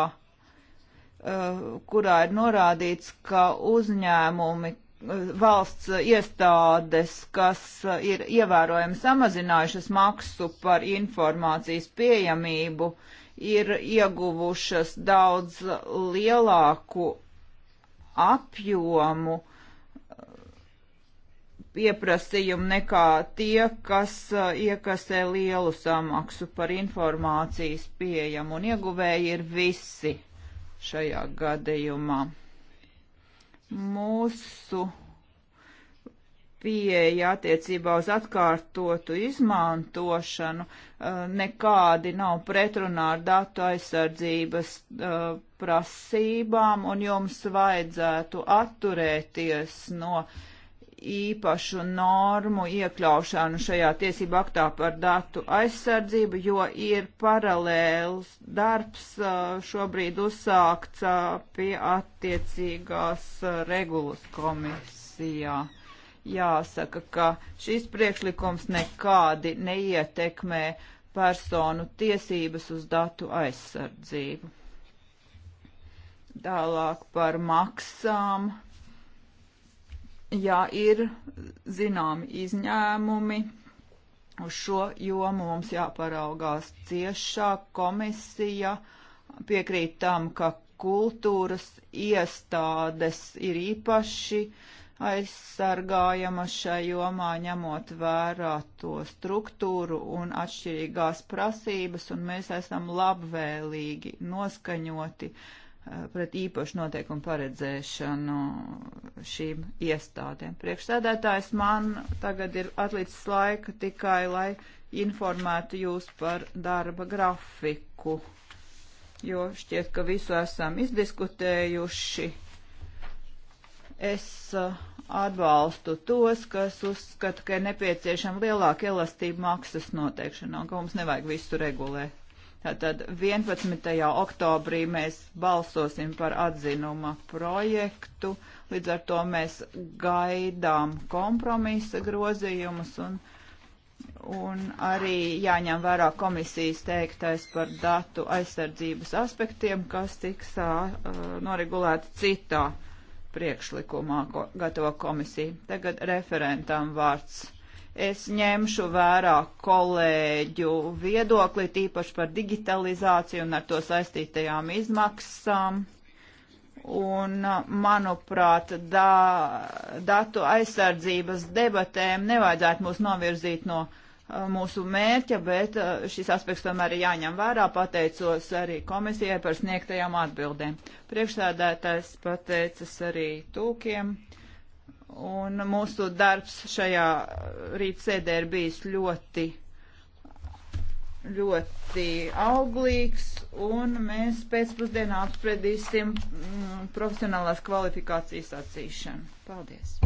Eh, kurā ir norādīts, ka uzņēmumi, eh, valsts iestādes, kas eh, ir ievērojami samazinājušas maksu par informācijas pieejamību, ir ieguvušas daudz lielāku apjomu pieprasījumu nekā tie, kas iekasē lielu samaksu par informācijas pieejamu, un ieguvēji ir visi šajā gadījumā. Mūsu pieeja attiecībā uz atkārtotu izmantošanu uh, nekādi nav pretrunā ar datu aizsardzības uh, prasībām, un jums vajadzētu atturēties no uh, īpašu normu iekļaušanu šajā tiesību aktā par datu aizsardzību, jo ir paralēls darbs šobrīd uzsākts pie attiecīgās regulas komisijā. Jāsaka, ka šis priekšlikums nekādi neietekmē personu tiesības uz datu aizsardzību. Tālāk par maksām jā, ir zināmi izņēmumi. Uz šo jomu mums jāparaugās ciešāk komisija piekrīt tam, ka kultūras iestādes ir īpaši aizsargājama šai jomā, ņemot vērā to struktūru un atšķirīgās prasības, un mēs esam labvēlīgi noskaņoti uh, Eh, pret īpašu noteikumu paredzēšanu šīm iestādēm. Priekšsēdētājs man tagad ir atlicis laika tikai, lai informētu jūs par darba grafiku, jo šķiet, ka visu esam izdiskutējuši. Es eh, atbalstu tos, kas uzskata, ka ir nepieciešama lielāka elastība maksas noteikšanā un ka mums nevajag visu regulēt Tātad 11. oktobrī mēs balsosim par atzinuma projektu, līdz ar to mēs gaidām kompromisa grozījumus un, un arī jāņem vērā komisijas teiktais par datu aizsardzības aspektiem, kas tiks uh, noregulēti citā priekšlikumā, ko gatavo komisija. Tagad referentam vārds. Es ņemšu vērā kolēģu viedokli, tīpaši par digitalizāciju un ar to saistītajām izmaksām. Un, manuprāt, da, datu aizsardzības debatēm nevajadzētu mūs novirzīt no uh, mūsu mērķa, bet uh, šis aspekts tomēr ir jāņem vērā. Pateicos arī komisijai par sniegtajām atbildēm. Priekšsēdētājs pateicas arī tūkiem. Un mūsu darbs šajā rītsēdē ir bijis ļoti, ļoti auglīgs, un mēs pēcpusdienā apspriedīsim mm, profesionālās kvalifikācijas atzīšanu. Paldies!